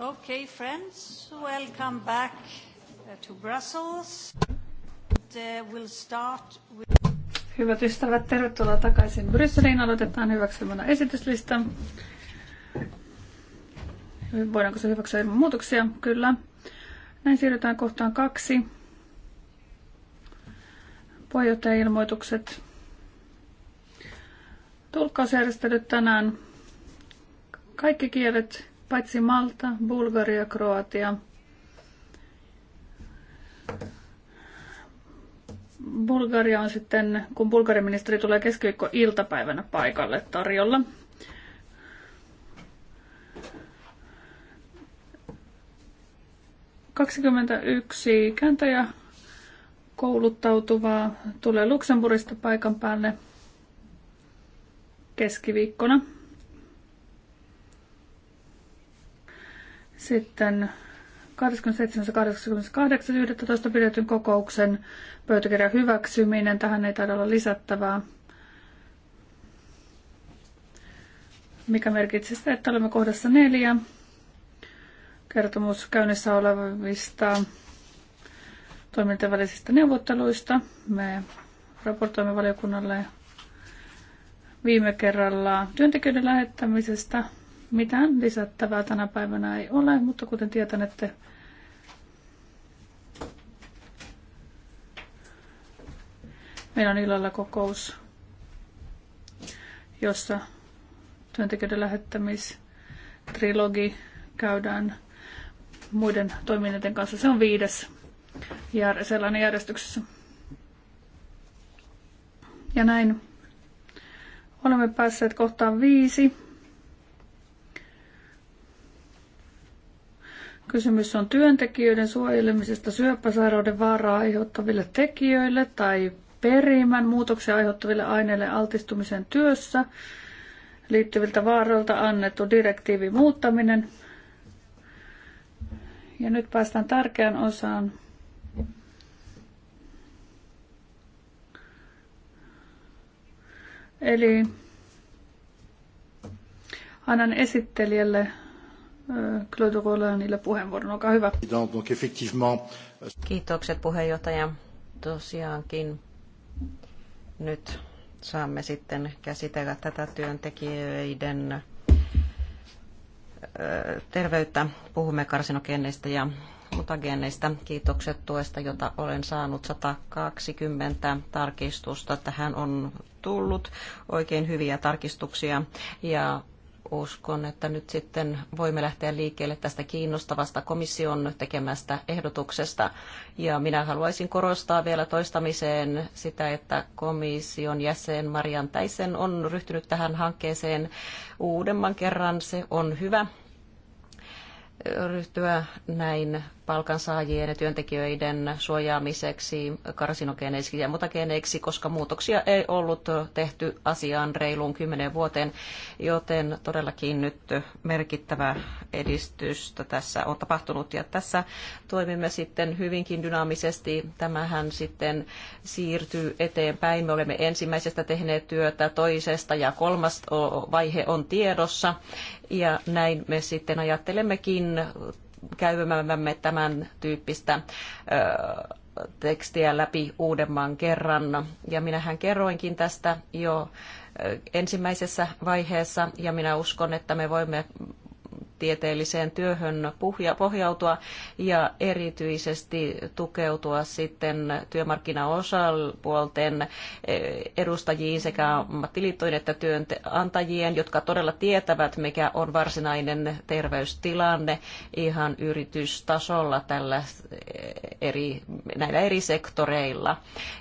Okay, friends, welcome back uh, to Brussels. Uh, we'll start with... Hyvät ystävät, tervetuloa takaisin Brysseliin. Aloitetaan hyväksymällä esityslista. Voidaanko se hyväksyä ilman muutoksia? Kyllä. Näin siirrytään kohtaan kaksi. Puheenjohtajailmoitukset. Tulkkausjärjestelyt tänään. Kaikki kielet paitsi Malta, Bulgaria, Kroatia. Bulgaria on sitten, kun bulgariministeri tulee keskiviikko iltapäivänä paikalle tarjolla. Kaksikymmentäyksi kääntäjä kouluttautuvaa tulee Luxemburgista paikan päälle keskiviikkona. Sitten 27.88.11. pidetyn kokouksen pöytäkirjan hyväksyminen. Tähän ei taida olla lisättävää, mikä merkitsee sitä, että olemme kohdassa neljä. Kertomus käynnissä olevista toimintojen välisistä neuvotteluista. Me raportoimme valiokunnalle viime kerralla työntekijöiden lähettämisestä mitään lisättävää tänä päivänä ei ole, mutta kuten että meillä on illalla kokous, jossa työntekijöiden lähettämistrilogi käydään muiden toimineiden kanssa. Se on viides sellainen järjestyksessä. Ja näin olemme päässeet kohtaan viisi. Kysymys on työntekijöiden suojelemisesta syöpäsairauden vaaraa aiheuttaville tekijöille tai perimän muutoksia aiheuttaville aineille altistumisen työssä liittyviltä vaaroilta annettu direktiivi muuttaminen. Ja nyt päästään tärkeään osaan. Eli annan esittelijälle Äh, Claude Rolandille puheenvuoron. Olkaa hyvä. Euh, Kiitokset puheenjohtaja. Tosiaankin nyt saamme sitten käsitellä tätä työntekijöiden äh, terveyttä. Puhumme karsinogeneista ja mutageneista. Kiitokset tuesta, jota olen saanut 120 tarkistusta. Tähän on tullut oikein hyviä tarkistuksia ja uskon, että nyt sitten voimme lähteä liikkeelle tästä kiinnostavasta komission tekemästä ehdotuksesta. Ja minä haluaisin korostaa vielä toistamiseen sitä, että komission jäsen Marian Täisen on ryhtynyt tähän hankkeeseen uudemman kerran. Se on hyvä ryhtyä näin palkansaajien ja työntekijöiden suojaamiseksi karsinogeeneiksi ja mutageeneiksi, koska muutoksia ei ollut tehty asiaan reiluun kymmenen vuoteen, joten todellakin nyt merkittävä edistystä tässä on tapahtunut. Ja tässä toimimme sitten hyvinkin dynaamisesti. Tämähän sitten siirtyy eteenpäin. Me olemme ensimmäisestä tehneet työtä, toisesta ja kolmas vaihe on tiedossa. Ja näin me sitten ajattelemmekin käymämme tämän tyyppistä tekstiä läpi uudemman kerran. Ja minähän kerroinkin tästä jo ensimmäisessä vaiheessa, ja minä uskon, että me voimme tieteelliseen työhön pohjautua ja erityisesti tukeutua sitten työmarkkinaosapuolten e, edustajiin sekä ammattiliittojen että työnantajien, jotka todella tietävät, mikä on varsinainen terveystilanne ihan yritystasolla tällä eri, näillä eri sektoreilla.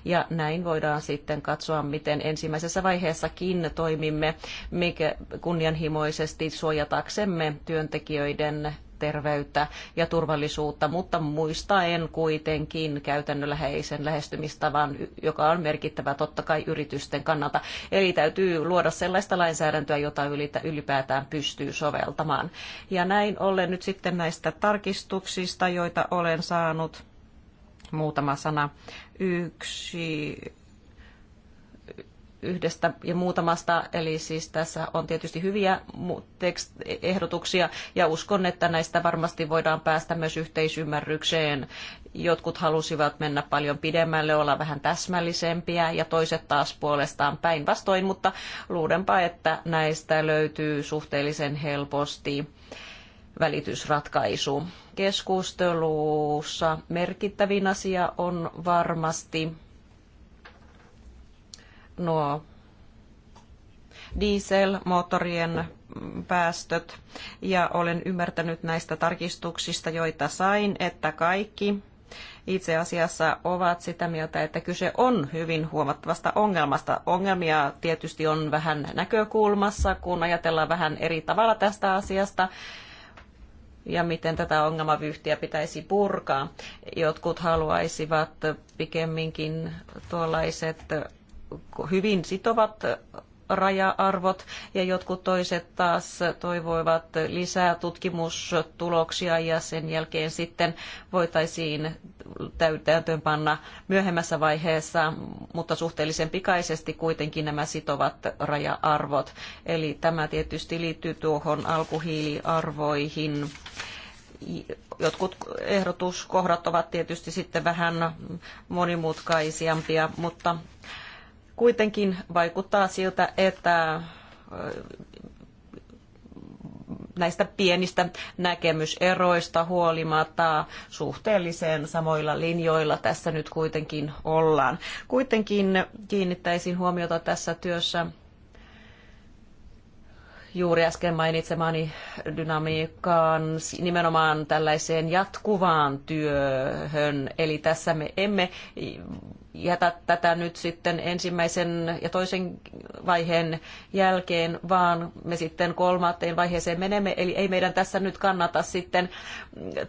Ja näin voidaan sitten katsoa, miten ensimmäisessä vaiheessakin toimimme mikä kunnianhimoisesti suojataksemme työn työntekijöiden terveyttä ja turvallisuutta, mutta muistaen kuitenkin käytännönläheisen lähestymistavan, joka on merkittävä totta kai yritysten kannalta. Eli täytyy luoda sellaista lainsäädäntöä, jota ylipäätään pystyy soveltamaan. Ja näin ollen nyt sitten näistä tarkistuksista, joita olen saanut muutama sana. Yksi yhdestä ja muutamasta, eli siis tässä on tietysti hyviä ehdotuksia, ja uskon, että näistä varmasti voidaan päästä myös yhteisymmärrykseen. Jotkut halusivat mennä paljon pidemmälle, olla vähän täsmällisempiä, ja toiset taas puolestaan päinvastoin, mutta luulenpa, että näistä löytyy suhteellisen helposti välitysratkaisu. Keskustelussa merkittävin asia on varmasti nuo dieselmoottorien päästöt. Ja olen ymmärtänyt näistä tarkistuksista, joita sain, että kaikki itse asiassa ovat sitä mieltä, että kyse on hyvin huomattavasta ongelmasta. Ongelmia tietysti on vähän näkökulmassa, kun ajatellaan vähän eri tavalla tästä asiasta ja miten tätä ongelmavyyhtiä pitäisi purkaa. Jotkut haluaisivat pikemminkin tuollaiset hyvin sitovat raja-arvot ja jotkut toiset taas toivoivat lisää tutkimustuloksia ja sen jälkeen sitten voitaisiin täytäntöön panna myöhemmässä vaiheessa, mutta suhteellisen pikaisesti kuitenkin nämä sitovat raja-arvot. Eli tämä tietysti liittyy tuohon alkuhiiliarvoihin jotkut ehdotuskohdat ovat tietysti sitten vähän monimutkaisempia, mutta Kuitenkin vaikuttaa siltä, että näistä pienistä näkemyseroista huolimatta suhteellisen samoilla linjoilla tässä nyt kuitenkin ollaan. Kuitenkin kiinnittäisin huomiota tässä työssä juuri äsken mainitsemani dynamiikkaan, nimenomaan tällaiseen jatkuvaan työhön. Eli tässä me emme jätä tätä nyt sitten ensimmäisen ja toisen vaiheen jälkeen, vaan me sitten kolmanteen vaiheeseen menemme. Eli ei meidän tässä nyt kannata sitten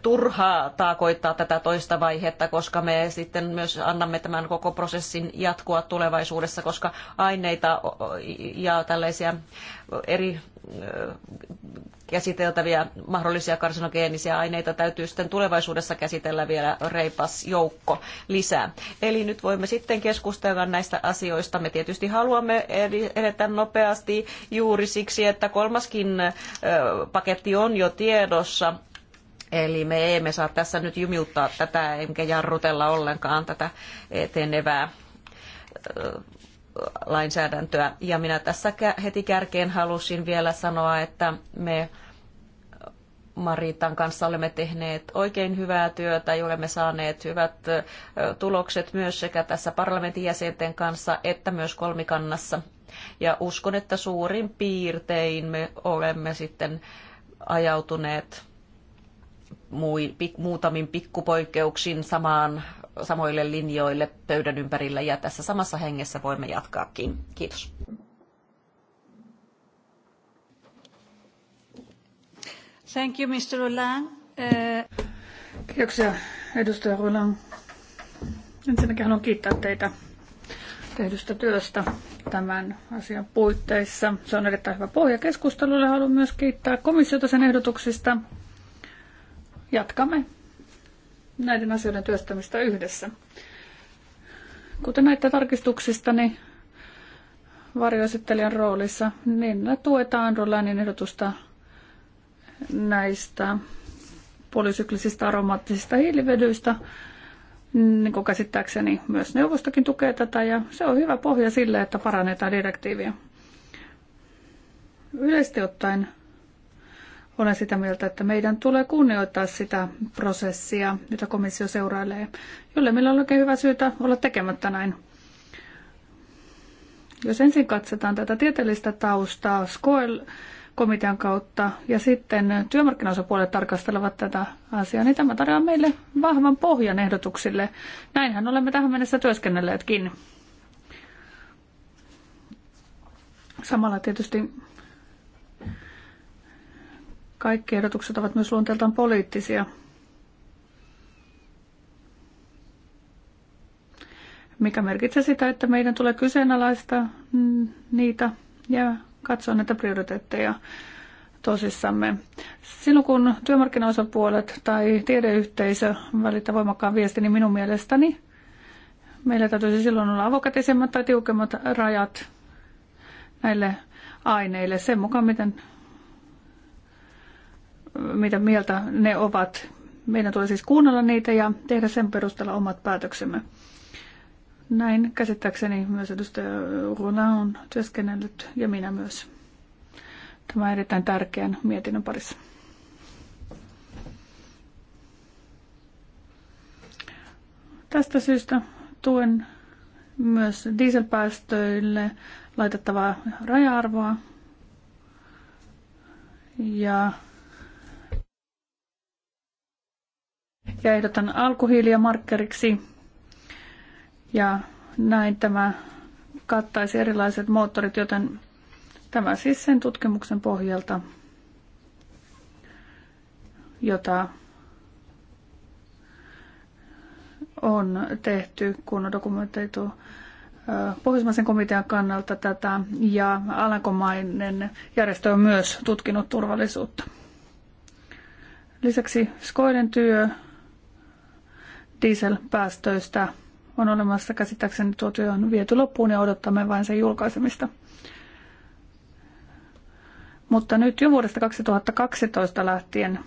turhaa taakoittaa tätä toista vaihetta, koska me sitten myös annamme tämän koko prosessin jatkua tulevaisuudessa, koska aineita ja tällaisia eri käsiteltäviä mahdollisia karsinogeenisia aineita täytyy sitten tulevaisuudessa käsitellä vielä reipas joukko lisää. Eli nyt voimme sitten keskustella näistä asioista. Me tietysti haluamme edetä nopeasti juuri siksi, että kolmaskin paketti on jo tiedossa. Eli me emme saa tässä nyt jumiuttaa tätä, enkä jarrutella ollenkaan tätä etenevää lainsäädäntöä. Ja minä tässä heti kärkeen halusin vielä sanoa, että me Maritan kanssa olemme tehneet oikein hyvää työtä ja olemme saaneet hyvät tulokset myös sekä tässä parlamentin jäsenten kanssa että myös kolmikannassa. Ja uskon, että suurin piirtein me olemme sitten ajautuneet muutamin pikkupoikkeuksin samaan, samoille linjoille pöydän ympärillä ja tässä samassa hengessä voimme jatkaakin. Kiitos. Thank you, Mr. Roland. Uh... Kiitoksia, edustaja Roland. Ensinnäkin haluan kiittää teitä tehdystä työstä tämän asian puitteissa. Se on erittäin hyvä pohja keskustelulle. Haluan myös kiittää komissiota sen ehdotuksista jatkamme näiden asioiden työstämistä yhdessä. Kuten näitä tarkistuksista, niin varjoesittelijän roolissa, niin tuetaan Rolainin ehdotusta näistä polysyklisistä aromaattisista hiilivedyistä. Niin kuin käsittääkseni myös neuvostokin tukee tätä ja se on hyvä pohja sille, että parannetaan direktiiviä. Yleisesti ottaen olen sitä mieltä, että meidän tulee kunnioittaa sitä prosessia, jota komissio seurailee, jolle meillä on oikein hyvä syytä olla tekemättä näin. Jos ensin katsotaan tätä tieteellistä taustaa SCOEL-komitean kautta ja sitten työmarkkinaosapuolet tarkastelevat tätä asiaa, niin tämä tarjoaa meille vahvan pohjan ehdotuksille. Näinhän olemme tähän mennessä työskennelleetkin. Samalla tietysti kaikki ehdotukset ovat myös luonteeltaan poliittisia. mikä merkitsee sitä, että meidän tulee kyseenalaista niitä ja katsoa näitä prioriteetteja tosissamme. Silloin kun työmarkkinaosapuolet tai tiedeyhteisö välittää voimakkaan viesti, niin minun mielestäni meillä täytyisi silloin olla avokätisemmät tai tiukemmat rajat näille aineille sen mukaan, miten mitä mieltä ne ovat. Meidän tulee siis kuunnella niitä ja tehdä sen perusteella omat päätöksemme. Näin käsittääkseni myös edustaja Runa on työskennellyt ja minä myös. Tämä on erittäin tärkeän mietinnön parissa. Tästä syystä tuen myös dieselpäästöille laitettavaa raja-arvoa ja ja ehdotan alkuhiiliä markkeriksi. Ja näin tämä kattaisi erilaiset moottorit, joten tämä siis sen tutkimuksen pohjalta, jota on tehty, kun on dokumentoitu Pohjoismaisen komitean kannalta tätä ja Alankomainen järjestö on myös tutkinut turvallisuutta. Lisäksi Skoiden työ dieselpäästöistä on olemassa käsittääkseni tuo työ on viety loppuun ja odottamme vain sen julkaisemista. Mutta nyt jo vuodesta 2012 lähtien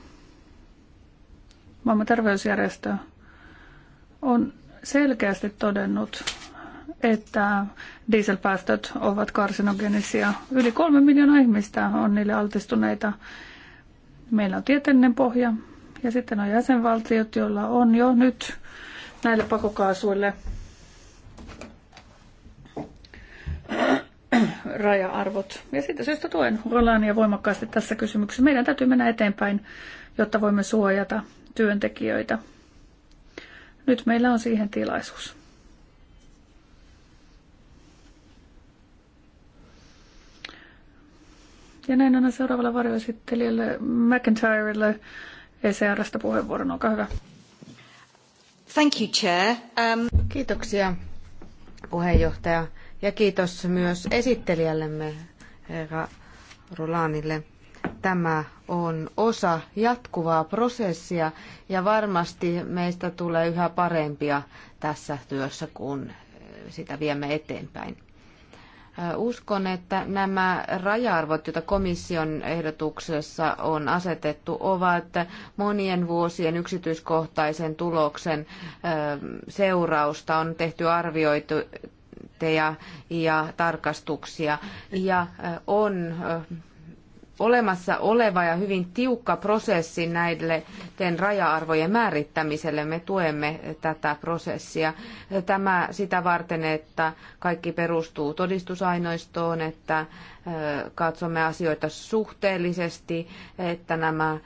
maailman terveysjärjestö on selkeästi todennut, että dieselpäästöt ovat karsinogenisia. Yli kolme miljoonaa ihmistä on niille altistuneita. Meillä on tieteellinen pohja ja sitten on jäsenvaltiot, joilla on jo nyt näille pakokaasuille raja-arvot. Ja siitä syystä tuen Rolania voimakkaasti tässä kysymyksessä. Meidän täytyy mennä eteenpäin, jotta voimme suojata työntekijöitä. Nyt meillä on siihen tilaisuus. Ja näin annan seuraavalla varjoesittelijälle McIntyrelle ECR-stä puheenvuoron. Olkaa hyvä. Um, Kiitoksia puheenjohtaja ja kiitos myös esittelijällemme herra Rolanille. Tämä on osa jatkuvaa prosessia ja varmasti meistä tulee yhä parempia tässä työssä, kun sitä viemme eteenpäin. Uskon, että nämä raja-arvot, joita komission ehdotuksessa on asetettu, ovat monien vuosien yksityiskohtaisen tuloksen seurausta. On tehty arvioitu ja tarkastuksia ja on olemassa oleva ja hyvin tiukka prosessi näiden raja-arvojen määrittämiselle. Me tuemme tätä prosessia. Tämä sitä varten, että kaikki perustuu todistusaineistoon, että katsomme asioita suhteellisesti, että nämä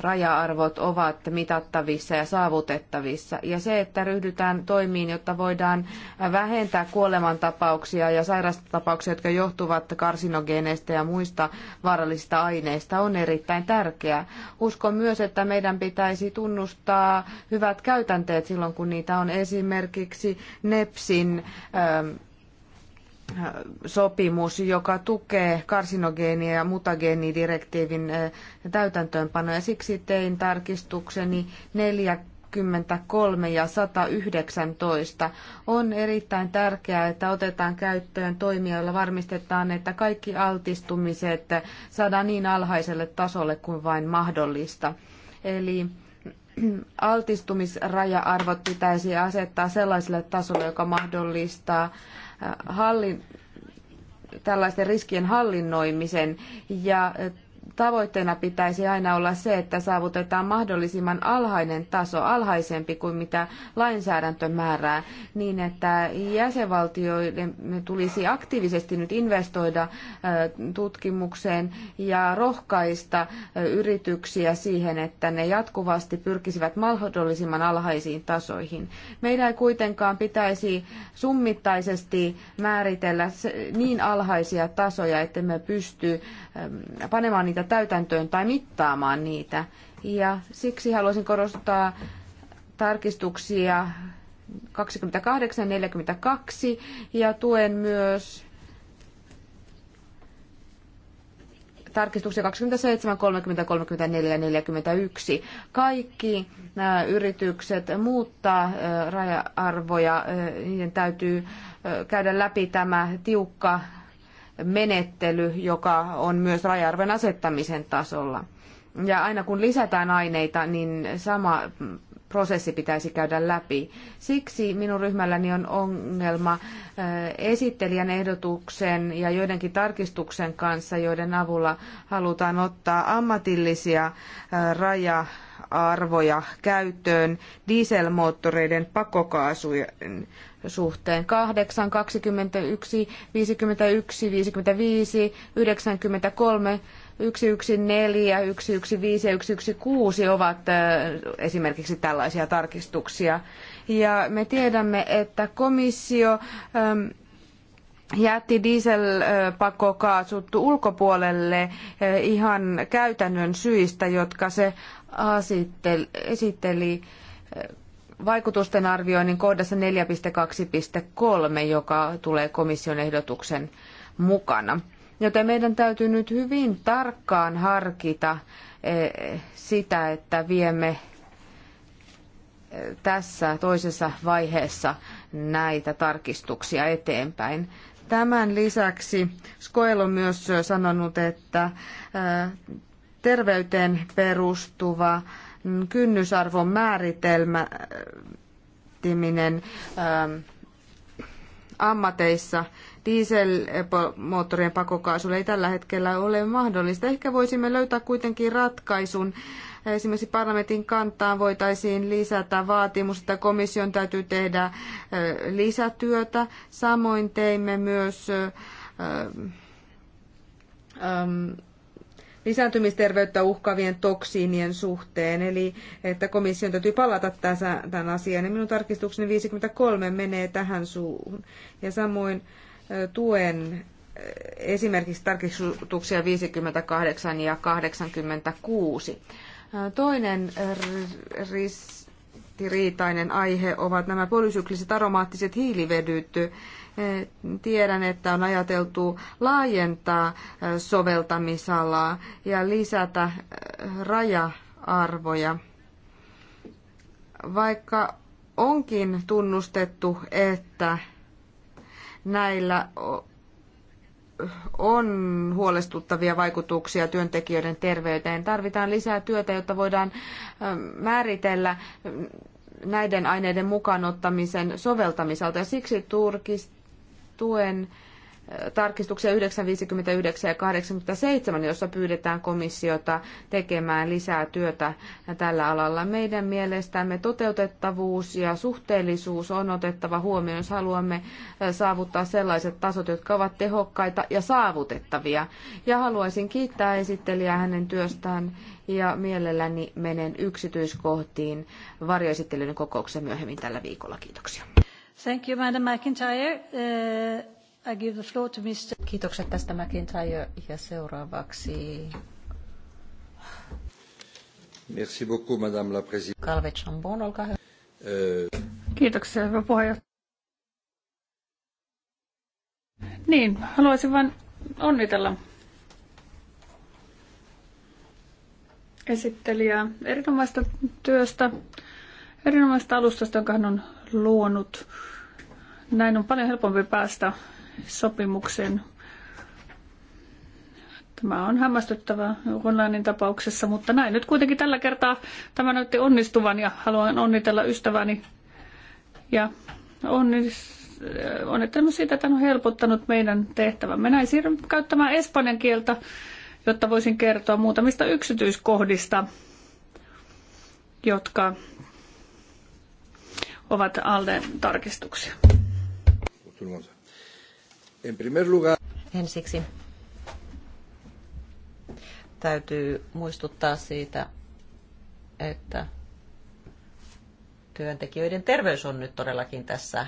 raja-arvot ovat mitattavissa ja saavutettavissa. Ja se, että ryhdytään toimiin, jotta voidaan vähentää kuolemantapauksia ja sairastapauksia, jotka johtuvat karsinogeneista ja muista vaarallisista aineista, on erittäin tärkeää. Uskon myös, että meidän pitäisi tunnustaa hyvät käytänteet silloin, kun niitä on esimerkiksi NEPSin ähm, sopimus, joka tukee karsinogeenia ja mutageenidirektiivin täytäntöönpanoa. Ja siksi tein tarkistukseni 43 ja 119. On erittäin tärkeää, että otetaan käyttöön toimia, joilla varmistetaan, että kaikki altistumiset saadaan niin alhaiselle tasolle kuin vain mahdollista. Eli altistumisraja-arvot pitäisi asettaa sellaiselle tasolle, joka mahdollistaa hallin, tällaisten riskien hallinnoimisen ja Tavoitteena pitäisi aina olla se, että saavutetaan mahdollisimman alhainen taso, alhaisempi kuin mitä lainsäädäntö määrää, niin että jäsenvaltioiden tulisi aktiivisesti nyt investoida tutkimukseen ja rohkaista yrityksiä siihen, että ne jatkuvasti pyrkisivät mahdollisimman alhaisiin tasoihin. Meidän ei kuitenkaan pitäisi summittaisesti määritellä niin alhaisia tasoja, että me pysty panemaan niitä täytäntöön tai mittaamaan niitä. Ja siksi haluaisin korostaa tarkistuksia 28-42 ja tuen myös tarkistuksia 27, 30, 34 ja 41. Kaikki nämä yritykset muuttaa raja-arvoja, niiden täytyy käydä läpi tämä tiukka menettely, joka on myös rajarven asettamisen tasolla. Ja aina kun lisätään aineita, niin sama prosessi pitäisi käydä läpi. Siksi minun ryhmälläni on ongelma esittelijän ehdotuksen ja joidenkin tarkistuksen kanssa, joiden avulla halutaan ottaa ammatillisia raja arvoja käyttöön dieselmoottoreiden pakokaasujen suhteen. 8, 21, 51, 55, 93, 114, 115 ja 116 ovat äh, esimerkiksi tällaisia tarkistuksia. Ja me tiedämme, että komissio ähm, jätti dieselpakokaasut ulkopuolelle äh, ihan käytännön syistä, jotka se esitteli eh, vaikutusten arvioinnin kohdassa 4.2.3, joka tulee komission ehdotuksen mukana. Joten meidän täytyy nyt hyvin tarkkaan harkita eh, sitä, että viemme eh, tässä toisessa vaiheessa näitä tarkistuksia eteenpäin. Tämän lisäksi Skoel on myös sanonut, että terveyteen perustuva kynnysarvon määritelmä äh, ähm, ammateissa dieselmoottorien pakokaasulle ei tällä hetkellä ole mahdollista. Ehkä voisimme löytää kuitenkin ratkaisun. Esimerkiksi parlamentin kantaan voitaisiin lisätä vaatimus, että komission täytyy tehdä äh, lisätyötä. Samoin teimme myös äh, ähm, lisääntymisterveyttä uhkaavien toksiinien suhteen. Eli että komission täytyy palata tässä, tämän asiaan. Ja minun tarkistukseni 53 menee tähän suuhun. Ja samoin tuen esimerkiksi tarkistuksia 58 ja 86. Toinen ristiriitainen aihe ovat nämä polysykliset aromaattiset hiilivedyt, Tiedän, että on ajateltu laajentaa soveltamisalaa ja lisätä raja-arvoja. Vaikka onkin tunnustettu, että näillä on huolestuttavia vaikutuksia työntekijöiden terveyteen. Tarvitaan lisää työtä, jotta voidaan määritellä näiden aineiden ottamisen soveltamisalta. Ja siksi Turkista tuen tarkistuksia 959 ja 87, jossa pyydetään komissiota tekemään lisää työtä tällä alalla. Meidän mielestämme toteutettavuus ja suhteellisuus on otettava huomioon, jos haluamme saavuttaa sellaiset tasot, jotka ovat tehokkaita ja saavutettavia. Ja haluaisin kiittää esittelijää hänen työstään ja mielelläni menen yksityiskohtiin varjoesittelyn kokoukseen myöhemmin tällä viikolla. Kiitoksia. Thank you, Madam McIntyre. Uh, I give the floor to Mr. Kiitokset tästä McIntyre ja seuraavaksi Merci beaucoup, Madame la Présidente. Chambon, olkaa hyvä. Uh, Kiitoksia, hyvä puheenjohtaja. Niin, haluaisin vain onnitella esittelijää erinomaista työstä, erinomaista alustasta, jonka hän on luonut. Näin on paljon helpompi päästä sopimukseen. Tämä on hämmästyttävä Ronlainin tapauksessa, mutta näin nyt kuitenkin tällä kertaa tämä näytti onnistuvan ja haluan onnitella ystäväni. Ja onnittelen siitä, että hän on helpottanut meidän tehtävämme. Näin siirryn käyttämään espanjan kieltä, jotta voisin kertoa muutamista yksityiskohdista, jotka ovat Alden tarkistuksia. Ensiksi täytyy muistuttaa siitä, että työntekijöiden terveys on nyt todellakin tässä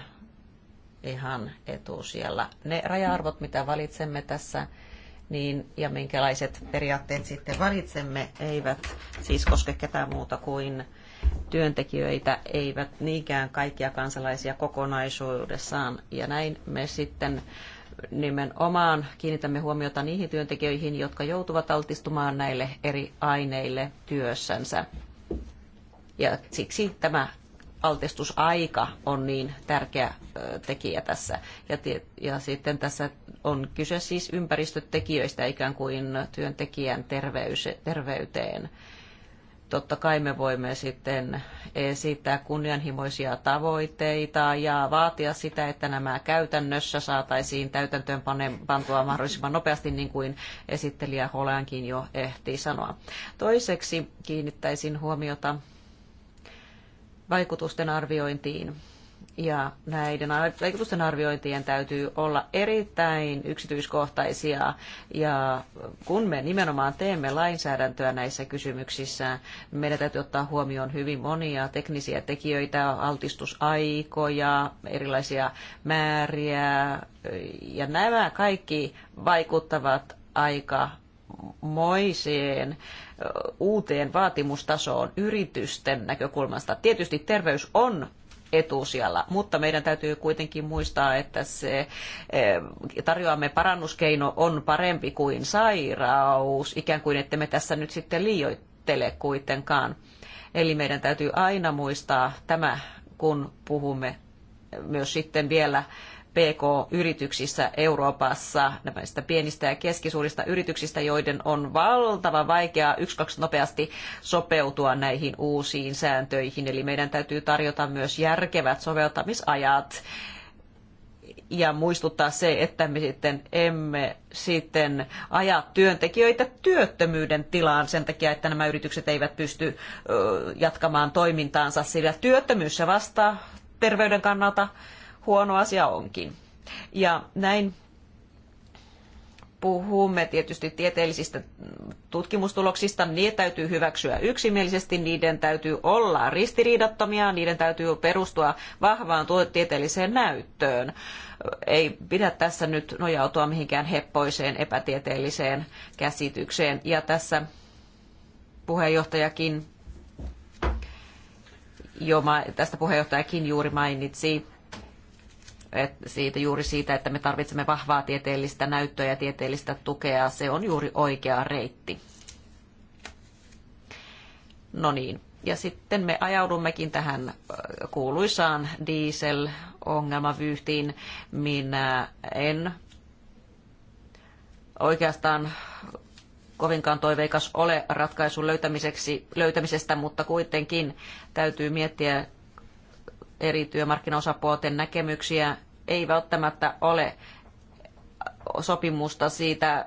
ihan etusijalla. Ne raja-arvot, mitä valitsemme tässä, niin, ja minkälaiset periaatteet sitten valitsemme, eivät siis koske ketään muuta kuin työntekijöitä, eivät niinkään kaikkia kansalaisia kokonaisuudessaan. Ja näin me sitten nimenomaan kiinnitämme huomiota niihin työntekijöihin, jotka joutuvat altistumaan näille eri aineille työssänsä. Ja siksi tämä altistusaika on niin tärkeä tekijä tässä. Ja, ja sitten tässä on kyse siis ympäristötekijöistä ikään kuin työntekijän terveys, terveyteen totta kai me voimme sitten esittää kunnianhimoisia tavoitteita ja vaatia sitä, että nämä käytännössä saataisiin täytäntöön pantua mahdollisimman nopeasti, niin kuin esittelijä Holeankin jo ehti sanoa. Toiseksi kiinnittäisin huomiota vaikutusten arviointiin ja näiden vaikutusten arviointien täytyy olla erittäin yksityiskohtaisia. Ja kun me nimenomaan teemme lainsäädäntöä näissä kysymyksissä, meidän täytyy ottaa huomioon hyvin monia teknisiä tekijöitä, altistusaikoja, erilaisia määriä. Ja nämä kaikki vaikuttavat aika moiseen uuteen vaatimustasoon yritysten näkökulmasta. Tietysti terveys on etusijalla. Mutta meidän täytyy kuitenkin muistaa, että se eh, tarjoamme parannuskeino on parempi kuin sairaus, ikään kuin että me tässä nyt sitten liioittele kuitenkaan. Eli meidän täytyy aina muistaa tämä, kun puhumme myös sitten vielä PK-yrityksissä Euroopassa, näistä pienistä ja keskisuurista yrityksistä, joiden on valtava vaikea yksi kaksi nopeasti sopeutua näihin uusiin sääntöihin. Eli meidän täytyy tarjota myös järkevät soveltamisajat ja muistuttaa se, että me sitten emme sitten aja työntekijöitä työttömyyden tilaan sen takia, että nämä yritykset eivät pysty jatkamaan toimintaansa, sillä työttömyys se vastaa terveyden kannalta huono asia onkin. Ja näin puhumme tietysti tieteellisistä tutkimustuloksista, niitä täytyy hyväksyä yksimielisesti, niiden täytyy olla ristiriidattomia, niiden täytyy perustua vahvaan tieteelliseen näyttöön. Ei pidä tässä nyt nojautua mihinkään heppoiseen epätieteelliseen käsitykseen. Ja tässä puheenjohtajakin jo tästä puheenjohtajakin juuri mainitsi siitä, juuri siitä, että me tarvitsemme vahvaa tieteellistä näyttöä ja tieteellistä tukea. Se on juuri oikea reitti. No niin, ja sitten me ajaudummekin tähän kuuluisaan diesel-ongelmavyyhtiin. Minä en oikeastaan kovinkaan toiveikas ole ratkaisun löytämiseksi, löytämisestä, mutta kuitenkin täytyy miettiä eri työmarkkinaosapuolten näkemyksiä, ei välttämättä ole sopimusta siitä,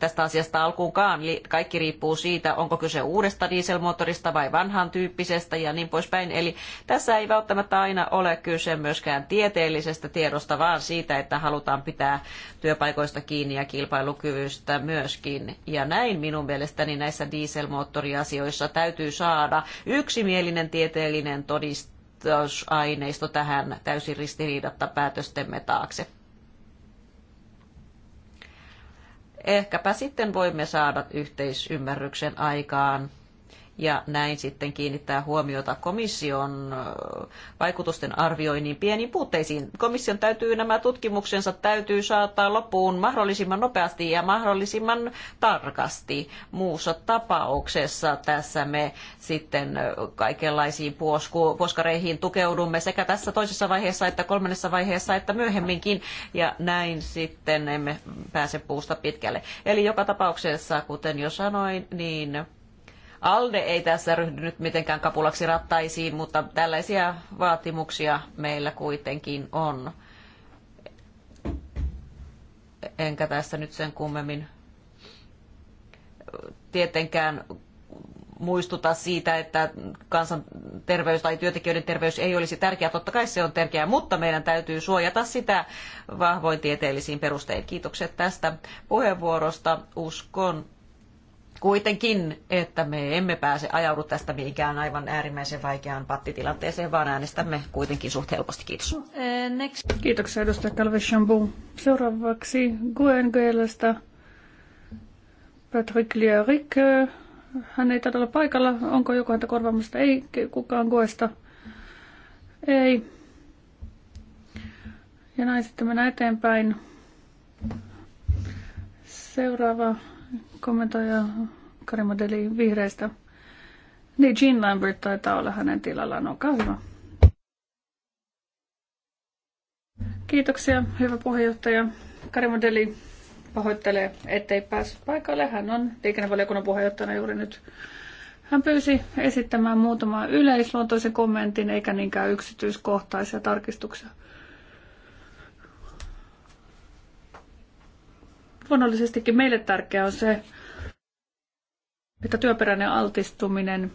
tästä asiasta alkuunkaan. Kaikki riippuu siitä, onko kyse uudesta dieselmoottorista vai vanhan tyyppisestä ja niin poispäin. Eli tässä ei välttämättä aina ole kyse myöskään tieteellisestä tiedosta, vaan siitä, että halutaan pitää työpaikoista kiinni ja kilpailukyvystä myöskin. Ja näin minun mielestäni näissä dieselmoottoriasioissa täytyy saada yksimielinen tieteellinen todiste viittausaineisto tähän täysin ristiriidatta päätöstemme taakse. Ehkäpä sitten voimme saada yhteisymmärryksen aikaan ja näin sitten kiinnittää huomiota komission vaikutusten arvioinnin pieniin puutteisiin. Komission täytyy nämä tutkimuksensa täytyy saattaa loppuun mahdollisimman nopeasti ja mahdollisimman tarkasti. Muussa tapauksessa tässä me sitten kaikenlaisiin puosku, puoskareihin tukeudumme sekä tässä toisessa vaiheessa että kolmannessa vaiheessa että myöhemminkin ja näin sitten emme pääse puusta pitkälle. Eli joka tapauksessa, kuten jo sanoin, niin ALDE ei tässä ryhdy nyt mitenkään kapulaksi rattaisiin, mutta tällaisia vaatimuksia meillä kuitenkin on. Enkä tässä nyt sen kummemmin tietenkään muistuta siitä, että terveys tai työntekijöiden terveys ei olisi tärkeää. Totta kai se on tärkeää, mutta meidän täytyy suojata sitä vahvoin tieteellisiin perustein. Kiitokset tästä puheenvuorosta. Uskon, kuitenkin, että me emme pääse ajaudu tästä mihinkään aivan äärimmäisen vaikeaan pattitilanteeseen, vaan äänestämme kuitenkin suht helposti. Kiitos. Next. Kiitoksia edustaja Calve Chambu. Seuraavaksi Guengelasta Patrick Lieric. Hän ei taida olla paikalla. Onko joku häntä korvaamasta? Ei kukaan Guesta. Ei. Ja näin sitten mennään eteenpäin. Seuraava kommentoija Karima Deli vihreistä. Niin, Jean Lambert taitaa olla hänen tilallaan. Olkaa hyvä. Kiitoksia, hyvä puheenjohtaja. Karima Deli pahoittelee, ettei päässyt paikalle. Hän on liikennevaliokunnan puheenjohtajana juuri nyt. Hän pyysi esittämään muutamaa yleisluontoisen kommentin eikä niinkään yksityiskohtaisia tarkistuksia. luonnollisestikin meille tärkeää on se, että työperäinen altistuminen,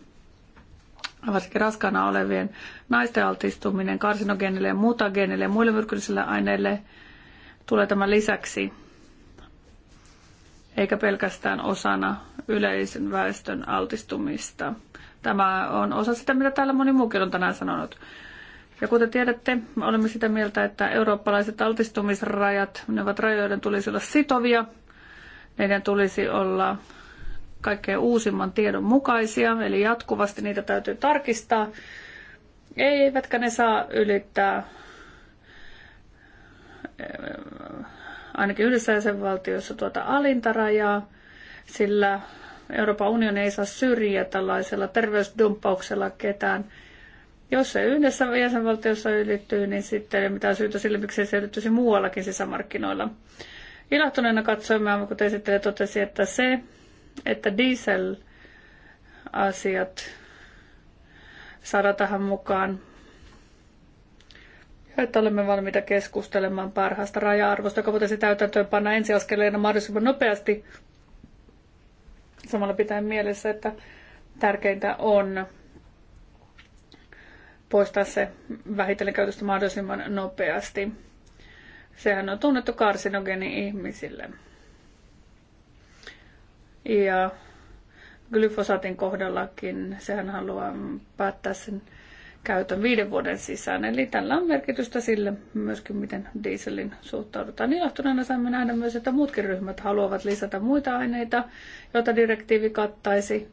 varsinkin raskaana olevien naisten altistuminen karsinogeenille ja mutageenille ja muille myrkyllisille aineille tulee tämän lisäksi, eikä pelkästään osana yleisen väestön altistumista. Tämä on osa sitä, mitä täällä moni muukin on tänään sanonut. Ja kuten tiedätte, olemme sitä mieltä, että eurooppalaiset altistumisrajat, ne ovat rajoiden tulisi olla sitovia. Niiden tulisi olla kaikkein uusimman tiedon mukaisia, eli jatkuvasti niitä täytyy tarkistaa. Eivätkä ne saa ylittää eh, ainakin yhdessä jäsenvaltiossa tuota alintarajaa, sillä Euroopan unioni ei saa syrjiä tällaisella terveysdumppauksella ketään jos se yhdessä jäsenvaltiossa ylittyy, niin sitten ei mitään syytä sille, miksei se ylittyisi muuallakin sisämarkkinoilla. Ilahtuneena katsoimme, kuten esittelijä totesi, että se, että diesel-asiat saadaan tähän mukaan. Ja että olemme valmiita keskustelemaan parhaasta raja-arvosta, joka voitaisiin täytäntöön panna ensiaskeleena mahdollisimman nopeasti. Samalla pitää mielessä, että tärkeintä on poistaa se vähitellen käytöstä mahdollisimman nopeasti. Sehän on tunnettu karsinogeni ihmisille. Ja glyfosaatin kohdallakin sehän haluaa päättää sen käytön viiden vuoden sisään. Eli tällä on merkitystä sille myöskin, miten dieselin suhtaudutaan. Ilahtuneena saamme nähdä myös, että muutkin ryhmät haluavat lisätä muita aineita, joita direktiivi kattaisi.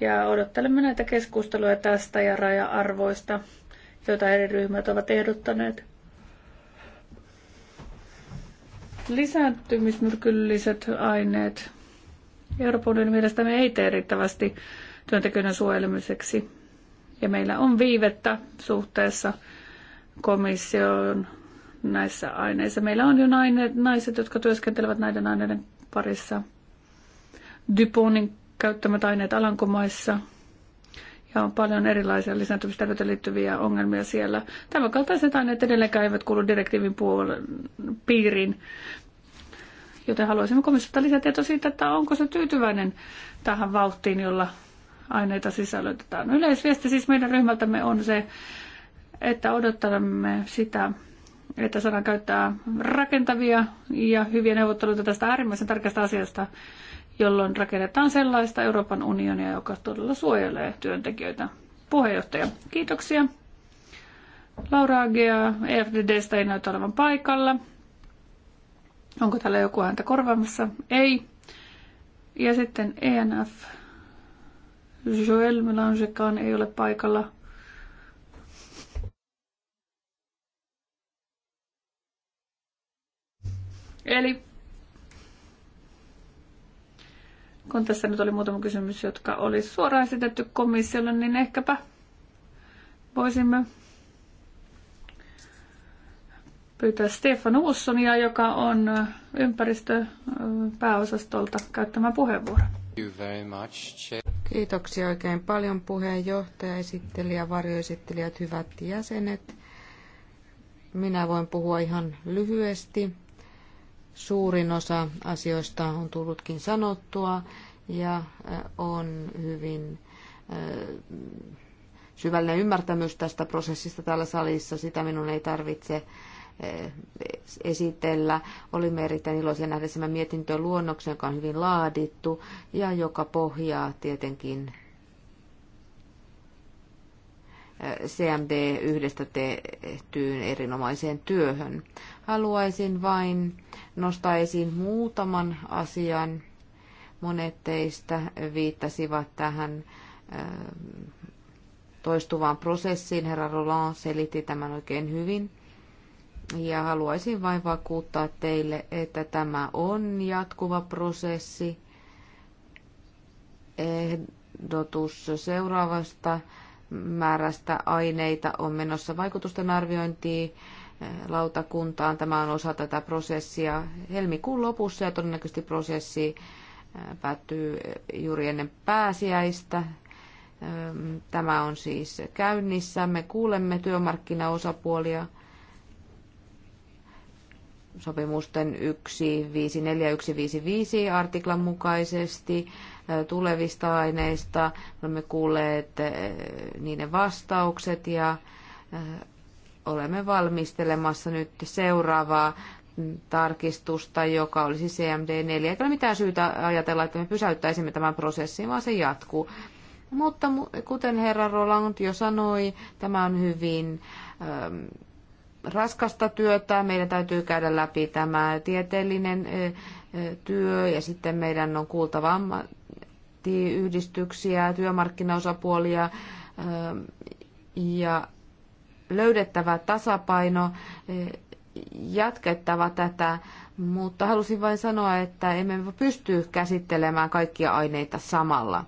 Ja odottelemme näitä keskusteluja tästä ja raja-arvoista, joita eri ryhmät ovat ehdottaneet. Lisääntymismyrkylliset aineet. Euroopan me ei tee riittävästi työntekijöiden suojelemiseksi. Ja meillä on viivettä suhteessa komission näissä aineissa. Meillä on jo naiset, jotka työskentelevät näiden aineiden parissa. Duponin käyttämät aineet Alankomaissa ja on paljon erilaisia lisääntymisterveyteen liittyviä ongelmia siellä. Tämän kaltaiset aineet edelleenkään eivät kuulu direktiivin puolen, piiriin, joten haluaisimme komissiota lisätietoa siitä, että onko se tyytyväinen tähän vauhtiin, jolla aineita sisällytetään. Yleisviesti siis meidän ryhmältämme on se, että odottamme sitä, että saadaan käyttää rakentavia ja hyviä neuvotteluita tästä äärimmäisen tärkeästä asiasta, jolloin rakennetaan sellaista Euroopan unionia, joka todella suojelee työntekijöitä. Puheenjohtaja, kiitoksia. Laura Agea EFDDstä ei näytä olevan paikalla. Onko täällä joku häntä korvaamassa? Ei. Ja sitten ENF. Joel Melangekaan ei ole paikalla. Eli Kun tässä nyt oli muutama kysymys, jotka oli suoraan esitetty komissiolle, niin ehkäpä voisimme pyytää Stefan Uussonia, joka on ympäristöpääosastolta käyttämä puheenvuoro. Kiitoksia oikein paljon puheenjohtaja, esittelijä, varjoesittelijät, hyvät jäsenet. Minä voin puhua ihan lyhyesti. Suurin osa asioista on tullutkin sanottua ja on hyvin syvällinen ymmärtämys tästä prosessista täällä salissa. Sitä minun ei tarvitse esitellä. Olimme erittäin iloisia nähdä tämän mietintöluonnoksen, joka on hyvin laadittu ja joka pohjaa tietenkin CMD yhdestä tehtyyn erinomaiseen työhön. Haluaisin vain nostaa esiin muutaman asian. Monet teistä viittasivat tähän toistuvaan prosessiin. Herra Roland selitti tämän oikein hyvin. Ja haluaisin vain vakuuttaa teille, että tämä on jatkuva prosessi. Ehdotus seuraavasta määrästä aineita on menossa vaikutusten arviointiin eh, lautakuntaan. Tämä on osa tätä prosessia helmikuun lopussa ja todennäköisesti prosessi eh, päättyy juuri ennen pääsiäistä. Ehm, tämä on siis käynnissä. Me kuulemme työmarkkinaosapuolia sopimusten 154 artiklan mukaisesti tulevista aineista. Olemme kuulleet niiden vastaukset ja olemme valmistelemassa nyt seuraavaa tarkistusta, joka olisi CMD4. Eikä ole mitään syytä ajatella, että me pysäyttäisimme tämän prosessin, vaan se jatkuu. Mutta kuten herra Roland jo sanoi, tämä on hyvin ähm, raskasta työtä. Meidän täytyy käydä läpi tämä tieteellinen äh, työ ja sitten meidän on kuultava yhdistyksiä, työmarkkinaosapuolia ähm, ja löydettävä tasapaino, äh, jatkettava tätä, mutta halusin vain sanoa, että emme pysty käsittelemään kaikkia aineita samalla.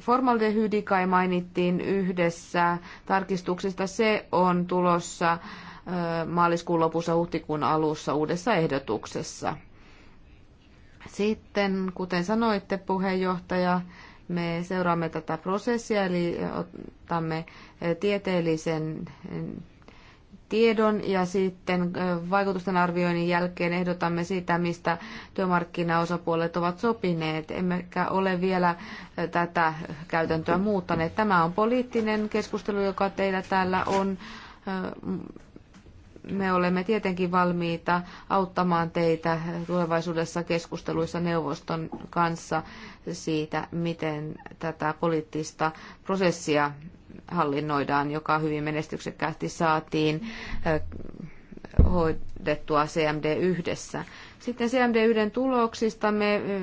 Formaldehydi kai mainittiin yhdessä tarkistuksista. Se on tulossa äh, maaliskuun lopussa huhtikuun alussa uudessa ehdotuksessa. Sitten, kuten sanoitte, puheenjohtaja, me seuraamme tätä prosessia, eli otamme eh, tieteellisen eh, tiedon ja sitten eh, vaikutusten arvioinnin jälkeen ehdotamme sitä, mistä työmarkkinaosapuolet ovat sopineet. Emmekä ole vielä tätä käytäntöä muuttaneet. Tämä on poliittinen keskustelu, joka teillä täällä on me olemme tietenkin valmiita auttamaan teitä tulevaisuudessa keskusteluissa neuvoston kanssa siitä, miten tätä poliittista prosessia hallinnoidaan, joka hyvin menestyksekkäästi saatiin eh, hoidettua CMD yhdessä. Sitten cmd yhden tuloksista me eh,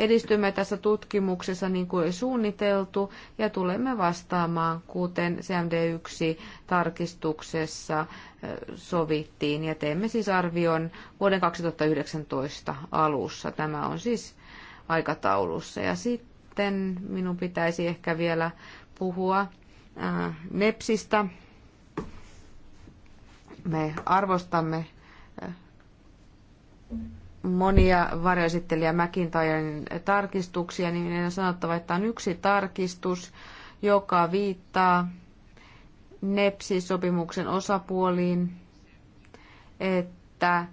Edistymme tässä tutkimuksessa niin kuin suunniteltu ja tulemme vastaamaan, kuten CMD1-tarkistuksessa sovittiin ja teemme siis arvion vuoden 2019 alussa. Tämä on siis aikataulussa. Ja sitten minun pitäisi ehkä vielä puhua NEPSistä. Me arvostamme monia varjoesittelijä McIntyren tarkistuksia, niin on sanottava, että on yksi tarkistus, joka viittaa NEPSI-sopimuksen osapuoliin, että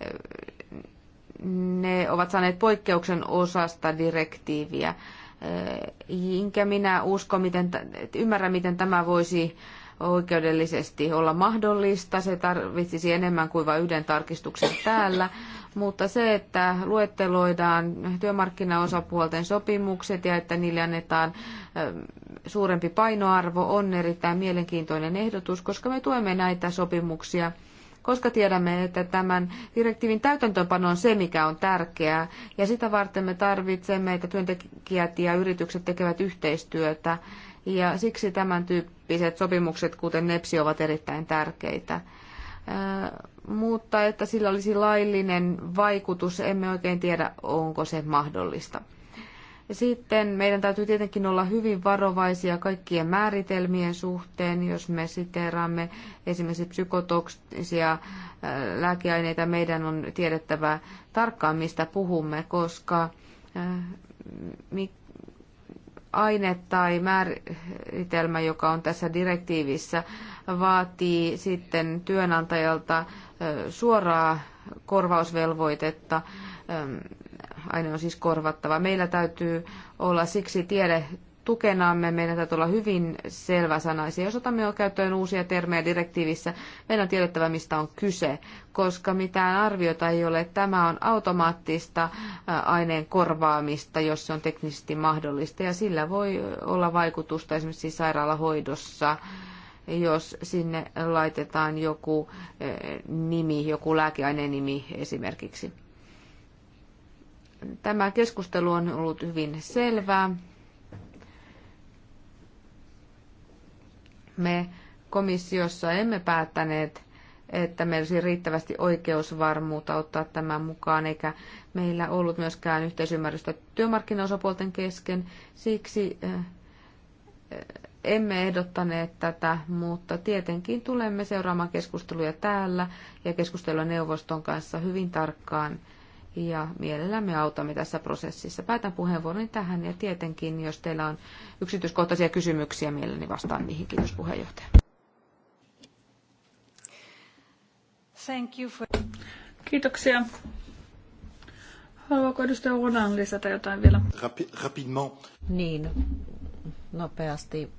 eh, ne ovat saaneet poikkeuksen osasta direktiiviä. Enkä eh, minä usko, miten, ymmärrä, miten tämä voisi oikeudellisesti olla mahdollista. Se tarvitsisi enemmän kuin vain yhden tarkistuksen täällä mutta se, että luetteloidaan työmarkkinaosapuolten sopimukset ja että niille annetaan suurempi painoarvo, on erittäin mielenkiintoinen ehdotus, koska me tuemme näitä sopimuksia koska tiedämme, että tämän direktiivin täytäntöönpano on se, mikä on tärkeää. Ja sitä varten me tarvitsemme, että työntekijät ja yritykset tekevät yhteistyötä. Ja siksi tämän tyyppiset sopimukset, kuten NEPSI, ovat erittäin tärkeitä mutta että sillä olisi laillinen vaikutus, emme oikein tiedä, onko se mahdollista. Sitten meidän täytyy tietenkin olla hyvin varovaisia kaikkien määritelmien suhteen, jos me siteeraamme esimerkiksi psykotoksisia äh, lääkeaineita, meidän on tiedettävä tarkkaan, mistä puhumme, koska äh, aine tai määritelmä, joka on tässä direktiivissä, vaatii sitten työnantajalta suoraa korvausvelvoitetta. Aine on siis korvattava. Meillä täytyy olla siksi tiede tukenamme. Meidän täytyy olla hyvin selväsanaisia. Jos otamme jo käyttöön uusia termejä direktiivissä, meidän on tiedettävä, mistä on kyse, koska mitään arviota ei ole. Tämä on automaattista aineen korvaamista, jos se on teknisesti mahdollista, ja sillä voi olla vaikutusta esimerkiksi sairaalahoidossa jos sinne laitetaan joku eh, nimi, joku lääkeaineen nimi esimerkiksi. Tämä keskustelu on ollut hyvin selvää. Me komissiossa emme päättäneet, että meillä olisi riittävästi oikeusvarmuutta ottaa tämän mukaan, eikä meillä ollut myöskään yhteisymmärrystä työmarkkinaosapuolten kesken. Siksi eh, emme ehdottaneet tätä, mutta tietenkin tulemme seuraamaan keskusteluja täällä ja keskustelua neuvoston kanssa hyvin tarkkaan ja mielellämme autamme tässä prosessissa. Päätän puheenvuoroni tähän ja tietenkin, jos teillä on yksityiskohtaisia kysymyksiä, mielelläni vastaan niihin. Kiitos puheenjohtaja. Thank you for... Kiitoksia. Haluaako edustaja Ronan lisätä jotain vielä? Rapi- rapidement. Niin, nopeasti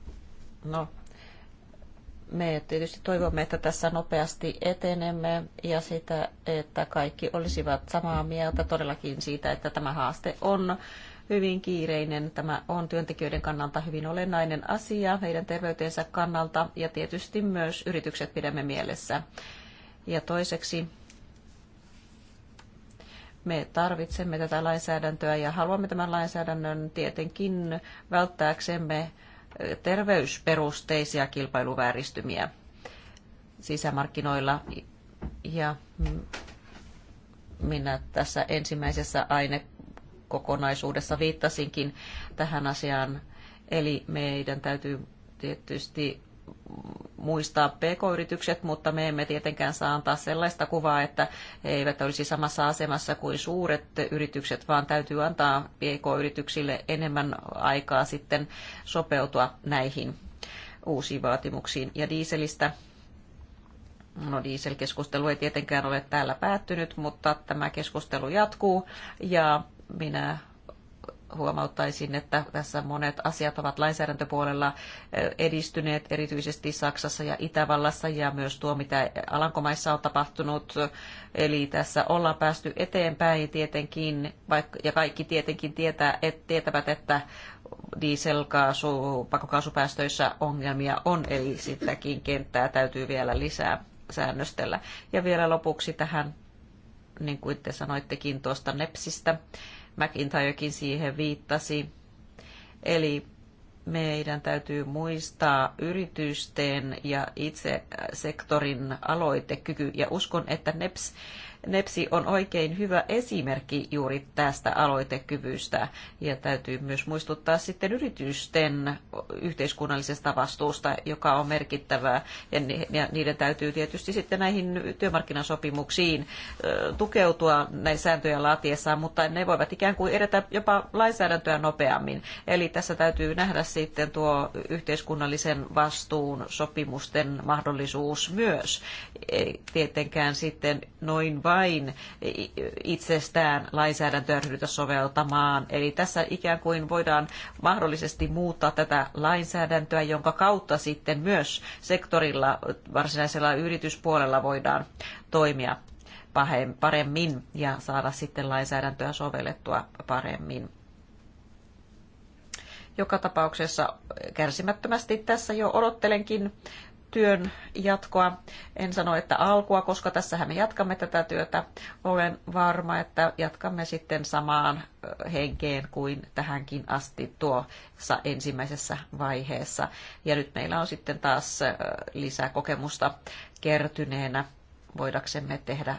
No, me tietysti toivomme, että tässä nopeasti etenemme ja sitä, että kaikki olisivat samaa mieltä todellakin siitä, että tämä haaste on hyvin kiireinen. Tämä on työntekijöiden kannalta hyvin olennainen asia heidän terveytensä kannalta ja tietysti myös yritykset pidämme mielessä. Ja toiseksi me tarvitsemme tätä lainsäädäntöä ja haluamme tämän lainsäädännön tietenkin välttääksemme terveysperusteisia kilpailuvääristymiä sisämarkkinoilla. Ja minä tässä ensimmäisessä ainekokonaisuudessa viittasinkin tähän asiaan. Eli meidän täytyy tietysti muistaa pk-yritykset, mutta me emme tietenkään saa antaa sellaista kuvaa, että he eivät olisi samassa asemassa kuin suuret yritykset, vaan täytyy antaa pk-yrityksille enemmän aikaa sitten sopeutua näihin uusiin vaatimuksiin. Ja dieselistä No dieselkeskustelu ei tietenkään ole täällä päättynyt, mutta tämä keskustelu jatkuu ja minä huomauttaisin, että tässä monet asiat ovat lainsäädäntöpuolella eh, edistyneet, erityisesti Saksassa ja Itävallassa ja myös tuo, mitä Alankomaissa on tapahtunut. Eli tässä ollaan päästy eteenpäin tietenkin, vaikka, ja kaikki tietenkin tietää, et, tietävät, että dieselkaasu, pakokaasupäästöissä ongelmia on, eli sitäkin kenttää täytyy vielä lisää säännöstellä. Ja vielä lopuksi tähän, niin kuin te sanoittekin tuosta NEPSistä, McIntyrekin siihen viittasi. Eli meidän täytyy muistaa yritysten ja itse sektorin aloitekyky. Ja uskon, että NEPS NEPSI on oikein hyvä esimerkki juuri tästä aloitekyvystä ja täytyy myös muistuttaa sitten yritysten yhteiskunnallisesta vastuusta, joka on merkittävää ja niiden täytyy tietysti sitten näihin työmarkkinasopimuksiin tukeutua näin sääntöjä laatiessaan, mutta ne voivat ikään kuin edetä jopa lainsäädäntöä nopeammin. Eli tässä täytyy nähdä sitten tuo yhteiskunnallisen vastuun sopimusten mahdollisuus myös. Ei tietenkään sitten noin vain itsestään lainsäädäntöä ryhdytä soveltamaan. Eli tässä ikään kuin voidaan mahdollisesti muuttaa tätä lainsäädäntöä, jonka kautta sitten myös sektorilla, varsinaisella yrityspuolella voidaan toimia paremmin ja saada sitten lainsäädäntöä sovellettua paremmin joka tapauksessa kärsimättömästi tässä jo odottelenkin työn jatkoa. En sano, että alkua, koska tässähän me jatkamme tätä työtä. Olen varma, että jatkamme sitten samaan henkeen kuin tähänkin asti tuossa ensimmäisessä vaiheessa. Ja nyt meillä on sitten taas lisää kokemusta kertyneenä voidaksemme tehdä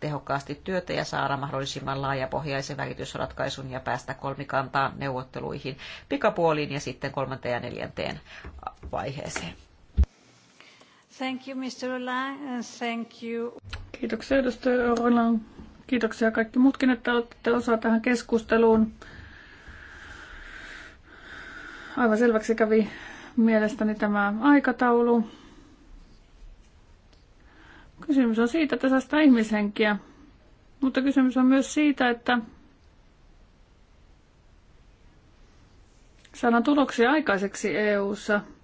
tehokkaasti työtä ja saada mahdollisimman laajapohjaisen välitysratkaisun ja päästä kolmikantaan neuvotteluihin pikapuoliin ja sitten kolmanteen ja neljänteen vaiheeseen. Thank you, Mr. Roland, and thank you. Kiitoksia, edustaja Roland. Kiitoksia kaikki muutkin, että otitte osaa tähän keskusteluun. Aivan selväksi kävi mielestäni tämä aikataulu. Kysymys on siitä, että säästää ihmishenkiä, mutta kysymys on myös siitä, että saadaan tuloksia aikaiseksi EU:ssa. ssa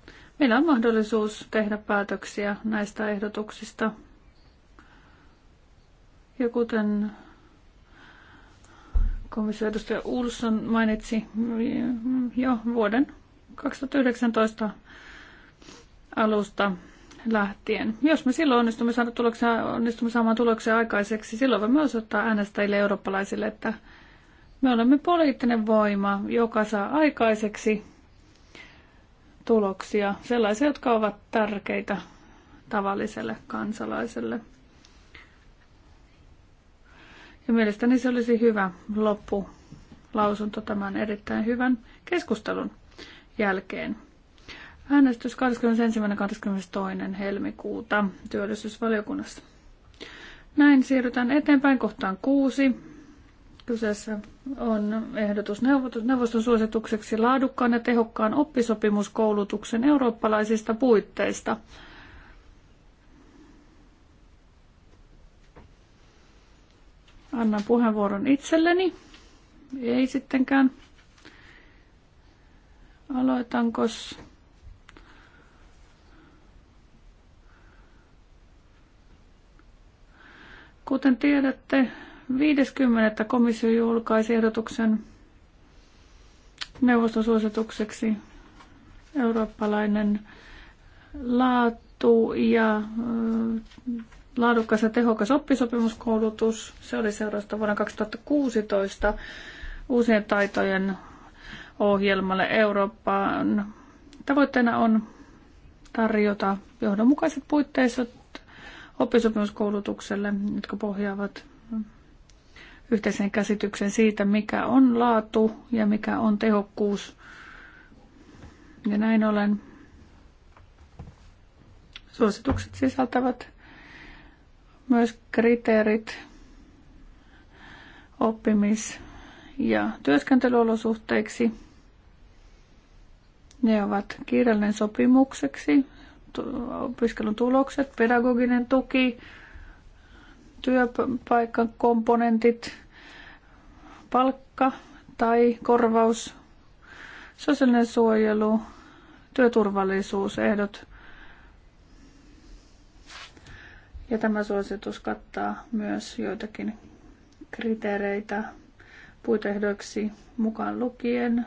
Meillä on mahdollisuus tehdä päätöksiä näistä ehdotuksista. Ja kuten komission edustaja Ulsson mainitsi jo vuoden 2019 alusta lähtien. Jos me silloin onnistumme, saada tuloksia, onnistumme saamaan tuloksia aikaiseksi, silloin voimme osoittaa äänestäjille eurooppalaisille, että me olemme poliittinen voima, joka saa aikaiseksi tuloksia, sellaisia, jotka ovat tärkeitä tavalliselle kansalaiselle. Ja mielestäni se olisi hyvä loppu lausunto tämän erittäin hyvän keskustelun jälkeen. Äänestys 21.–22. helmikuuta työllisyysvaliokunnassa. Näin siirrytään eteenpäin kohtaan kuusi. Kyseessä on ehdotus neuvoston suositukseksi laadukkaan ja tehokkaan oppisopimuskoulutuksen eurooppalaisista puitteista. Annan puheenvuoron itselleni. Ei sittenkään. Aloitankos Kuten tiedätte, 50. komissio julkaisi ehdotuksen neuvoston suositukseksi eurooppalainen laatu ja laadukas ja tehokas oppisopimuskoulutus. Se oli seurausta vuonna 2016 uusien taitojen ohjelmalle Eurooppaan. Tavoitteena on tarjota johdonmukaiset puitteistot oppisopimuskoulutukselle, jotka pohjaavat yhteisen käsityksen siitä, mikä on laatu ja mikä on tehokkuus. Ja näin ollen suositukset sisältävät myös kriteerit oppimis- ja työskentelyolosuhteiksi. Ne ovat kirjallinen sopimukseksi, opiskelun tulokset, pedagoginen tuki, työpaikan komponentit, palkka tai korvaus, sosiaalinen suojelu, työturvallisuusehdot. Ja tämä suositus kattaa myös joitakin kriteereitä puitehdoiksi mukaan lukien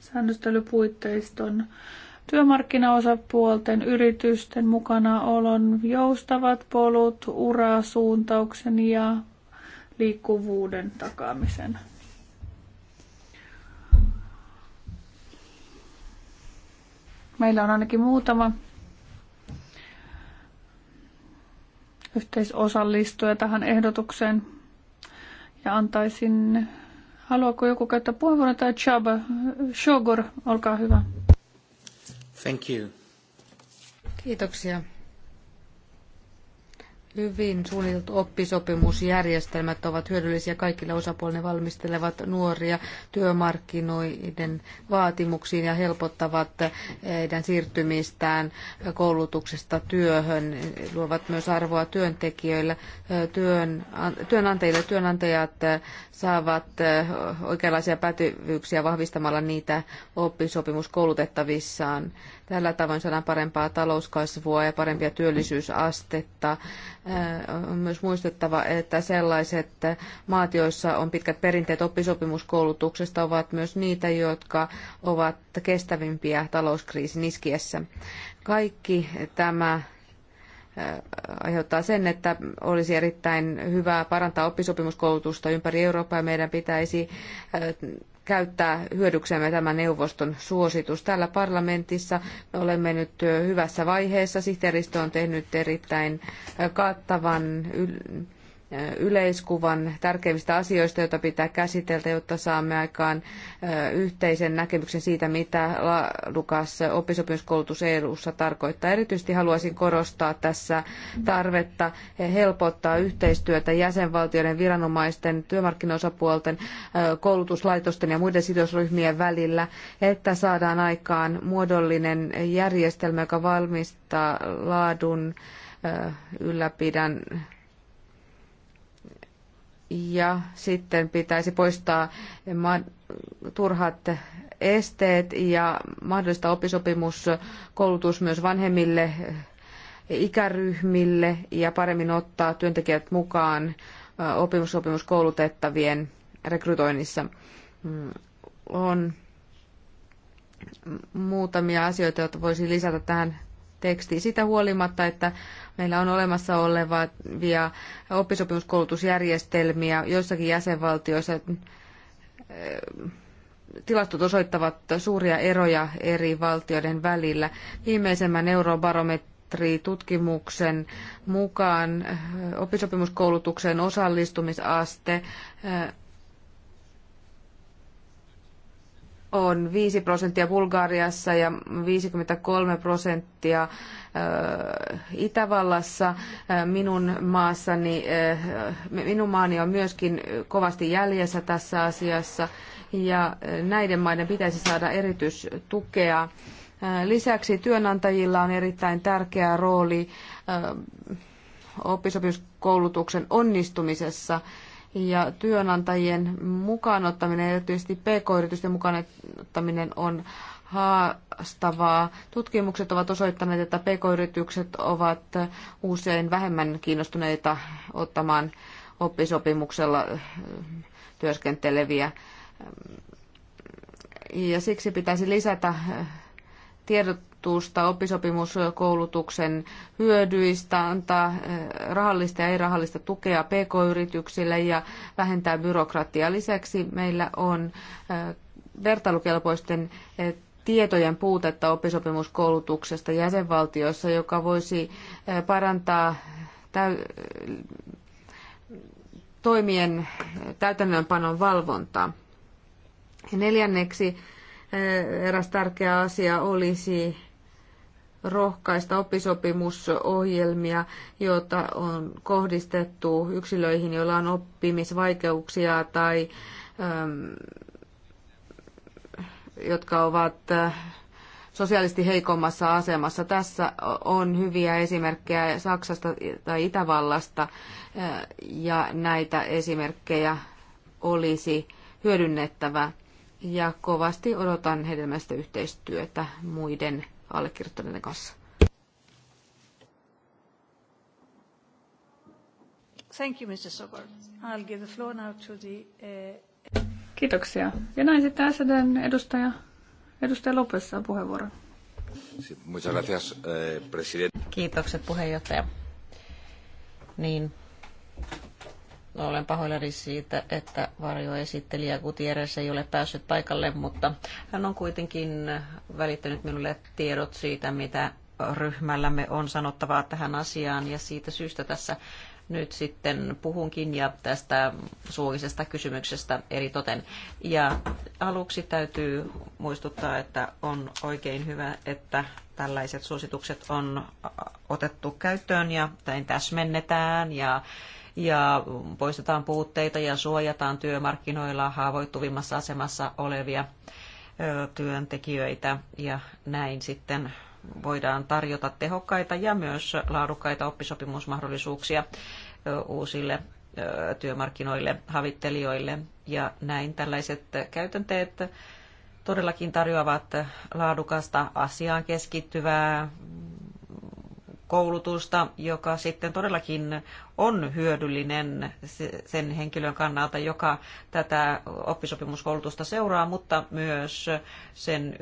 säännöstelypuitteiston, työmarkkinaosapuolten yritysten mukanaolon joustavat polut urasuuntauksen ja liikkuvuuden takaamisen. Meillä on ainakin muutama yhteisosallistuja tähän ehdotukseen ja antaisin Haluaako joku käyttää puheenvuoron tai Chaba? Shogor, olkaa hyvä. Thank you. Kiitoksia. Hyvin suunniteltu oppisopimusjärjestelmät ovat hyödyllisiä kaikille osapuolille. valmistelevat nuoria työmarkkinoiden vaatimuksiin ja helpottavat heidän siirtymistään koulutuksesta työhön. Luovat myös arvoa työntekijöille, työn, työnantajille. Työnantajat saavat oikeanlaisia pätevyyksiä vahvistamalla niitä oppisopimuskoulutettavissaan. Tällä tavoin saadaan parempaa talouskasvua ja parempia työllisyysastetta. On myös muistettava, että sellaiset maat, joissa on pitkät perinteet oppisopimuskoulutuksesta, ovat myös niitä, jotka ovat kestävimpiä talouskriisin iskiessä. Kaikki tämä aiheuttaa sen, että olisi erittäin hyvä parantaa oppisopimuskoulutusta ympäri Eurooppaa ja meidän pitäisi käyttää hyödyksemme tämän neuvoston suositus. Täällä parlamentissa me olemme nyt hyvässä vaiheessa. Sihteeristö on tehnyt erittäin kattavan yleiskuvan tärkeimmistä asioista, joita pitää käsitellä, jotta saamme aikaan yhteisen näkemyksen siitä, mitä laadukas oppisopimuskoulutus EU-ssa tarkoittaa. Erityisesti haluaisin korostaa tässä tarvetta helpottaa yhteistyötä jäsenvaltioiden viranomaisten, työmarkkinaosapuolten, koulutuslaitosten ja muiden sidosryhmien välillä, että saadaan aikaan muodollinen järjestelmä, joka valmistaa laadun ylläpidän ja sitten pitäisi poistaa turhat esteet ja mahdollista oppisopimuskoulutus myös vanhemmille ikäryhmille ja paremmin ottaa työntekijät mukaan oppisopimuskoulutettavien rekrytoinnissa. Mm, on muutamia asioita, joita voisi lisätä tähän teksti sitä huolimatta, että meillä on olemassa olevia oppisopimuskoulutusjärjestelmiä joissakin jäsenvaltioissa. Eh, tilastot osoittavat suuria eroja eri valtioiden välillä. Viimeisemmän eurobarometritutkimuksen mukaan eh, oppisopimuskoulutuksen osallistumisaste eh, on 5 prosenttia Bulgariassa ja 53 prosenttia Itävallassa. Minun, maassani, minun maani on myöskin kovasti jäljessä tässä asiassa ja näiden maiden pitäisi saada erityistukea. Lisäksi työnantajilla on erittäin tärkeä rooli oppisopimuskoulutuksen onnistumisessa ja työnantajien mukaanottaminen, erityisesti pk-yritysten mukaanottaminen on haastavaa. Tutkimukset ovat osoittaneet, että pk-yritykset ovat usein vähemmän kiinnostuneita ottamaan oppisopimuksella eh, työskenteleviä. Ja siksi pitäisi lisätä eh, tiedotusta oppisopimuskoulutuksen hyödyistä, antaa eh, rahallista ja ei-rahallista tukea pk-yrityksille ja vähentää byrokratiaa. Lisäksi meillä on eh, vertailukelpoisten eh, tietojen puutetta oppisopimuskoulutuksesta jäsenvaltioissa, joka voisi parantaa toimien täytännönpanon valvontaa. Ja neljänneksi Eh, eräs tärkeä asia olisi rohkaista oppisopimusohjelmia, joita on kohdistettu yksilöihin, joilla on oppimisvaikeuksia tai ehm, jotka ovat eh, sosiaalisesti heikommassa asemassa. Tässä on hyviä esimerkkejä Saksasta tai Itävallasta eh, ja näitä esimerkkejä olisi hyödynnettävä ja kovasti odotan hedelmästä yhteistyötä muiden allekirjoittaneiden kanssa. Thank you, Mr. Sobor. I'll give the floor now to the... Uh... Kiitoksia. Ja näin sitten SDn edustaja, edustaja Lopes saa puheenvuoron. Muchas gracias, eh, presidente. Kiitokset puheenjohtaja. Niin, No, olen pahoillani siitä, että varjoesittelijä Gutierrez ei ole päässyt paikalle, mutta hän on kuitenkin välittänyt minulle tiedot siitä, mitä ryhmällämme on sanottavaa tähän asiaan ja siitä syystä tässä nyt sitten puhunkin ja tästä suullisesta kysymyksestä eri toten. Ja aluksi täytyy muistuttaa, että on oikein hyvä, että tällaiset suositukset on otettu käyttöön ja täsmennetään ja ja poistetaan puutteita ja suojataan työmarkkinoilla haavoittuvimmassa asemassa olevia työntekijöitä ja näin sitten voidaan tarjota tehokkaita ja myös laadukkaita oppisopimusmahdollisuuksia uusille työmarkkinoille, havittelijoille. Ja näin tällaiset käytänteet todellakin tarjoavat laadukasta asiaan keskittyvää koulutusta, joka sitten todellakin on hyödyllinen sen henkilön kannalta, joka tätä oppisopimuskoulutusta seuraa, mutta myös sen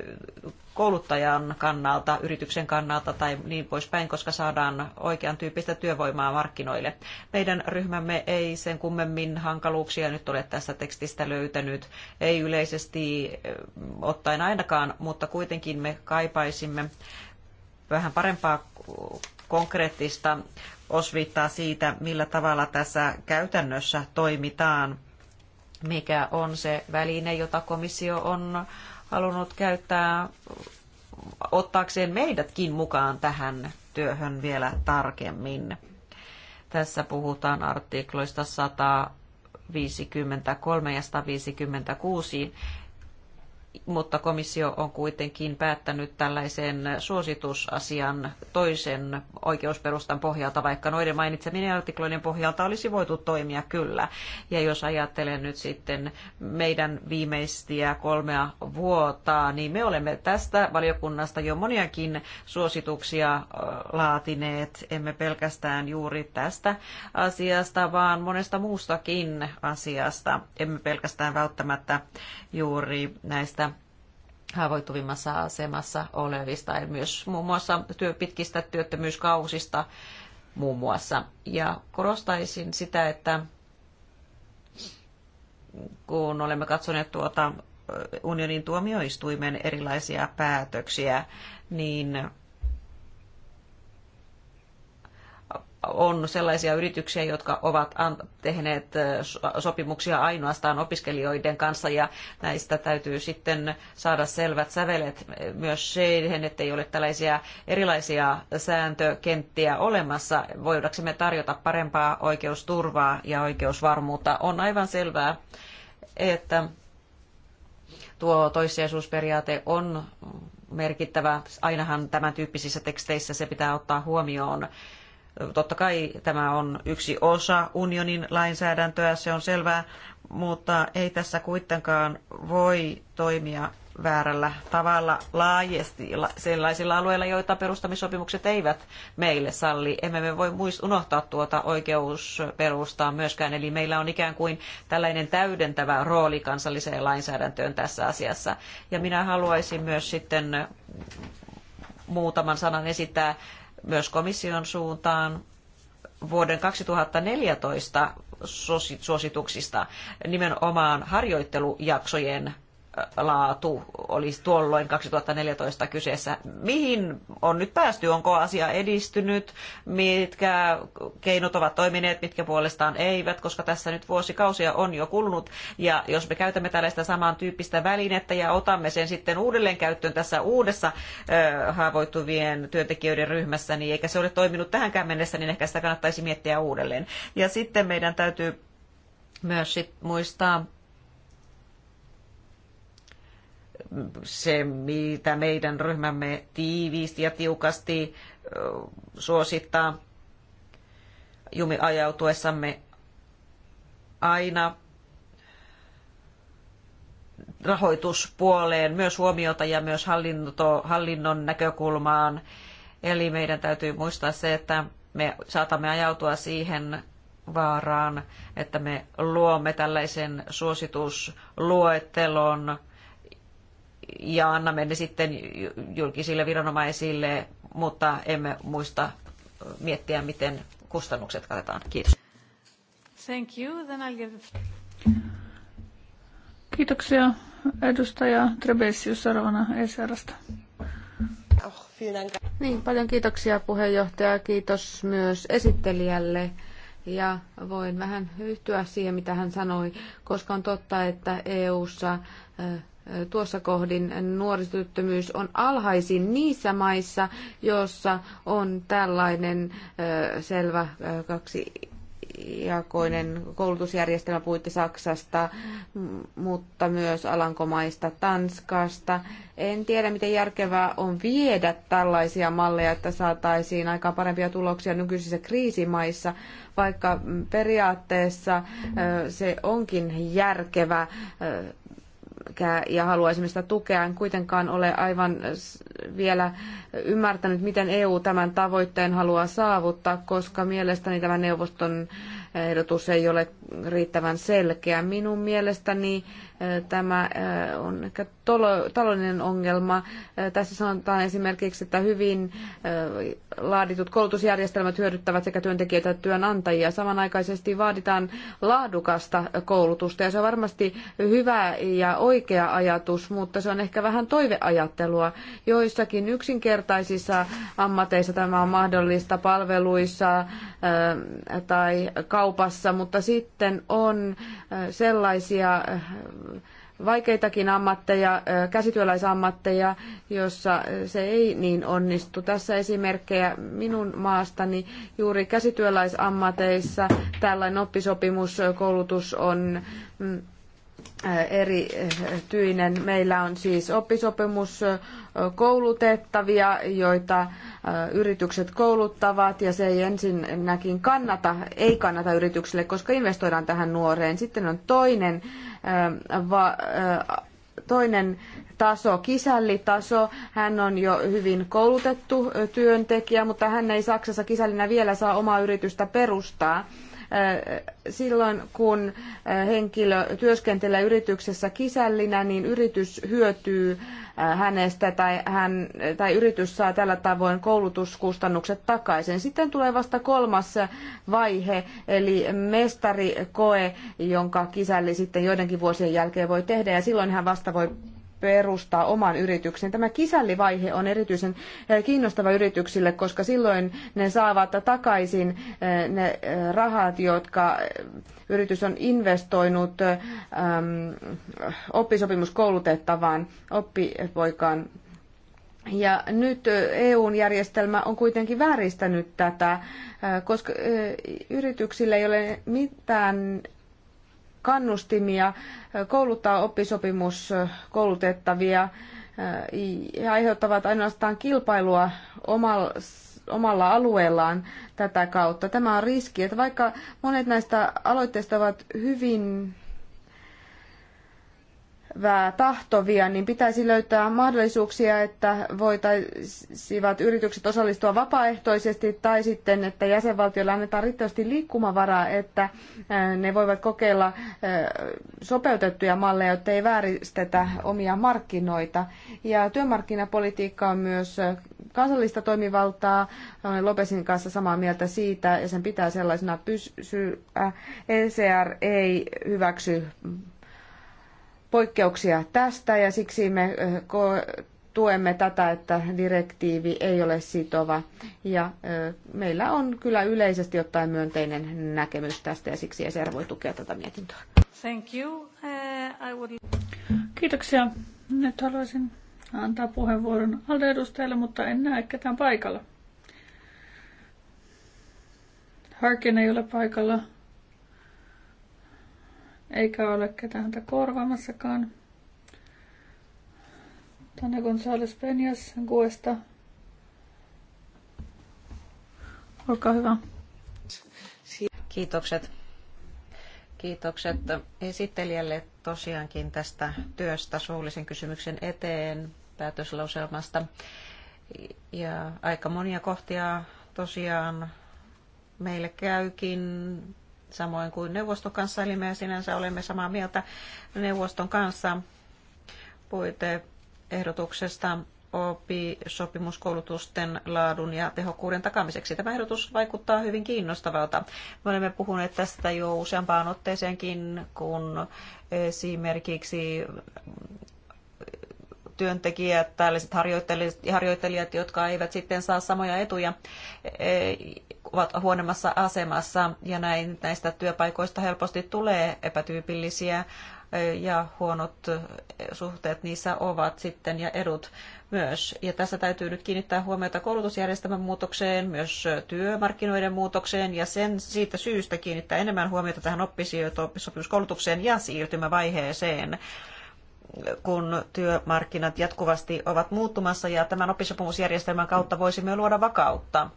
kouluttajan kannalta, yrityksen kannalta tai niin poispäin, koska saadaan oikean tyyppistä työvoimaa markkinoille. Meidän ryhmämme ei sen kummemmin hankaluuksia nyt ole tässä tekstistä löytänyt, ei yleisesti eh, ottaen ainakaan, mutta kuitenkin me kaipaisimme vähän parempaa konkreettista osviittaa siitä, millä tavalla tässä käytännössä toimitaan, mikä on se väline, jota komissio on halunnut käyttää ottaakseen meidätkin mukaan tähän työhön vielä tarkemmin. Tässä puhutaan artikloista 153 ja 156 mutta komissio on kuitenkin päättänyt tällaisen suositusasian toisen oikeusperustan pohjalta, vaikka noiden mainitseminen artikloiden pohjalta olisi voitu toimia kyllä. Ja jos ajattelen nyt sitten meidän viimeistiä kolmea vuotta, niin me olemme tästä valiokunnasta jo moniakin suosituksia laatineet, emme pelkästään juuri tästä asiasta, vaan monesta muustakin asiasta, emme pelkästään välttämättä juuri näistä haavoittuvimmassa asemassa olevista, ja myös muun muassa työ, pitkistä työttömyyskausista muun muassa. Ja korostaisin sitä, että kun olemme katsoneet tuota unionin tuomioistuimen erilaisia päätöksiä, niin on sellaisia yrityksiä, jotka ovat tehneet sopimuksia ainoastaan opiskelijoiden kanssa ja näistä täytyy sitten saada selvät sävelet myös siihen, ettei ole tällaisia erilaisia sääntökenttiä olemassa. Voidaksemme tarjota parempaa oikeusturvaa ja oikeusvarmuutta. On aivan selvää, että tuo toissijaisuusperiaate on merkittävä. Ainahan tämän tyyppisissä teksteissä se pitää ottaa huomioon Totta kai tämä on yksi osa unionin lainsäädäntöä, se on selvää, mutta ei tässä kuitenkaan voi toimia väärällä tavalla laajasti sellaisilla alueilla, joita perustamissopimukset eivät meille salli. Emme me voi muist unohtaa tuota oikeusperustaa myöskään, eli meillä on ikään kuin tällainen täydentävä rooli kansalliseen lainsäädäntöön tässä asiassa. Ja minä haluaisin myös sitten muutaman sanan esittää myös komission suuntaan vuoden 2014 suosituksista nimenomaan harjoittelujaksojen laatu olisi tuolloin 2014 kyseessä. Mihin on nyt päästy? Onko asia edistynyt? Mitkä keinot ovat toimineet, mitkä puolestaan eivät? Koska tässä nyt vuosikausia on jo kulunut. Ja jos me käytämme tällaista samantyyppistä välinettä ja otamme sen sitten uudelleen käyttöön tässä uudessa äh, haavoittuvien työntekijöiden ryhmässä, niin eikä se ole toiminut tähänkään mennessä, niin ehkä sitä kannattaisi miettiä uudelleen. Ja sitten meidän täytyy myös sit muistaa se, mitä meidän ryhmämme tiiviisti ja tiukasti suosittaa jumiajautuessamme aina rahoituspuoleen myös huomiota ja myös hallinto, hallinnon näkökulmaan. Eli meidän täytyy muistaa se, että me saatamme ajautua siihen vaaraan, että me luomme tällaisen suositusluettelon ja annamme ne sitten julkisille viranomaisille, mutta emme muista miettiä, miten kustannukset katetaan. Kiitos. Thank you. Then I'll give... Kiitoksia edustaja Trebesius seuraavana ECRstä. Oh, niin, paljon kiitoksia puheenjohtaja. Kiitos myös esittelijälle. Ja voin vähän yhtyä siihen, mitä hän sanoi, koska on totta, että EU:ssa ssa tuossa kohdin nuorisotyöttömyys on alhaisin niissä maissa, joissa on tällainen selvä kaksi jakoinen koulutusjärjestelmä puitti Saksasta, mutta myös Alankomaista, Tanskasta. En tiedä, miten järkevää on viedä tällaisia malleja, että saataisiin aika parempia tuloksia nykyisissä kriisimaissa, vaikka periaatteessa se onkin järkevä ja haluaisimme sitä tukea. En kuitenkaan ole aivan vielä ymmärtänyt, miten EU tämän tavoitteen haluaa saavuttaa, koska mielestäni tämä neuvoston ehdotus ei ole riittävän selkeä. Minun mielestäni tämä on ehkä taloudellinen ongelma. Tässä sanotaan esimerkiksi, että hyvin laaditut koulutusjärjestelmät hyödyttävät sekä työntekijöitä että työnantajia. Samanaikaisesti vaaditaan laadukasta koulutusta ja se on varmasti hyvä ja oikea ajatus, mutta se on ehkä vähän toiveajattelua. Joissakin yksinkertaisissa ammateissa tämä on mahdollista palveluissa tai kaupassa, mutta sitten sitten on sellaisia vaikeitakin ammatteja, käsityöläisammatteja, jossa se ei niin onnistu. Tässä esimerkkejä minun maastani juuri käsityöläisammateissa tällainen oppisopimuskoulutus on mm, erityinen. Meillä on siis oppisopimuskoulutettavia, joita yritykset kouluttavat ja se ei ensinnäkin kannata, ei kannata yrityksille, koska investoidaan tähän nuoreen. Sitten on toinen, toinen taso, kisällitaso. Hän on jo hyvin koulutettu työntekijä, mutta hän ei Saksassa kisällinä vielä saa omaa yritystä perustaa silloin, kun henkilö työskentelee yrityksessä kisällinä, niin yritys hyötyy hänestä tai, hän, tai yritys saa tällä tavoin koulutuskustannukset takaisin. Sitten tulee vasta kolmas vaihe, eli mestarikoe, jonka kisälli sitten joidenkin vuosien jälkeen voi tehdä, ja silloin hän vasta voi perustaa oman yrityksen. Tämä kisällivaihe on erityisen eh, kiinnostava yrityksille, koska silloin ne saavat takaisin eh, ne eh, rahat, jotka yritys on investoinut ehm, oppisopimuskoulutettavaan oppipoikaan. Ja nyt EUn e järjestelmä on kuitenkin vääristänyt tätä, koska yrityksillä ei ole mitään kannustimia kouluttaa oppisopimuskoulutettavia eh, ja aiheuttavat ainoastaan kilpailua omalla omalla alueellaan tätä kautta. Tämä on riski, että vaikka monet näistä aloitteista ovat hyvin tahtovia, niin pitäisi löytää mahdollisuuksia, että voitaisivat yritykset osallistua vapaaehtoisesti tai sitten, että jäsenvaltioille annetaan riittävästi liikkumavaraa, että ne voivat kokeilla sopeutettuja malleja, jotta ei vääristetä omia markkinoita. Ja työmarkkinapolitiikka on myös kansallista toimivaltaa. Olen Lopesin kanssa samaa mieltä siitä ja sen pitää sellaisena pysyä. ECR ei hyväksy poikkeuksia tästä ja siksi me tuemme tätä, että direktiivi ei ole sitova. Ja meillä on kyllä yleisesti ottaen myönteinen näkemys tästä ja siksi ESR voi tukea tätä mietintöä. Thank you. Uh, I would... Kiitoksia. Nyt haluaisin antaa puheenvuoron alde mutta en näe ketään paikalla. Harkin ei ole paikalla eikä ole ketään häntä korvaamassakaan. Tänne González sen Guesta. Olkaa hyvä. Kiitokset. Kiitokset esittelijälle tosiaankin tästä työstä suullisen kysymyksen eteen päätöslauselmasta. Ja aika monia kohtia tosiaan meille käykin samoin kuin neuvoston kanssa, eli me sinänsä olemme samaa mieltä neuvoston kanssa puiteehdotuksesta sopimuskoulutusten laadun ja tehokkuuden takamiseksi. Tämä ehdotus vaikuttaa hyvin kiinnostavalta. Me olemme puhuneet tästä jo useampaan otteeseenkin, kun esimerkiksi työntekijät, tällaiset harjoittelijat, jotka eivät sitten saa samoja etuja ovat huonommassa asemassa ja näin näistä työpaikoista helposti tulee epätyypillisiä ja huonot suhteet niissä ovat sitten ja edut myös. Ja tässä täytyy nyt kiinnittää huomiota koulutusjärjestelmän muutokseen, myös työmarkkinoiden muutokseen ja sen siitä syystä kiinnittää enemmän huomiota tähän oppisopimuskoulutukseen ja siirtymävaiheeseen kun työmarkkinat jatkuvasti ovat muuttumassa ja tämän oppisopimusjärjestelmän kautta voisimme luoda vakautta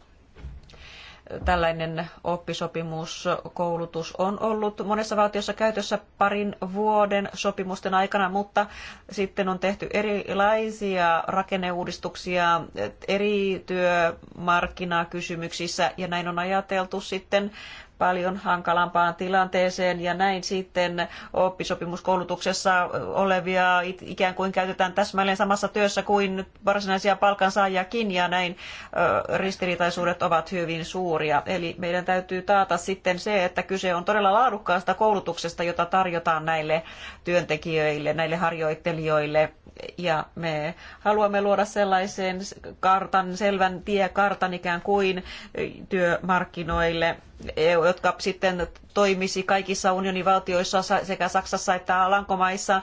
tällainen oppisopimuskoulutus on ollut monessa valtiossa käytössä parin vuoden sopimusten aikana, mutta sitten on tehty erilaisia rakenneuudistuksia eri työmarkkinakysymyksissä ja näin on ajateltu sitten paljon hankalampaan tilanteeseen ja näin sitten oppisopimuskoulutuksessa olevia ikään kuin käytetään täsmälleen samassa työssä kuin varsinaisia palkansaajakin ja näin ristiriitaisuudet ovat hyvin suuria. Eli meidän täytyy taata sitten se, että kyse on todella laadukkaasta koulutuksesta, jota tarjotaan näille työntekijöille, näille harjoittelijoille ja me haluamme luoda sellaisen kartan, selvän tiekartan ikään kuin työmarkkinoille E jotka sitten toimisi kaikissa unionin valtioissa sekä Saksassa että Alankomaissa,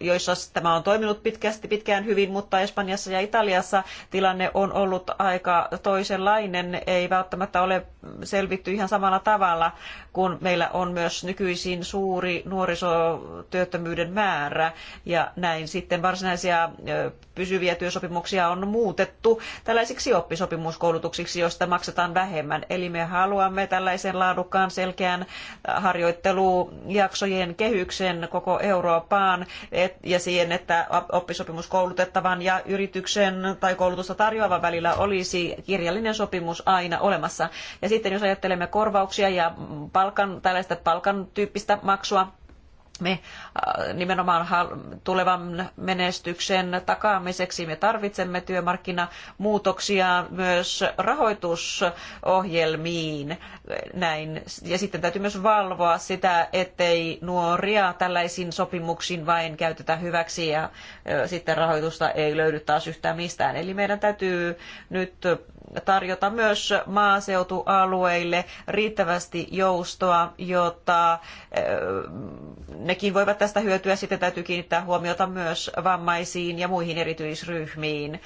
joissa tämä on toiminut pitkästi, pitkään hyvin, mutta Espanjassa ja Italiassa tilanne on ollut aika toisenlainen, ei välttämättä ole selvitty ihan samalla tavalla kun meillä on myös nykyisin suuri nuorisotyöttömyyden määrä ja näin sitten varsinaisia pysyviä työsopimuksia on muutettu tällaisiksi oppisopimuskoulutuksiksi, joista maksetaan vähemmän. Eli me haluamme tällaisen laadukkaan selkeän harjoittelujaksojen kehyksen koko Eurooppaan ja siihen, että oppisopimuskoulutettavan ja yrityksen tai koulutusta tarjoavan välillä olisi kirjallinen sopimus aina olemassa. Ja sitten jos ajattelemme korvauksia ja palkan, tällaista palkan tyyppistä maksua. Me äh, nimenomaan tulevan menestyksen takaamiseksi me tarvitsemme työmarkkinamuutoksia myös rahoitusohjelmiin. Näin. Ja sitten täytyy myös valvoa sitä, ettei nuoria tällaisiin sopimuksiin vain käytetä hyväksi ja äh, sitten rahoitusta ei löydy taas yhtään mistään. Eli meidän täytyy nyt tarjota myös maaseutualueille riittävästi joustoa, jotta eh, nekin voivat tästä hyötyä. Sitten täytyy kiinnittää huomiota myös vammaisiin ja muihin erityisryhmiin.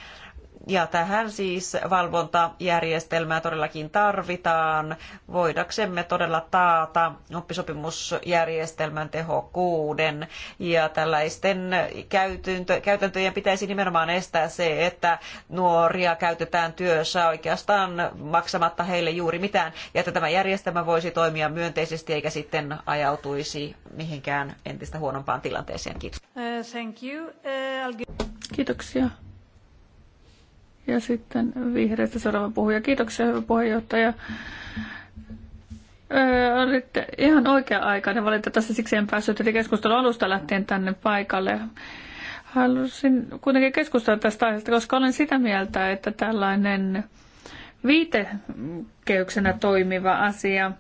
Ja tähän siis valvontajärjestelmää todellakin tarvitaan, voidaksemme todella taata oppisopimusjärjestelmän tehokkuuden. Ja tällaisten käytäntöjen pitäisi nimenomaan estää se, että nuoria käytetään työssä oikeastaan maksamatta heille juuri mitään, ja että tämä järjestelmä voisi toimia myönteisesti eikä sitten ajautuisi mihinkään entistä huonompaan tilanteeseen. Kiitos. Uh, uh, Kiitoksia. Ja sitten vihreistä seuraava puhuja. Kiitoksia, hyvä puheenjohtaja. Öö, olitte ihan oikea-aikainen valinta tässä, siksi en päässyt heti keskustelun alusta lähtien tänne paikalle. Halusin kuitenkin keskustella tästä aiheesta, koska olen sitä mieltä, että tällainen viitekeyksenä toimiva asia,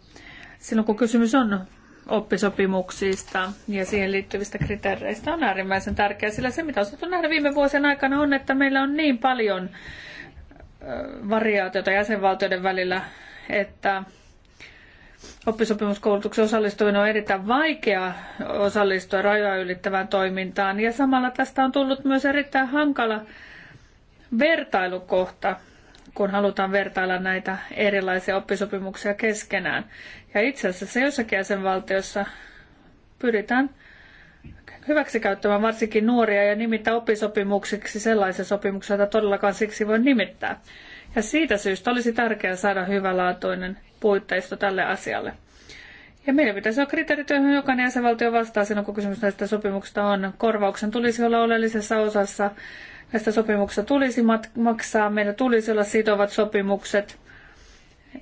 silloin kun kysymys on oppisopimuksista ja siihen liittyvistä kriteereistä on äärimmäisen tärkeää, sillä se mitä on nähdä viime vuosien aikana on, että meillä on niin paljon variaatiota jäsenvaltioiden välillä, että oppisopimuskoulutuksen osallistuvien on erittäin vaikea osallistua rajoja ylittävään toimintaan ja samalla tästä on tullut myös erittäin hankala vertailukohta kun halutaan vertailla näitä erilaisia oppisopimuksia keskenään. Ja itse asiassa jossakin jäsenvaltiossa pyritään hyväksikäyttämään varsinkin nuoria ja nimittää oppisopimuksiksi sellaisen sopimuksen, jota todellakaan siksi voi nimittää. Ja siitä syystä olisi tärkeää saada hyvälaatuinen puitteisto tälle asialle. Ja meillä pitäisi olla kriteerit, joihin jokainen jäsenvaltio vastaa silloin, kun kysymys näistä sopimuksista on. Korvauksen tulisi olla oleellisessa osassa. Näistä sopimuksista tulisi maksaa. Meillä tulisi olla sitovat sopimukset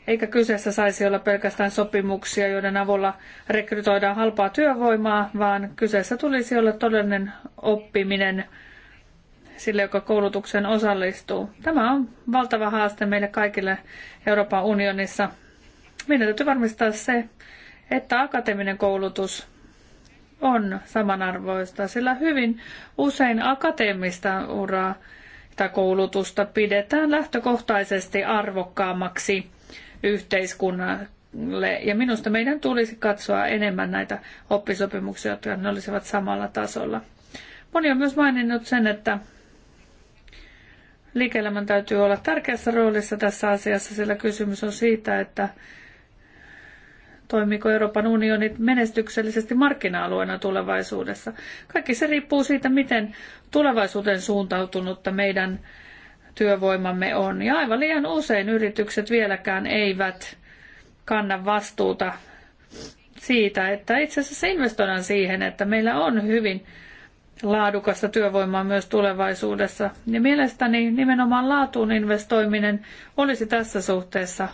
eikä kyseessä saisi olla pelkästään sopimuksia, joiden avulla rekrytoidaan halpaa työvoimaa, vaan kyseessä tulisi olla todellinen oppiminen sille, joka koulutukseen osallistuu. Tämä on valtava haaste meille kaikille Euroopan unionissa. Meidän täytyy varmistaa se, että akateeminen koulutus on samanarvoista, sillä hyvin usein akateemista uraa tai koulutusta pidetään lähtökohtaisesti arvokkaammaksi yhteiskunnalle. Ja minusta meidän tulisi katsoa enemmän näitä oppisopimuksia, jotta ne olisivat samalla tasolla. Moni on myös maininnut sen, että liike täytyy olla tärkeässä roolissa tässä asiassa, sillä kysymys on siitä, että toimiiko Euroopan unioni menestyksellisesti markkina-alueena tulevaisuudessa. Kaikki se riippuu siitä, miten tulevaisuuteen suuntautunutta meidän työvoimamme on. Ja aivan liian usein yritykset vieläkään eivät kanna vastuuta siitä, että itse asiassa investoidaan siihen, että meillä on hyvin laadukasta työvoimaa myös tulevaisuudessa. Ja mielestäni nimenomaan laatuun investoiminen olisi tässä suhteessa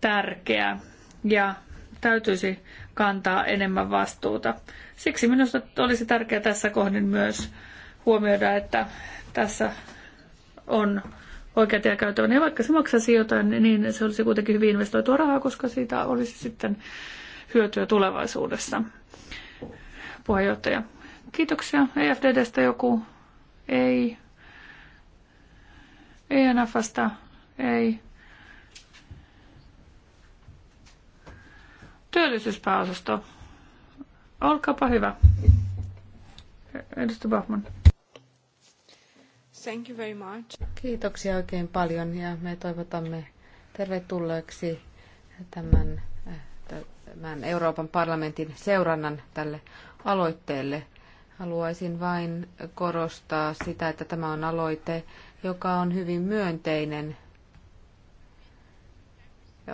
tärkeää ja täytyisi kantaa enemmän vastuuta. Siksi minusta olisi tärkeää tässä kohdin myös huomioida, että tässä on oikea tie käytävän. Ja vaikka se maksaisi jotain, niin se olisi kuitenkin hyvin investoitua rahaa, koska siitä olisi sitten hyötyä tulevaisuudessa. Puheenjohtaja, kiitoksia. EFDDstä joku? Ei. ENFstä? Ei. Työllisyyspääosasto. Olkaapa hyvä. Edustaja Bachmann. Thank you very much. Kiitoksia oikein paljon ja me toivotamme tervetulleeksi tämän, äh, tämän Euroopan parlamentin seurannan tälle aloitteelle. Haluaisin vain korostaa sitä, että tämä on aloite, joka on hyvin myönteinen.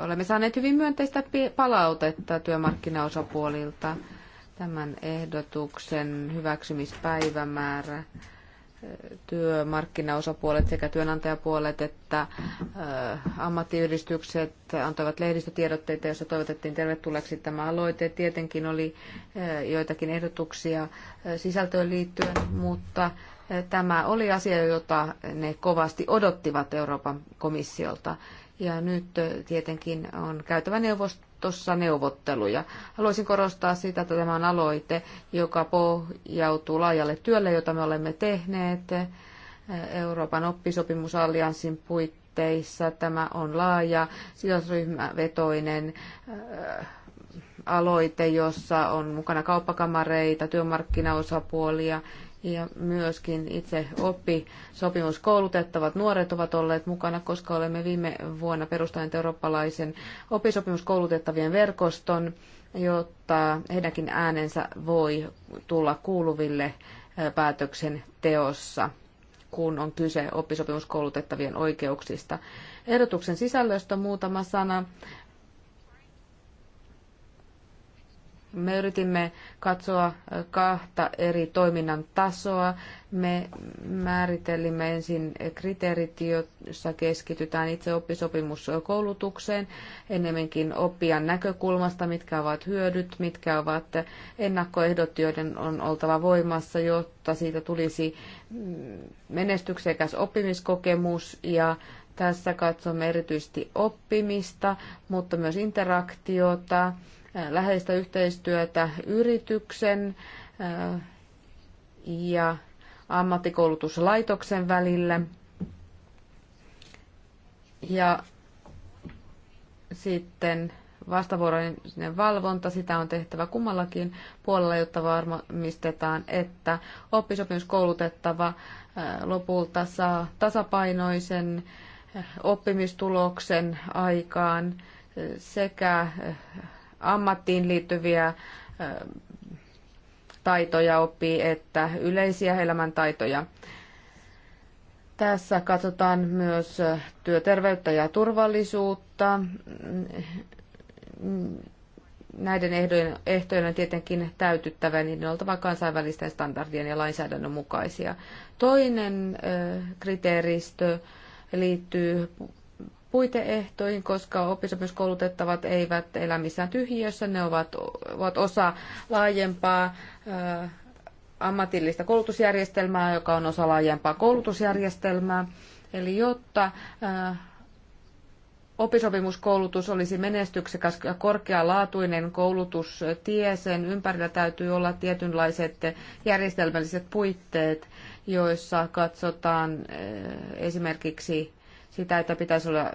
Olemme saaneet hyvin myönteistä palautetta työmarkkinaosapuolilta tämän ehdotuksen hyväksymispäivämäärä työmarkkinaosapuolet sekä työnantajapuolet että äh, ammattiyhdistykset antoivat lehdistötiedotteita, joissa toivotettiin tervetulleeksi tämä aloite. Tietenkin oli äh, joitakin ehdotuksia äh, sisältöön liittyen, mutta tämä oli asia, jota ne kovasti odottivat Euroopan komissiolta. Ja nyt tietenkin on käytävä neuvosto tuossa neuvotteluja. Haluaisin korostaa sitä, että tämä on aloite, joka pohjautuu laajalle työlle, jota me olemme tehneet Euroopan oppisopimusallianssin puitteissa. Tämä on laaja, sidosryhmävetoinen aloite, jossa on mukana kauppakamareita, työmarkkinaosapuolia ja myöskin itse oppi sopimuskoulutettavat nuoret ovat olleet mukana, koska olemme viime vuonna perustaneet eurooppalaisen oppisopimuskoulutettavien verkoston, jotta heidänkin äänensä voi tulla kuuluville päätöksenteossa kun on kyse oppisopimuskoulutettavien oikeuksista. Ehdotuksen sisällöstä muutama sana. Me yritimme katsoa kahta eri toiminnan tasoa. Me määritellimme ensin kriteerit, joissa keskitytään itse oppisopimuskoulutukseen, enemmänkin oppijan näkökulmasta, mitkä ovat hyödyt, mitkä ovat ennakkoehdot, joiden on oltava voimassa, jotta siitä tulisi menestyksekäs oppimiskokemus ja tässä katsomme erityisesti oppimista, mutta myös interaktiota, Äh, läheistä yhteistyötä yrityksen äh, ja ammattikoulutuslaitoksen välillä. Ja sitten vastavuoroinen valvonta, sitä on tehtävä kummallakin puolella, jotta varmistetaan, että oppisopimuskoulutettava äh, lopulta saa tasapainoisen oppimistuloksen aikaan sekä ammattiin liittyviä taitoja oppii, että yleisiä elämäntaitoja. Tässä katsotaan myös työterveyttä ja turvallisuutta. Näiden ehdojen, ehtojen on tietenkin täytyttävä, niiden on oltava kansainvälisten standardien ja lainsäädännön mukaisia. Toinen kriteeristö liittyy puiteehtoihin, koska oppisopimuskoulutettavat eivät elä missään tyhjiössä, ne ovat, ovat osa laajempaa ää, ammatillista koulutusjärjestelmää, joka on osa laajempaa koulutusjärjestelmää. Eli jotta ää, opisopimuskoulutus olisi menestyksekäs ja korkealaatuinen koulutustie, sen ympärillä täytyy olla tietynlaiset järjestelmälliset puitteet, joissa katsotaan esimerkiksi sitä, että pitäisi olla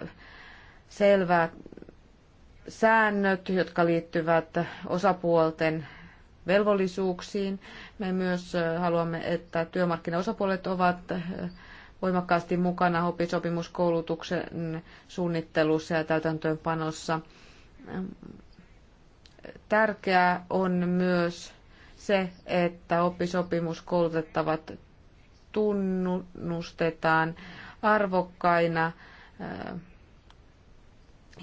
selvää säännöt, jotka liittyvät osapuolten velvollisuuksiin. Me myös haluamme, että työmarkkinaosapuolet ovat voimakkaasti mukana opisopimuskoulutuksen suunnittelussa ja täytäntöönpanossa. Tärkeää on myös se, että oppisopimuskoulutettavat tunnustetaan arvokkaina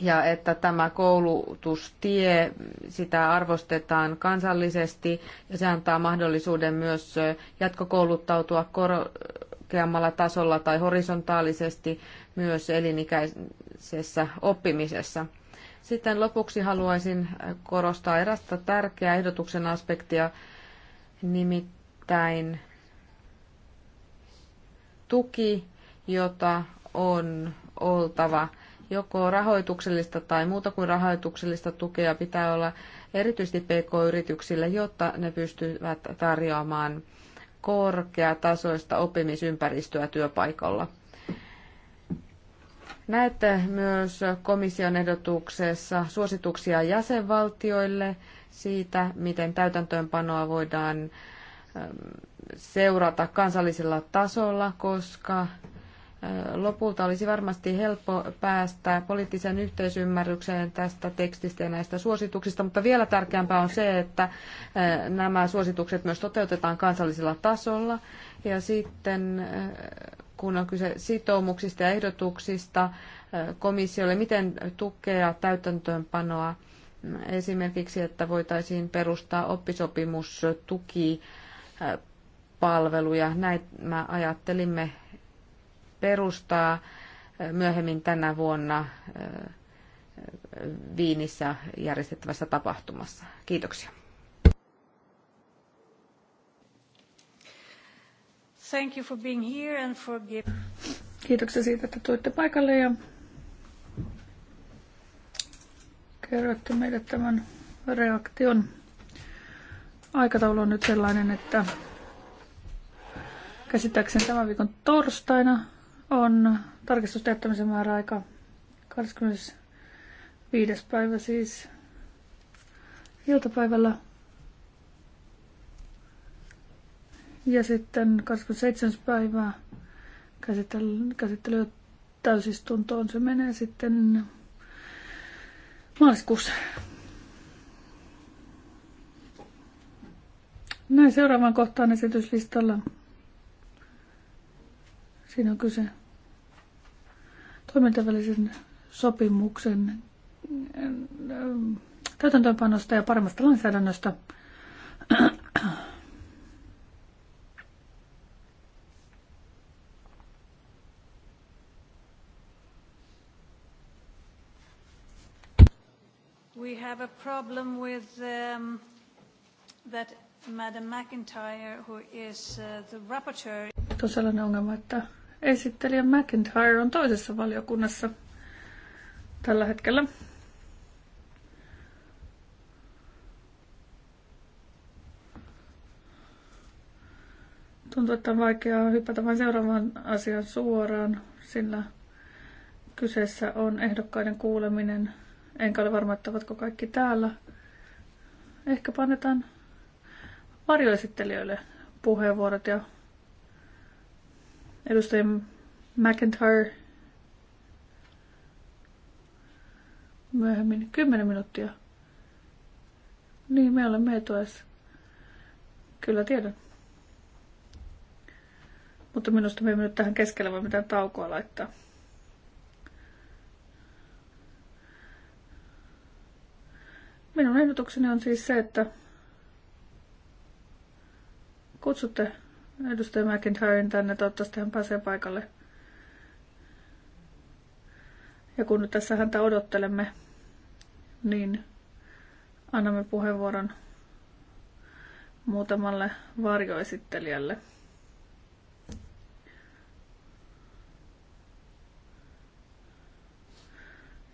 ja että tämä koulutustie, sitä arvostetaan kansallisesti ja se antaa mahdollisuuden myös jatkokouluttautua korkeammalla tasolla tai horisontaalisesti myös elinikäisessä oppimisessa. Sitten lopuksi haluaisin korostaa erästä tärkeää ehdotuksen aspektia, nimittäin tuki jota on oltava. Joko rahoituksellista tai muuta kuin rahoituksellista tukea pitää olla erityisesti PK-yrityksille, jotta ne pystyvät tarjoamaan korkeatasoista oppimisympäristöä työpaikalla. Näette myös komission ehdotuksessa suosituksia jäsenvaltioille siitä, miten täytäntöönpanoa voidaan ähm, seurata kansallisella tasolla, koska lopulta olisi varmasti helppo päästä poliittiseen yhteisymmärrykseen tästä tekstistä ja näistä suosituksista, mutta vielä tärkeämpää on se, että nämä suositukset myös toteutetaan kansallisella tasolla. Ja sitten kun on kyse sitoumuksista ja ehdotuksista komissiolle, miten tukea täytäntöönpanoa esimerkiksi, että voitaisiin perustaa oppisopimustuki palveluja. Näitä ajattelimme perustaa myöhemmin tänä vuonna Viinissä järjestettävässä tapahtumassa. Kiitoksia. Thank you for being here and for Kiitoksia siitä, että tuitte paikalle ja kerroitte meille tämän reaktion. Aikataulu on nyt sellainen, että käsittääkseni tämän viikon torstaina on tarkistusteettämisen määräaika 25. päivä siis iltapäivällä. Ja sitten 27. päivä, käsittely, käsittely täysistuntoon. Se menee sitten maaliskuussa. Näin seuraavaan kohtaan esityslistalla. Siinä on kyse toimintavälisen sopimuksen eh, täytäntöönpanosta ja paremmasta lainsäädännöstä. We have a problem with um, that Madam McIntyre, who is uh, the rapporteur. Tuossa on ongelma, että esittelijä McIntyre on toisessa valiokunnassa tällä hetkellä. Tuntuu, että on vaikeaa hypätä vain seuraavaan asiaan suoraan, sillä kyseessä on ehdokkaiden kuuleminen. Enkä ole varma, että ovatko kaikki täällä. Ehkä panetaan varjoesittelijöille puheenvuorot ja Edustaja McIntyre myöhemmin. Kymmenen minuuttia. Niin, me olemme etuajassa. Kyllä tiedän. Mutta minusta me emme nyt tähän keskelle voi mitään taukoa laittaa. Minun ehdotukseni on siis se, että kutsutte edustaja McIntyren tänne, toivottavasti hän pääsee paikalle. Ja kun nyt tässä häntä odottelemme, niin annamme puheenvuoron muutamalle varjoesittelijälle.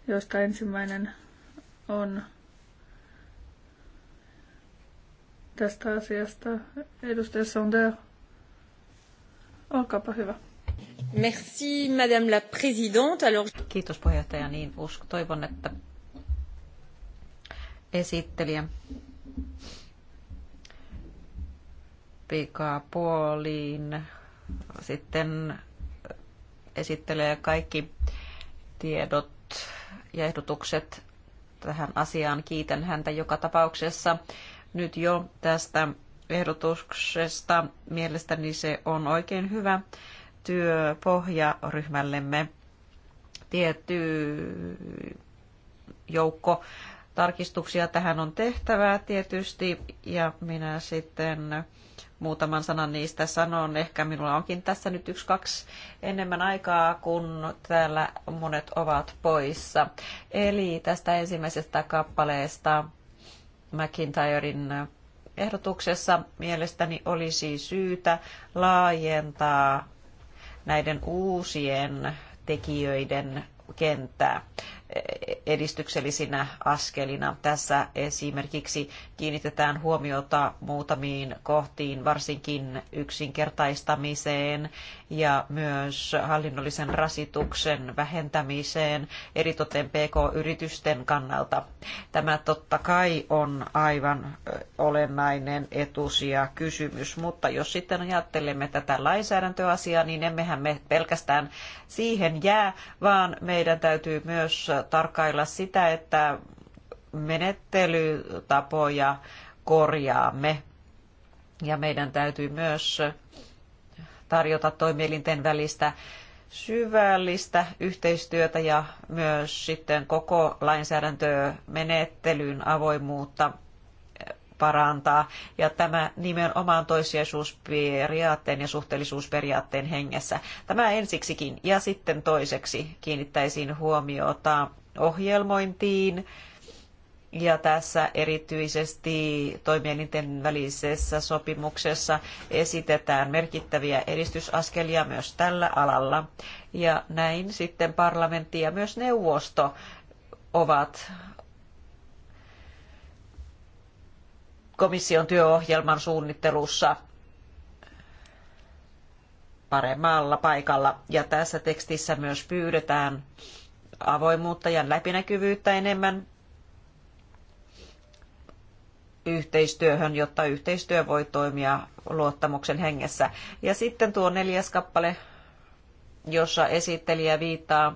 joista ensimmäinen on tästä asiasta edustaja Sander. Olkaapa hyvä. Merci, Madame la Présidente. Alors... Kiitos puheenjohtaja. Niin usko, toivon, että esittelijä puoliin sitten esittelee kaikki tiedot ja ehdotukset tähän asiaan. Kiitän häntä joka tapauksessa nyt jo tästä ehdotuksesta. Mielestäni se on oikein hyvä työpohja ryhmällemme. Tietty joukko tarkistuksia tähän on tehtävää tietysti ja minä sitten muutaman sanan niistä sanon. Ehkä minulla onkin tässä nyt yksi, kaksi enemmän aikaa, kun täällä monet ovat poissa. Eli tästä ensimmäisestä kappaleesta McIntyren ehdotuksessa mielestäni olisi syytä laajentaa näiden uusien tekijöiden kenttää edistyksellisinä askelina. Tässä esimerkiksi kiinnitetään huomiota muutamiin kohtiin, varsinkin yksinkertaistamiseen ja myös hallinnollisen rasituksen vähentämiseen eritoten PK-yritysten kannalta. Tämä totta kai on aivan olennainen etusia kysymys, mutta jos sitten ajattelemme tätä lainsäädäntöasiaa, niin emmehän me pelkästään siihen jää, vaan meidän täytyy myös tarkkailla sitä, että menettelytapoja korjaamme. Ja meidän täytyy myös tarjota toimielinten välistä syvällistä yhteistyötä ja myös sitten koko lainsäädäntömenettelyn avoimuutta parantaa. Ja tämä nimenomaan toissijaisuusperiaatteen ja suhteellisuusperiaatteen hengessä. Tämä ensiksikin. Ja sitten toiseksi kiinnittäisiin huomiota ohjelmointiin. Ja tässä erityisesti toimielinten välisessä sopimuksessa esitetään merkittäviä edistysaskelia myös tällä alalla. Ja näin sitten parlamentti ja myös neuvosto ovat komission työohjelman suunnittelussa paremmalla paikalla. Ja tässä tekstissä myös pyydetään avoimuutta ja läpinäkyvyyttä enemmän yhteistyöhön, jotta yhteistyö voi toimia luottamuksen hengessä. Ja sitten tuo neljäs kappale, jossa esittelijä viittaa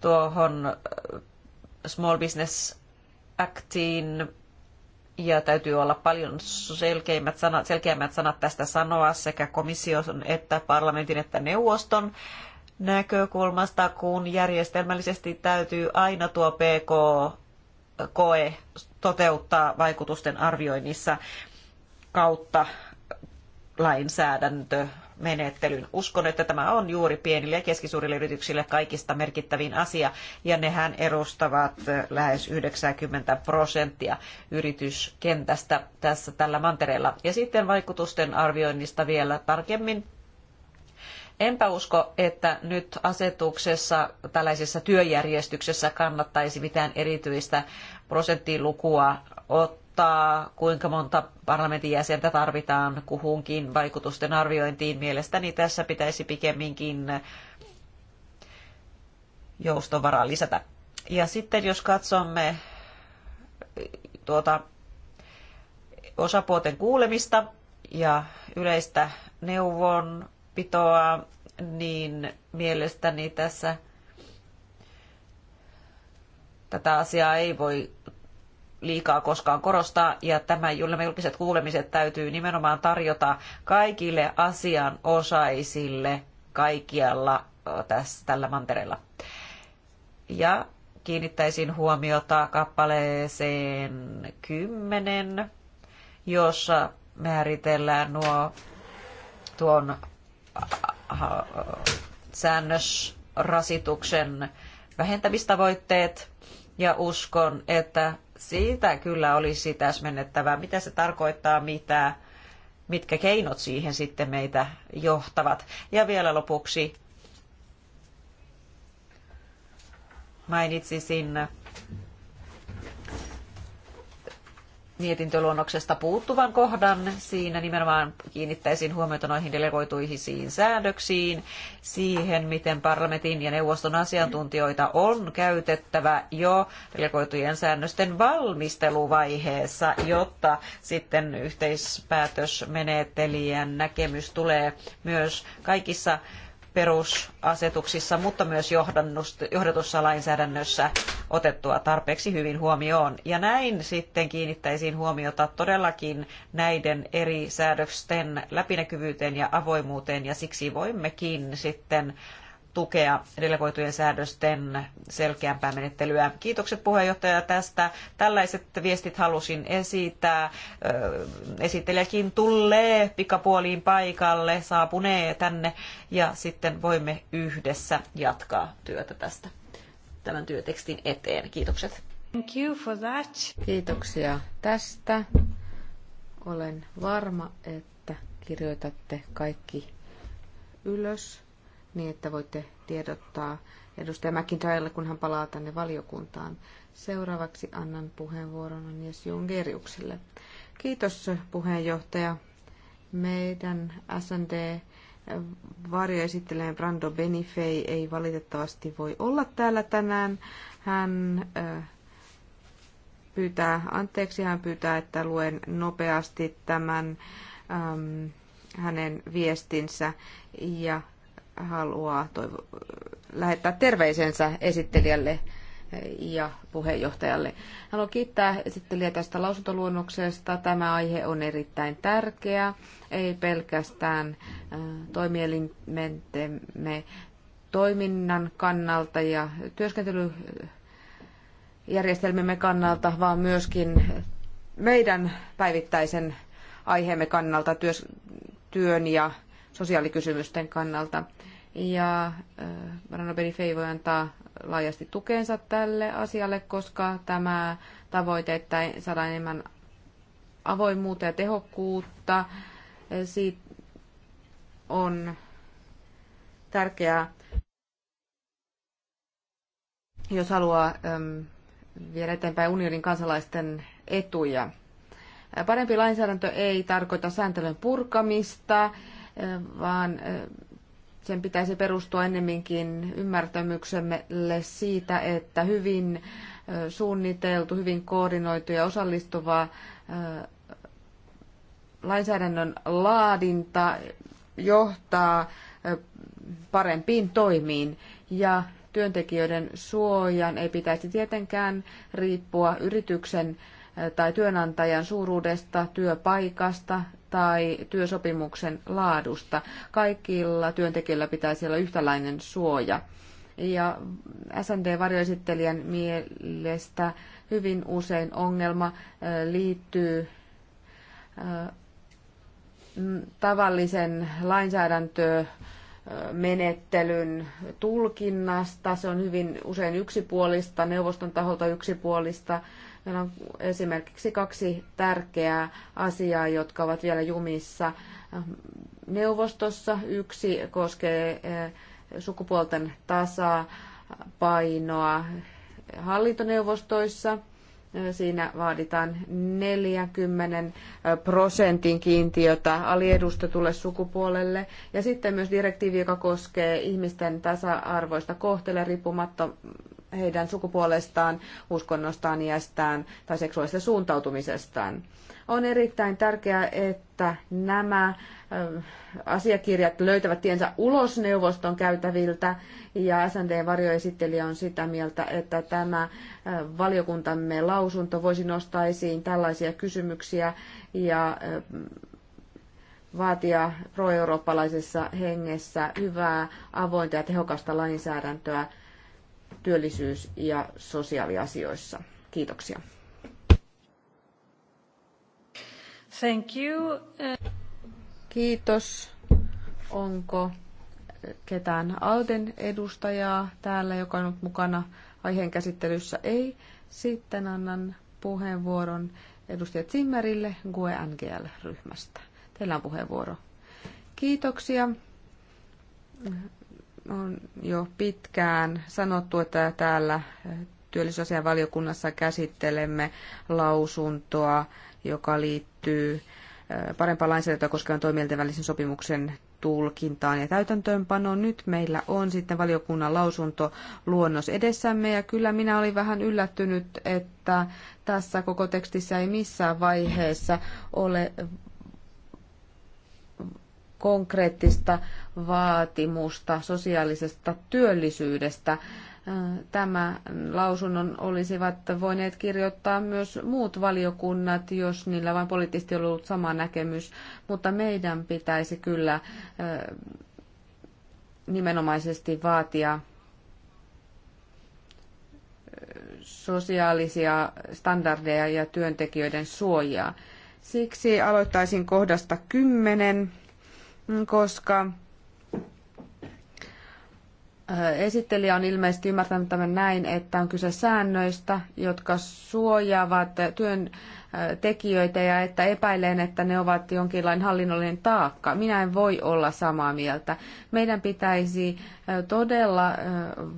tuohon Small Business Actiin ja täytyy olla paljon selkeimmät sanat, selkeämmät sanat tästä sanoa sekä komission että parlamentin että neuvoston näkökulmasta, kun järjestelmällisesti täytyy aina tuo PK-koe toteuttaa vaikutusten arvioinnissa kautta lainsäädäntö menettelyn. Uskon, että tämä on juuri pienille ja keskisuurille yrityksille kaikista merkittävin asia, ja nehän edustavat lähes 90 prosenttia yrityskentästä tässä tällä mantereella. Ja sitten vaikutusten arvioinnista vielä tarkemmin. Enpä usko, että nyt asetuksessa tällaisessa työjärjestyksessä kannattaisi mitään erityistä prosenttilukua ottaa vaikuttaa, kuinka monta parlamentin jäsentä tarvitaan kuhunkin vaikutusten arviointiin. Mielestäni tässä pitäisi pikemminkin joustovaraa lisätä. Ja sitten jos katsomme eh, tuota osapuolten kuulemista ja yleistä neuvonpitoa, niin mielestäni tässä tätä asiaa ei voi liikaa koskaan korostaa, ja tämä nämä julkiset kuulemiset täytyy nimenomaan tarjota kaikille asianosaisille kaikkialla tässä, tällä mantereella. Ja kiinnittäisin huomiota kappaleeseen 10, jossa määritellään nuo tuon säännösrasituksen vähentämistavoitteet ja uskon, että siitä kyllä olisi täsmennettävää, mitä se tarkoittaa, mitä, mitkä keinot siihen sitten meitä johtavat. Ja vielä lopuksi mainitsisin mietintöluonnoksesta puuttuvan kohdan. Siinä nimenomaan kiinnittäisin huomiota noihin delegoituihin säädöksiin, siihen, miten parlamentin ja neuvoston asiantuntijoita on käytettävä jo delegoitujen säännösten valmisteluvaiheessa, jotta sitten yhteispäätösmenettelijän näkemys tulee myös kaikissa perusasetuksissa, mutta myös johdatussa lainsäädännössä otettua tarpeeksi hyvin huomioon. Ja näin sitten kiinnittäisiin huomiota todellakin näiden eri säädösten läpinäkyvyyteen ja avoimuuteen, ja siksi voimmekin sitten tukea delegoitujen säädösten selkeämpää menettelyä. Kiitokset puheenjohtaja tästä. Tällaiset viestit halusin esittää. Esittelijäkin tulee pikapuoliin paikalle, saapunee tänne ja sitten voimme yhdessä jatkaa työtä tästä tämän työtekstin eteen. Kiitokset. Thank you for that. Kiitoksia tästä. Olen varma, että kirjoitatte kaikki ylös niin että voitte tiedottaa edustaja McIntyrelle, kun hän palaa tänne valiokuntaan. Seuraavaksi annan puheenvuoron Agnes Jungeriukselle. Kiitos puheenjohtaja. Meidän S&D varjoesittelijä Brando Benifei ei valitettavasti voi olla täällä tänään. Hän pyytää anteeksi, hän pyytää, että luen nopeasti tämän hänen viestinsä ja haluaa toiv lähettää terveisensä esittelijälle ja puheenjohtajalle. Haluan kiittää esittelijä tästä lausuntoluonnoksesta. Tämä aihe on erittäin tärkeä, ei pelkästään äh, toimielimentemme toiminnan kannalta ja työskentelyjärjestelmämme kannalta, vaan myöskin meidän päivittäisen aiheemme kannalta työn ja sosiaalikysymysten kannalta. Ja Rano Benifei voi antaa laajasti tukensa tälle asialle, koska tämä tavoite, että saada enemmän avoimuutta ja tehokkuutta, siitä on tärkeää, jos haluaa viedä eteenpäin unionin kansalaisten etuja. Parempi lainsäädäntö ei tarkoita sääntelyn purkamista vaan sen pitäisi perustua ennemminkin ymmärtämyksemme siitä, että hyvin suunniteltu, hyvin koordinoitu ja osallistuva lainsäädännön laadinta johtaa parempiin toimiin ja työntekijöiden suojan ei pitäisi tietenkään riippua yrityksen tai työnantajan suuruudesta, työpaikasta tai työsopimuksen laadusta. Kaikilla työntekijöillä pitäisi olla yhtäläinen suoja. Ja SND-varjoesittelijän mielestä hyvin usein ongelma äh, liittyy äh, mm, tavallisen lainsäädäntömenettelyn menettelyn tulkinnasta. Se on hyvin usein yksipuolista, neuvoston taholta yksipuolista, Meillä on esimerkiksi kaksi tärkeää asiaa, jotka ovat vielä jumissa neuvostossa. Yksi koskee eh, sukupuolten tasapainoa hallintoneuvostoissa. Eh, siinä vaaditaan 40 eh, prosentin kiintiötä aliedustetulle sukupuolelle. Ja sitten myös direktiivi, joka koskee ihmisten tasa-arvoista kohtelua riippumatta heidän sukupuolestaan, uskonnostaan, iästään tai seksuaalisesta suuntautumisestaan. On erittäin tärkeää, että nämä asiakirjat löytävät tiensä ulos neuvoston käytäviltä ja SND-varjoesittelijä on sitä mieltä, että tämä valiokuntamme lausunto voisi nostaa esiin tällaisia kysymyksiä ja vaatia pro-eurooppalaisessa hengessä hyvää, avointa ja tehokasta lainsäädäntöä työllisyys- ja sosiaaliasioissa. Kiitoksia. Thank you. Kiitos. Onko ketään Alden edustajaa täällä, joka on ollut mukana aiheen käsittelyssä? Ei. Sitten annan puheenvuoron edustaja Zimmerille GUE-NGL-ryhmästä. Teillä on puheenvuoro. Kiitoksia on jo pitkään sanottu, että täällä työllisyysasian valiokunnassa käsittelemme lausuntoa, joka liittyy eh, parempaan lainsäädäntöä koskevan toimielten välisen sopimuksen tulkintaan ja täytäntöönpanoon. Nyt meillä on sitten valiokunnan lausunto luonnos edessämme ja kyllä minä olin vähän yllättynyt, että tässä koko tekstissä ei missään vaiheessa ole konkreettista vaatimusta sosiaalisesta työllisyydestä. Tämä lausunnon olisivat voineet kirjoittaa myös muut valiokunnat, jos niillä vain poliittisesti on ollut sama näkemys, mutta meidän pitäisi kyllä nimenomaisesti vaatia sosiaalisia standardeja ja työntekijöiden suojaa. Siksi aloittaisin kohdasta 10 koska Esittelijä on ilmeisesti ymmärtänyt tämän näin, että on kyse säännöistä, jotka suojaavat työn tekijöitä ja että epäilen, että ne ovat jonkinlainen hallinnollinen taakka. Minä en voi olla samaa mieltä. Meidän pitäisi todella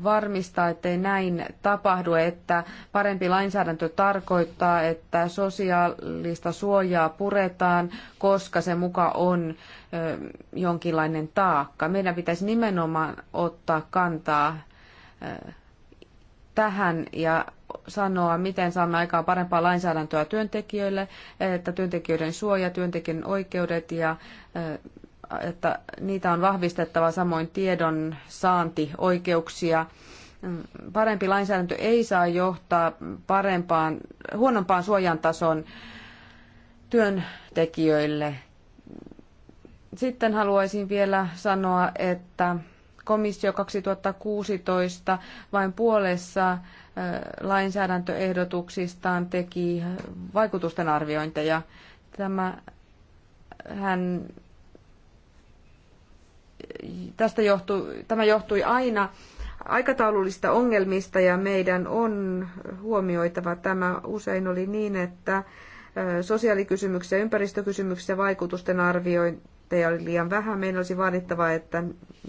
varmistaa, ettei näin tapahdu, että parempi lainsäädäntö tarkoittaa, että sosiaalista suojaa puretaan, koska se muka on jonkinlainen taakka. Meidän pitäisi nimenomaan ottaa kantaa tähän ja sanoa, miten saamme aikaan parempaa lainsäädäntöä työntekijöille, että työntekijöiden suoja, työntekijän oikeudet ja että niitä on vahvistettava samoin tiedon saantioikeuksia. Parempi lainsäädäntö ei saa johtaa parempaan, huonompaan suojan tason työntekijöille. Sitten haluaisin vielä sanoa, että komissio 2016 vain puolessa lainsäädäntöehdotuksistaan teki vaikutusten arviointeja. Tämä hän tästä johtui, tämä johtui aina aikataulullista ongelmista ja meidän on huomioitava tämä. Usein oli niin, että sosiaalikysymyksissä ja ympäristökysymyksissä vaikutusten arviointi projekteja oli liian vähän. Meidän olisi vaadittava, että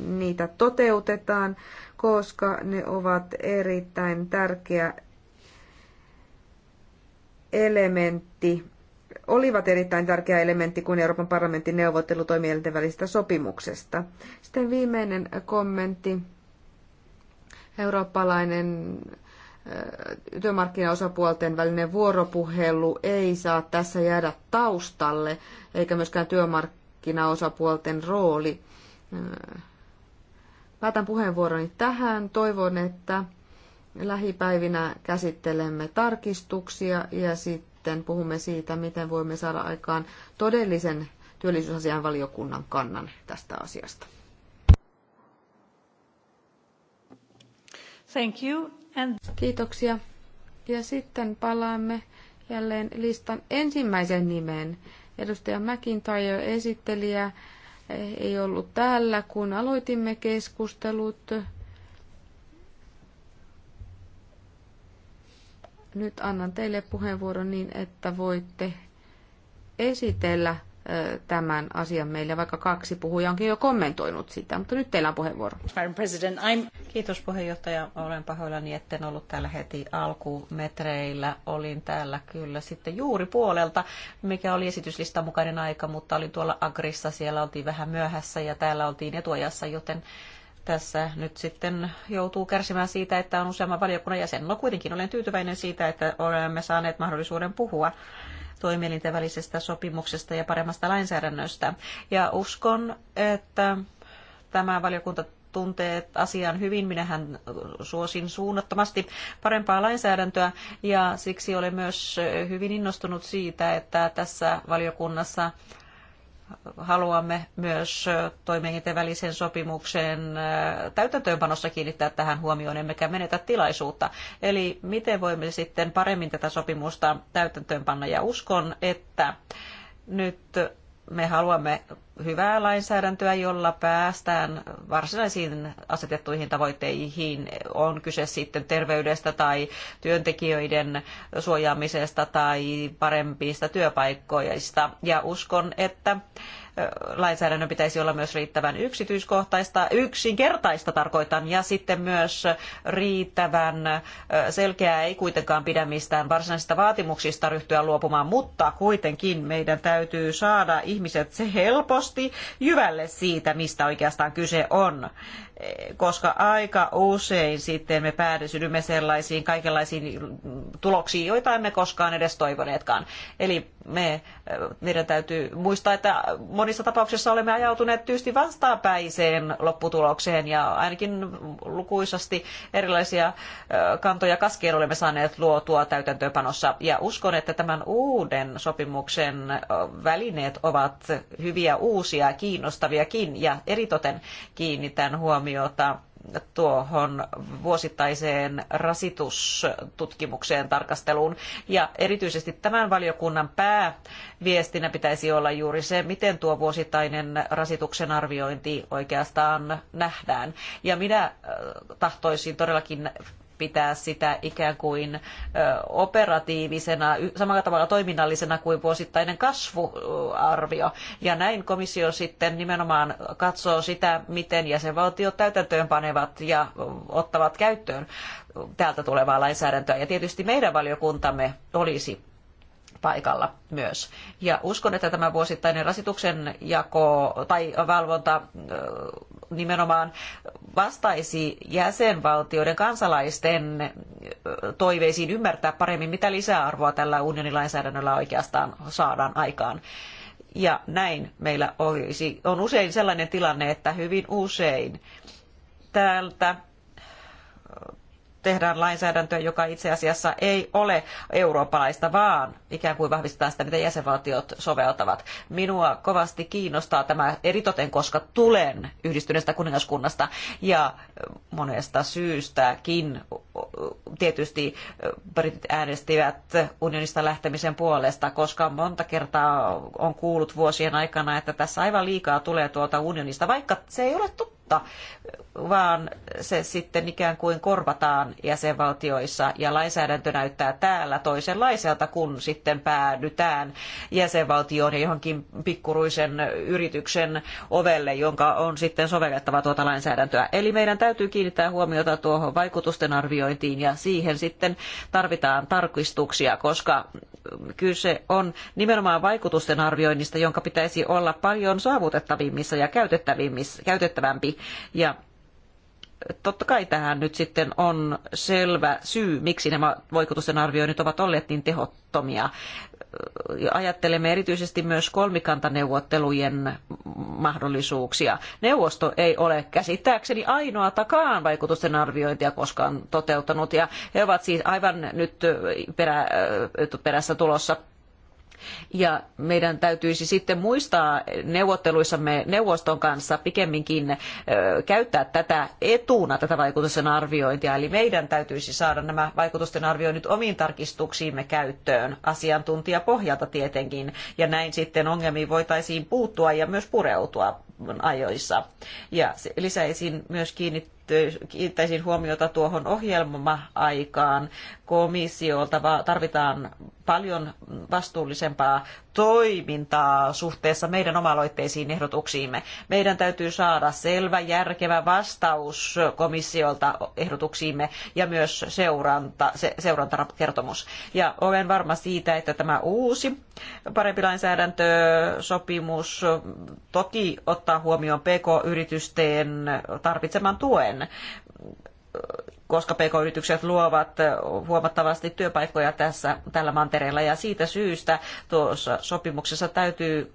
niitä toteutetaan, koska ne ovat erittäin tärkeä elementti, olivat erittäin tärkeä elementti kuin Euroopan parlamentin neuvottelutoimielten välisestä sopimuksesta. Sitten viimeinen kommentti. Eurooppalainen työmarkkinaosapuolten välinen vuoropuhelu ei saa tässä jäädä taustalle, eikä myöskään työmark- markkinaosapuolten rooli. Päätän äh, puheenvuoroni tähän. Toivon, että lähipäivinä käsittelemme tarkistuksia ja sitten puhumme siitä, miten voimme saada aikaan todellisen työllisyysasian valiokunnan kannan tästä asiasta. Thank you. And... Kiitoksia. Ja sitten palaamme jälleen listan ensimmäisen nimeen, Edustaja McIntyre esittelijä ei ollut täällä, kun aloitimme keskustelut. Nyt annan teille puheenvuoron niin, että voitte esitellä tämän asian meille, vaikka kaksi puhuja onkin jo kommentoinut sitä, mutta nyt teillä on puheenvuoro. Kiitos puheenjohtaja. Olen pahoillani, etten ollut täällä heti alkumetreillä. Olin täällä kyllä sitten juuri puolelta, mikä oli esityslistan mukainen aika, mutta olin tuolla Agrissa, siellä oltiin vähän myöhässä ja täällä oltiin etuajassa, joten tässä nyt sitten joutuu kärsimään siitä, että on useamman valiokunnan jäsen. No kuitenkin olen tyytyväinen siitä, että olemme saaneet mahdollisuuden puhua toimielinten välisestä sopimuksesta ja paremmasta lainsäädännöstä. Ja uskon, että tämä valiokunta tuntee asian hyvin. Minähän suosin suunnattomasti parempaa lainsäädäntöä ja siksi olen myös hyvin innostunut siitä, että tässä valiokunnassa haluamme myös toimijoiden välisen sopimuksen täytäntöönpanossa kiinnittää tähän huomioon, emmekä menetä tilaisuutta. Eli miten voimme sitten paremmin tätä sopimusta täytäntöönpanna ja uskon, että nyt me haluamme hyvää lainsäädäntöä, jolla päästään varsinaisiin asetettuihin tavoitteihin. On kyse sitten terveydestä tai työntekijöiden suojaamisesta tai parempista työpaikoista. Ja uskon, että lainsäädännön pitäisi olla myös riittävän yksityiskohtaista, yksinkertaista tarkoitan, ja sitten myös riittävän selkeää ei kuitenkaan pidä mistään varsinaisista vaatimuksista ryhtyä luopumaan, mutta kuitenkin meidän täytyy saada ihmiset se helposti jyvälle siitä, mistä oikeastaan kyse on koska aika usein sitten me päädysydymme sellaisiin kaikenlaisiin tuloksiin, joita emme koskaan edes toivoneetkaan. Eli me, äh, meidän täytyy muistaa, että monissa tapauksissa olemme ajautuneet tyysti vastaanpäiseen lopputulokseen ja ainakin lukuisasti erilaisia äh, kantoja kaskeen olemme saaneet luotua täytäntöönpanossa. Ja uskon, että tämän uuden sopimuksen äh, välineet ovat hyviä uusia, kiinnostaviakin ja eritoten kiinnitän huomioon huomiota tuohon vuosittaiseen rasitustutkimukseen tarkasteluun. Ja erityisesti tämän valiokunnan pääviestinä pitäisi olla juuri se, miten tuo vuosittainen rasituksen arviointi oikeastaan nähdään. Ja minä äh, tahtoisin todellakin pitää sitä ikään kuin operatiivisena, samalla tavalla toiminnallisena kuin vuosittainen kasvuarvio. Ja näin komissio sitten nimenomaan katsoo sitä, miten jäsenvaltiot täytäntöön panevat ja ottavat käyttöön täältä tulevaa lainsäädäntöä. Ja tietysti meidän valiokuntamme olisi paikalla myös. Ja uskon, että tämä vuosittainen rasituksen jako tai valvonta nimenomaan vastaisi jäsenvaltioiden kansalaisten toiveisiin ymmärtää paremmin, mitä lisäarvoa tällä unionilainsäädännöllä oikeastaan saadaan aikaan. Ja näin meillä olisi, on usein sellainen tilanne, että hyvin usein täältä tehdään lainsäädäntöä, joka itse asiassa ei ole eurooppalaista, vaan ikään kuin vahvistetaan sitä, mitä jäsenvaltiot soveltavat. Minua kovasti kiinnostaa tämä eritoten, koska tulen yhdistyneestä kuningaskunnasta ja monesta syystäkin tietysti britit äänestivät unionista lähtemisen puolesta, koska monta kertaa on kuullut vuosien aikana, että tässä aivan liikaa tulee tuolta unionista, vaikka se ei ole totta kautta, vaan se sitten ikään kuin korvataan jäsenvaltioissa ja lainsäädäntö näyttää täällä toisenlaiselta, kun sitten päädytään jäsenvaltioon ja johonkin pikkuruisen yrityksen ovelle, jonka on sitten sovellettava tuota lainsäädäntöä. Eli meidän täytyy kiinnittää huomiota tuohon vaikutusten arviointiin ja siihen sitten tarvitaan tarkistuksia, koska kyse on nimenomaan vaikutusten arvioinnista, jonka pitäisi olla paljon saavutettavimmissa ja käytettävämpi ja totta kai tähän nyt sitten on selvä syy, miksi nämä vaikutusten arvioinnit ovat olleet niin tehottomia. Ajattelemme erityisesti myös kolmikantaneuvottelujen mahdollisuuksia. Neuvosto ei ole käsittääkseni ainoatakaan vaikutusten arviointia koskaan toteuttanut, ja he ovat siis aivan nyt perä, perässä tulossa ja meidän täytyisi sitten muistaa neuvotteluissamme neuvoston kanssa pikemminkin käyttää tätä etuna, tätä vaikutusten arviointia. Eli meidän täytyisi saada nämä vaikutusten arvioinnit omiin tarkistuksiimme käyttöön asiantuntijapohjalta tietenkin. Ja näin sitten ongelmiin voitaisiin puuttua ja myös pureutua ajoissa. Ja lisäisin myös kiinnittää kiinnittäisin huomiota tuohon ohjelma-aikaan. Komissiolta tarvitaan paljon vastuullisempaa toimintaa suhteessa meidän omaloitteisiin ehdotuksiimme. Meidän täytyy saada selvä, järkevä vastaus komissiolta ehdotuksiimme ja myös seuranta, se, seurantakertomus. Ja olen varma siitä, että tämä uusi parempi lainsäädäntösopimus toki ottaa huomioon PK-yritysten tarvitseman tuen koska pk-yritykset luovat huomattavasti työpaikkoja tässä, tällä mantereella ja siitä syystä tuossa sopimuksessa täytyy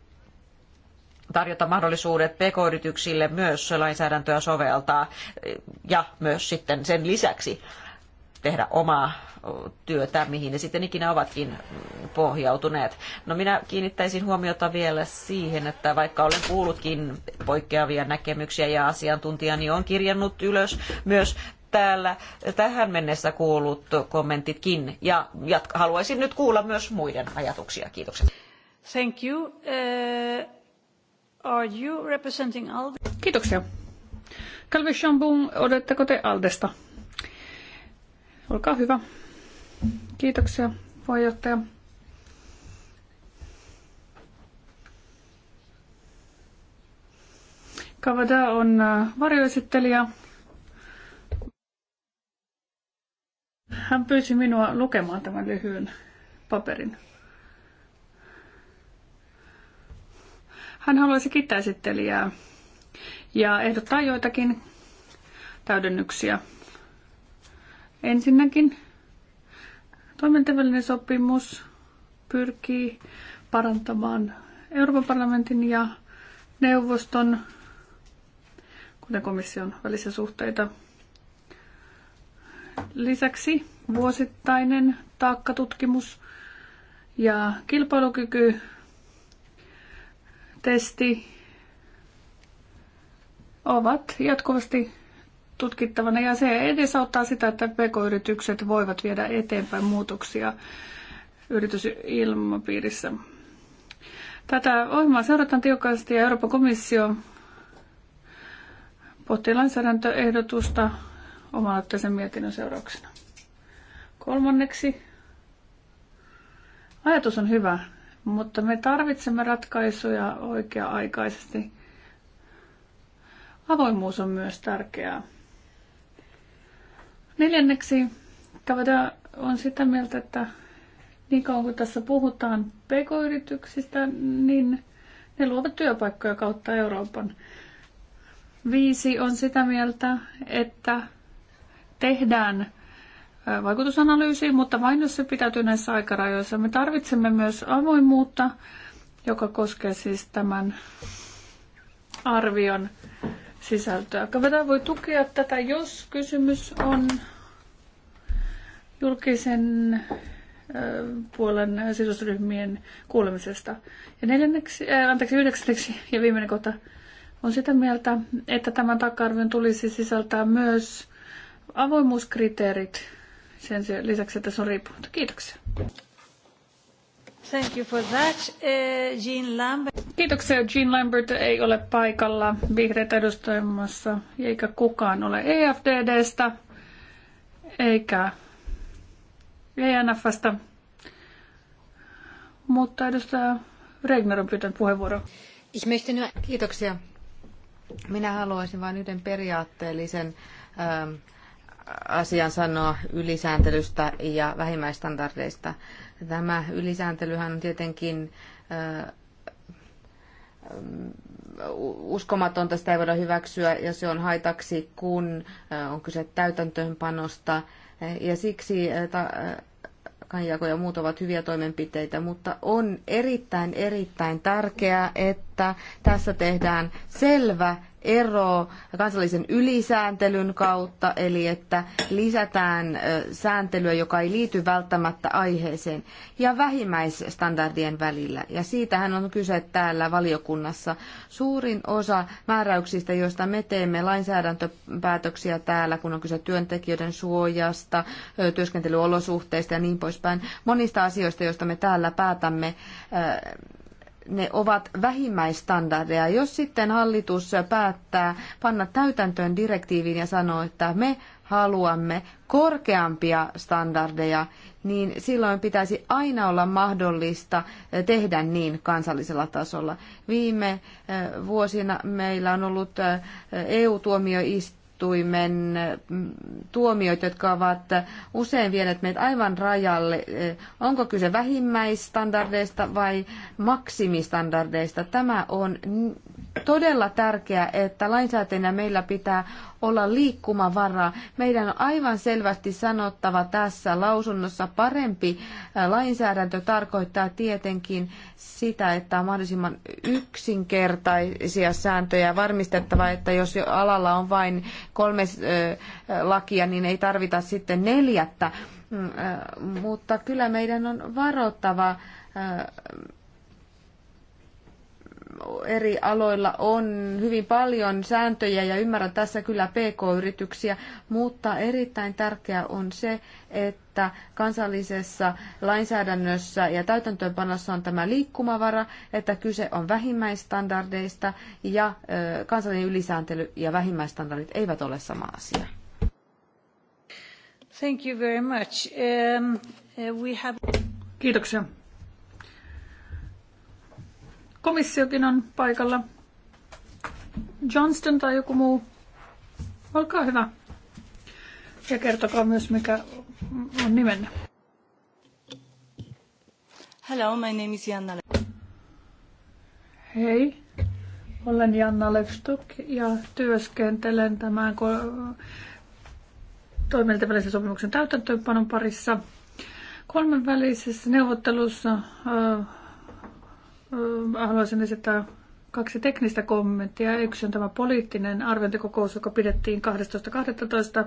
tarjota mahdollisuudet pk-yrityksille myös lainsäädäntöä soveltaa ja myös sitten sen lisäksi tehdä omaa työtä, mihin ne sitten ikinä ovatkin pohjautuneet. No minä kiinnittäisin huomiota vielä siihen, että vaikka olen kuullutkin poikkeavia näkemyksiä ja asiantuntijani on kirjannut ylös myös täällä tähän mennessä kuullut kommentitkin ja jatka, haluaisin nyt kuulla myös muiden ajatuksia. Kiitokset. Thank you. Uh, are you representing Alde? Kiitoksia. Calvi Chambon, odotteko te Aldesta? Olkaa hyvä. Kiitoksia, puheenjohtaja. Kavada on äh, varjoesittelijä. Hän pyysi minua lukemaan tämän lyhyen paperin. Hän haluaisi kiittää esittelijää ja ehdottaa joitakin täydennyksiä. Ensinnäkin Toimintavälinen sopimus pyrkii parantamaan Euroopan parlamentin ja neuvoston, kuten komission välisiä suhteita. Lisäksi vuosittainen taakkatutkimus ja kilpailukyky testi ovat jatkuvasti tutkittavana ja se edesauttaa sitä, että pk-yritykset voivat viedä eteenpäin muutoksia yritysilmapiirissä. Tätä ohjelmaa seurataan tiukasti ja Euroopan komissio pohtii lainsäädäntöehdotusta omanotteisen mietinnön seurauksena. Kolmanneksi, ajatus on hyvä, mutta me tarvitsemme ratkaisuja oikea-aikaisesti. Avoimuus on myös tärkeää. Neljänneksi Kavada on sitä mieltä, että niin kauan kuin tässä puhutaan pk-yrityksistä, niin ne luovat työpaikkoja kautta Euroopan. Viisi on sitä mieltä, että tehdään vaikutusanalyysi, mutta vain jos se pitäytyy näissä aikarajoissa. Me tarvitsemme myös avoimuutta, joka koskee siis tämän arvion sisältöä. Kavada voi tukea tätä, jos kysymys on julkisen puolen sidosryhmien kuulemisesta. Ja neljänneksi, äh, anteeksi, yhdeksänneksi ja viimeinen kohta on sitä mieltä, että tämän takarvin tulisi sisältää myös avoimuuskriteerit sen lisäksi, että se on riippumatta. Kiitoksia. Thank you for that. Eh, Jean Lambert. Kiitoksia. Jean Lambert ei ole paikalla vihreitä edustajamassa, eikä kukaan ole EFDDstä, eikä ENFstä. Mutta edustaja Regner on pyytänyt puheenvuoron. Ich möchte nur... Kiitoksia. Minä haluaisin vain yhden periaatteellisen ähm, asian sanoa ylisääntelystä ja vähimmäistandardeista. Tämä ylisääntelyhän on tietenkin uskomatonta, sitä ei voida hyväksyä ja se on haitaksi, kun on kyse täytäntöönpanosta. Ja siksi kanjako ja muut ovat hyviä toimenpiteitä, mutta on erittäin, erittäin tärkeää, että tässä tehdään selvä ero kansallisen ylisääntelyn kautta, eli että lisätään sääntelyä, joka ei liity välttämättä aiheeseen, ja vähimmäisstandardien välillä. Ja siitähän on kyse täällä valiokunnassa. Suurin osa määräyksistä, joista me teemme lainsäädäntöpäätöksiä täällä, kun on kyse työntekijöiden suojasta, työskentelyolosuhteista ja niin poispäin, monista asioista, joista me täällä päätämme, ne ovat vähimmäistandardeja. Jos sitten hallitus päättää panna täytäntöön direktiivin ja sanoo, että me haluamme korkeampia standardeja, niin silloin pitäisi aina olla mahdollista tehdä niin kansallisella tasolla. Viime eh, vuosina meillä on ollut eh, EU-tuomioistuin tuomioistuimen mm, tuomioita, jotka ovat usein vieneet meitä aivan rajalle. Eh, onko kyse vähimmäistandardeista vai maksimistandardeista? Tämä on todella tärkeää, että lainsäätäjänä meillä pitää olla liikkumavara. Meidän on aivan selvästi sanottava tässä lausunnossa parempi lainsäädäntö tarkoittaa tietenkin sitä, että on mahdollisimman yksinkertaisia sääntöjä varmistettava, että jos alalla on vain kolme lakia, niin ei tarvita sitten neljättä. Mm, mutta kyllä meidän on varoittava eri aloilla on hyvin paljon sääntöjä ja ymmärrän tässä kyllä PK-yrityksiä, mutta erittäin tärkeää on se, että kansallisessa lainsäädännössä ja täytäntöönpanossa on tämä liikkumavara, että kyse on vähimmäistandardeista ja kansallinen ylisääntely ja vähimmäistandardit eivät ole sama asia. Thank you very much. Um, uh, we have... Kiitoksia. Komissiokin on paikalla. Johnston tai joku muu, olkaa hyvä. Ja kertokaa myös, mikä on nimenne. Hello, my name is Janna Hei, olen Janna Levstuk ja työskentelen tämän toimijoiden välisen sopimuksen täytäntöönpanon parissa. Kolmen välisessä neuvottelussa haluaisin esittää kaksi teknistä kommenttia. Yksi on tämä poliittinen arviointikokous, joka pidettiin 12.12.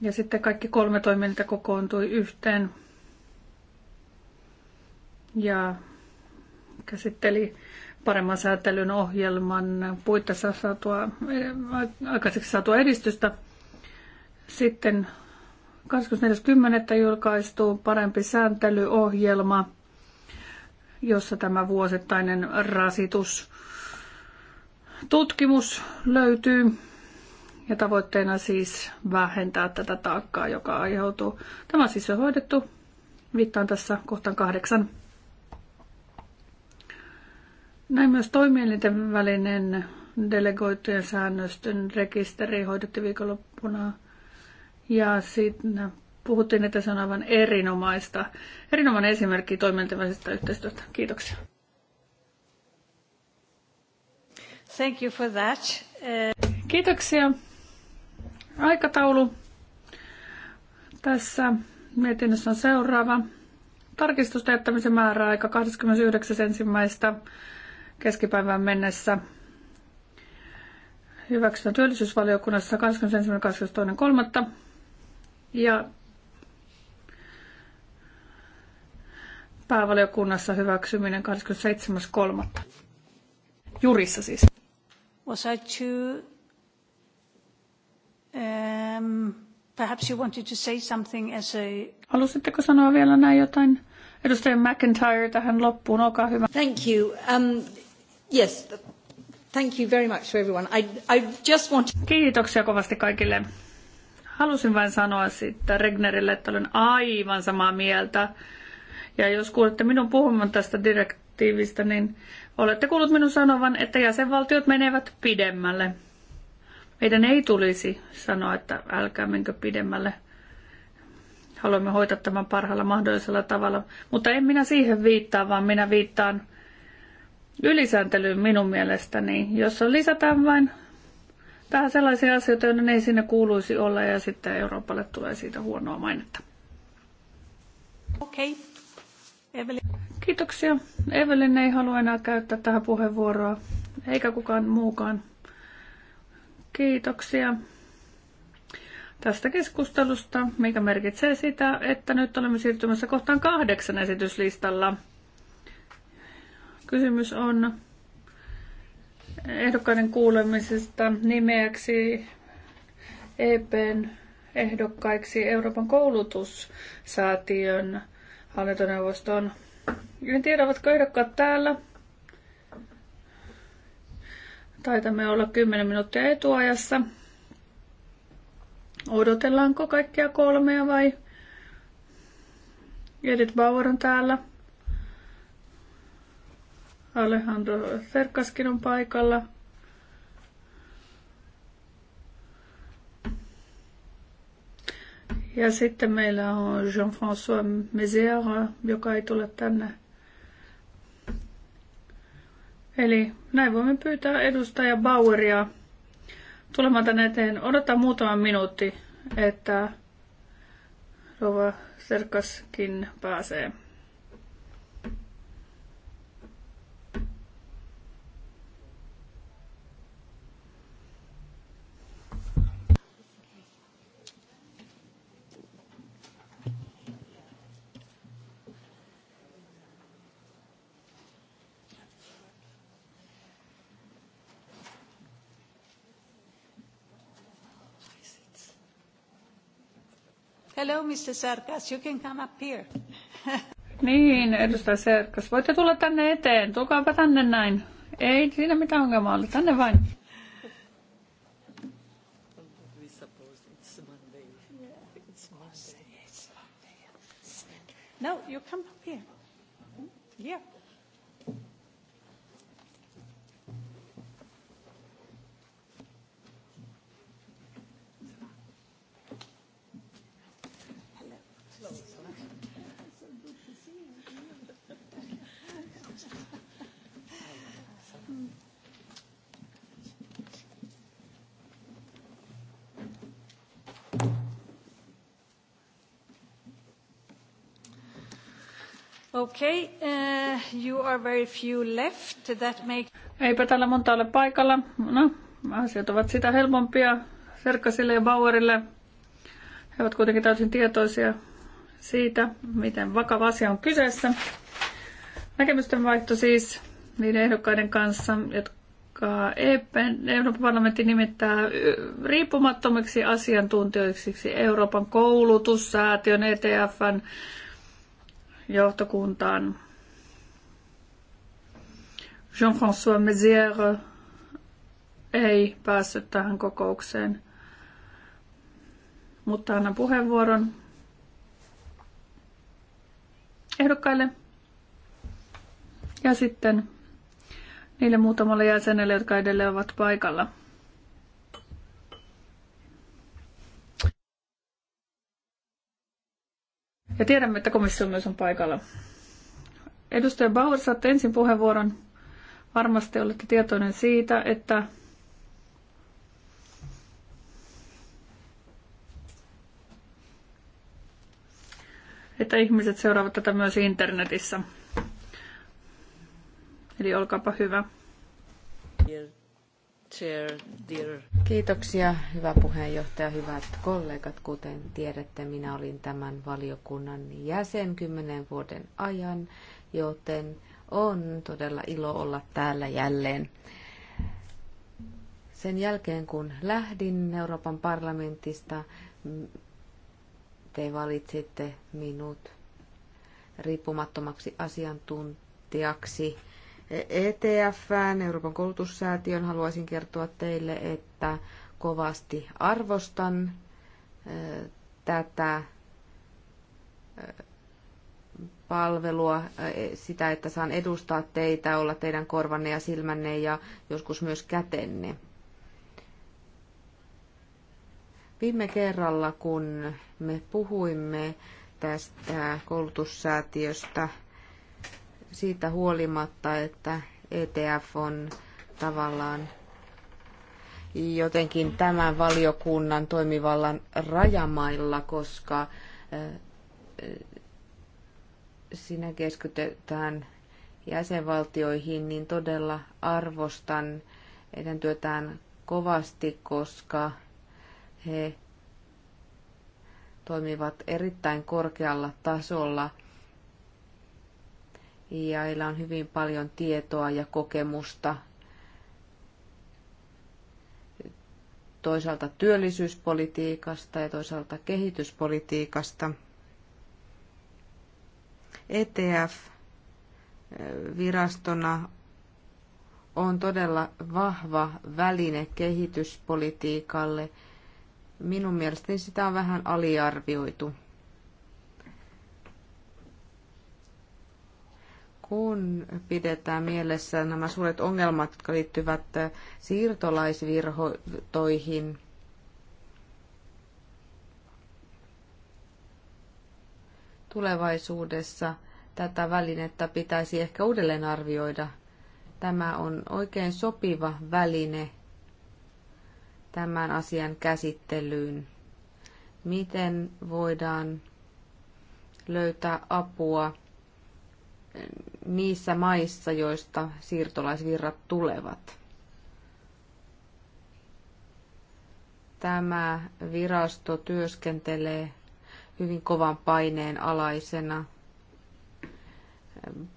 Ja sitten kaikki kolme toimintaa kokoontui yhteen ja käsitteli paremman säätelyn ohjelman puitteissa saatua, aikaiseksi saatua edistystä. Sitten 24.10. julkaistuu parempi sääntelyohjelma – jossa tämä vuosittainen rasitustutkimus tutkimus löytyy ja tavoitteena siis vähentää tätä taakkaa, joka aiheutuu. Tämä on siis on hoidettu. Viittaan tässä kohtaan kahdeksan. Näin myös toimielinten välinen delegoitujen säännöstön rekisteri hoidettiin viikonloppuna. Ja siinä puhuttiin, että se on aivan erinomaista. Erinomainen esimerkki toimintavälisestä yhteistyöstä. Kiitoksia. Thank you for that. Eh, Kiitoksia. Aikataulu tässä mietinnössä on seuraava. Tarkistusten jättämisen määräaika 29.1. keskipäivään mennessä. Hyväksytään työllisyysvaliokunnassa 21.22.3. Ja päävaliokunnassa hyväksyminen 27.3. Jurissa siis. Was I too... Um, perhaps you wanted to say something as a... Halusitteko sanoa vielä näin jotain? Edustaja McIntyre tähän loppuun, olkaa hyvä. Thank you. Um, yes, thank you very much to everyone. I, I just want... Kiitoksia kovasti kaikille. Halusin vain sanoa sitten Regnerille, että olen aivan samaa mieltä ja jos kuulette minun puhumaan tästä direktiivistä, niin olette kuullut minun sanovan, että jäsenvaltiot menevät pidemmälle. Meidän ei tulisi sanoa, että älkää menkö pidemmälle. Haluamme hoitaa tämän parhaalla mahdollisella tavalla. Mutta en minä siihen viittaa, vaan minä viittaan ylisääntelyyn minun mielestäni, jossa lisätään vain vähän sellaisia asioita, joiden ei sinne kuuluisi olla ja sitten Euroopalle tulee siitä huonoa mainetta. Okei. Okay. Evelin. Kiitoksia. Evelin ei halua enää käyttää tähän puheenvuoroa, eikä kukaan muukaan. Kiitoksia tästä keskustelusta, mikä merkitsee sitä, että nyt olemme siirtymässä kohtaan kahdeksan esityslistalla. Kysymys on ehdokkaiden kuulemisesta nimeäksi EPn ehdokkaiksi Euroopan koulutussäätiön hallintoneuvostoon. En tiedä, ovatko ehdokkaat täällä. Taitamme olla 10 minuuttia etuajassa. Odotellaanko kaikkia kolmea vai? Edith Bauer on täällä. Alejandro Serkaskin on paikalla. Ja sitten meillä on Jean-François Mézière, joka ei tule tänne. Eli näin voimme pyytää edustaja Baueria tulemaan tänne eteen. Odottaa muutama minuutti, että Rova Serkaskin pääsee. Hello, Mr. Sarkas, you can come up here. niin, edustaja Serkas, voitte tulla tänne eteen. Tulkaapa tänne näin. Ei siinä mitään ongelmaa ole. Tänne vain. No, you come up here. Hmm? Yeah. Okay, uh, you are very few left. That make... Eipä täällä monta ole paikalla. No, asiat ovat sitä helpompia Serkkasille ja Bauerille. He ovat kuitenkin täysin tietoisia siitä, miten vakava asia on kyseessä. Näkemysten vaihto siis niiden ehdokkaiden kanssa, jotka Euroopan parlamentti nimittää riippumattomiksi asiantuntijoiksi Euroopan koulutussäätiön, ETFn, johtokuntaan. Jean-François Mézière ei päässyt tähän kokoukseen, mutta annan puheenvuoron ehdokkaille ja sitten niille muutamalle jäsenelle, jotka edelleen ovat paikalla. Ja tiedämme, että komissio myös on paikalla. Edustaja Bauer, saatte ensin puheenvuoron. Varmasti olette tietoinen siitä, että että ihmiset seuraavat tätä myös internetissä. Eli olkaapa hyvä. Kiitos. Chair, dear. Kiitoksia, hyvä puheenjohtaja, hyvät kollegat. Kuten tiedätte, minä olin tämän valiokunnan jäsen kymmenen vuoden ajan, joten on todella ilo olla täällä jälleen. Sen jälkeen, kun lähdin Euroopan parlamentista, te valitsitte minut riippumattomaksi asiantuntijaksi – ETFään, Euroopan koulutussäätiön, haluaisin kertoa teille, että kovasti arvostan tätä palvelua, e, sitä, että saan edustaa teitä, olla teidän korvanne ja silmänne ja joskus myös kätenne. Viime kerralla, kun me puhuimme tästä koulutussäätiöstä, siitä huolimatta, että ETF on tavallaan jotenkin tämän valiokunnan toimivallan rajamailla, koska sinä keskitytään jäsenvaltioihin, niin todella arvostan heidän työtään kovasti, koska he toimivat erittäin korkealla tasolla – ja heillä on hyvin paljon tietoa ja kokemusta toisaalta työllisyyspolitiikasta ja toisaalta kehityspolitiikasta. ETF-virastona eh, on todella vahva väline kehityspolitiikalle. Minun mielestäni sitä on vähän aliarvioitu. kun pidetään mielessä nämä suuret ongelmat, jotka liittyvät äh, siirtolaisvirhoihin tulevaisuudessa tätä välinettä pitäisi ehkä uudelleen arvioida. Tämä on oikein sopiva väline tämän asian käsittelyyn. Miten voidaan löytää apua niissä maissa, joista siirtolaisvirrat tulevat. Tämä virasto työskentelee hyvin kovan paineen alaisena.